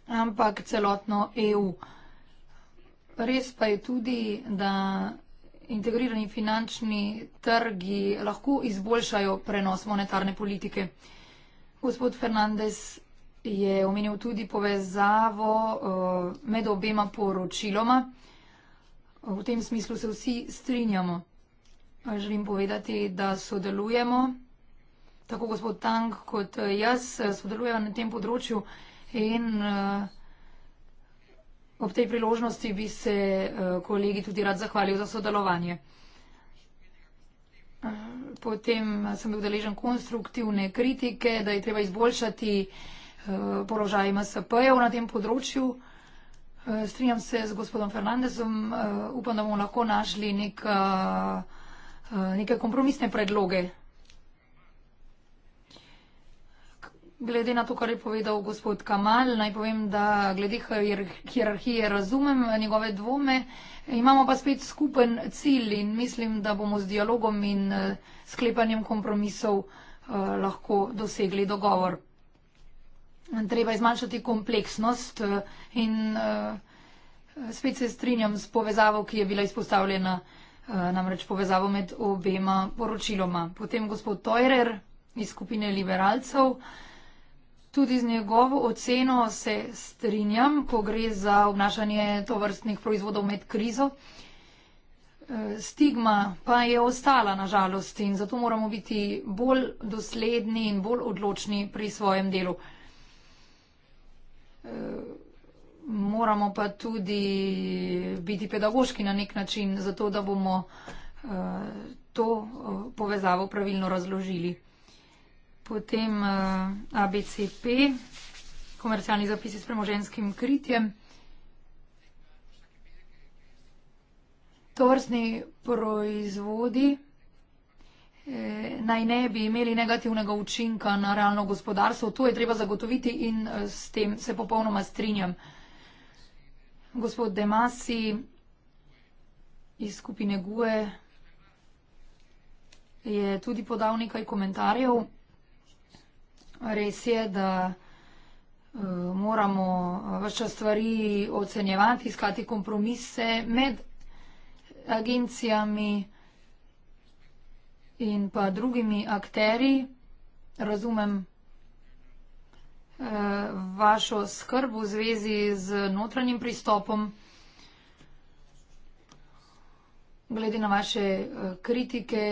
ampak celotno EU. Res pa je tudi, da integrirani finančni trgi lahko izboljšajo prenos monetarne politike. Gospod Fernandez je omenil tudi povezavo eh, med obema poročiloma. V tem smislu se vsi strinjamo. Želim povedati, da sodelujemo, tako gospod Tank kot eh, jaz eh, sodelujemo na tem področju in ob tej priložnosti bi se kolegi tudi rad zahvalil za sodelovanje potem eh, sem bil deležen konstruktivne kritike, da je treba izboljšati eh, položaj MSP-jev na tem področju. Eh, strinjam se z gospodom Fernandezom, upam, da bomo lahko našli neka, neke kompromisne predloge. Glede na to, kar je povedal gospod Kamal, naj povem, da glede hierarhije razumem njegove dvome, imamo pa spet skupen cilj in mislim, da bomo z dialogom in uh, sklepanjem kompromisov eh, lahko dosegli dogovor. Treba je zmanjšati kompleksnost eh, in eh, spet se strinjam s povezavo, ki je bila izpostavljena, namreč povezavo med obema poročiloma. Potem gospod Teurer iz skupine liberalcev, tudi z njegovo oceno se strinjam, ko gre za obnašanje tovrstnih proizvodov med krizo. Eh, stigma pa je ostala na žalost in zato moramo biti bolj dosledni in bolj odločni pri svojem delu. Eh, moramo pa tudi biti pedagoški na nek način, zato da bomo eh, to povezavo pravilno razložili. Potem ABCP, komercialni zapisi s premoženskim kritjem. Tovrstni proizvodi eh, naj ne bi imeli negativnega učinka na realno gospodarstvo. To je treba zagotoviti in eh, s tem se popolnoma strinjam. Gospod Demasi iz skupine GUE je tudi podal nekaj komentarjev. Res je, da eh, moramo vse stvari ocenjevati, iskati kompromise med agencijami in pa drugimi akteri. Razumem eh, vašo skrb v zvezi z notranjim pristopom. Glede na vaše eh, kritike,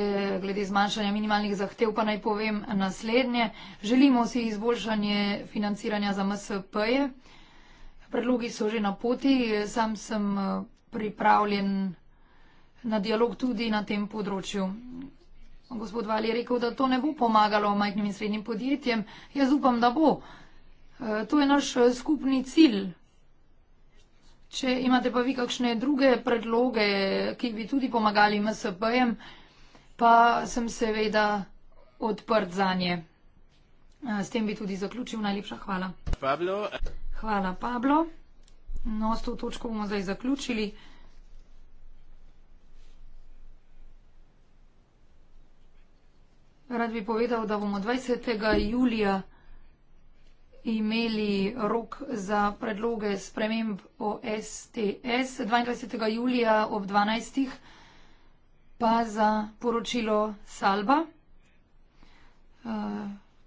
glede zmanjšanja minimalnih zahtev, pa naj povem naslednje. Želimo si izboljšanje financiranja za MSP-je. Predlogi so že na poti. Sam sem eh, pripravljen na dialog tudi na tem področju. Gospod Val je rekel, da to ne bo pomagalo majhnim in srednjim podjetjem. Jaz upam, da bo. E, to je naš e, skupni cilj. Če imate pa vi kakšne druge predloge, ki bi tudi pomagali MSP-jem, pa sem seveda odprt za nje. E, s tem bi tudi zaključil. Najlepša hvala. Pablo. Hvala, Pablo. No, s to točko bomo zdaj zaključili. Rad bi povedal, da bomo 20. julija imeli rok za predloge sprememb o STS, 22. julija ob 12. pa za poročilo Salba. Eh,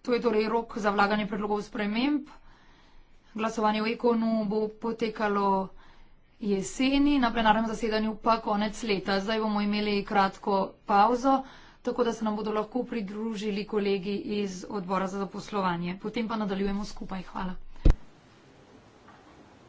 to je torej rok za vlaganje predlogov sprememb. Glasovanje v ekonu bo potekalo jeseni, na plenarnem zasedanju pa konec leta. Zdaj bomo imeli kratko pauzo tako da se nam bodo lahko pridružili kolegi iz odbora za zaposlovanje. Potem pa nadaljujemo skupaj. Hvala.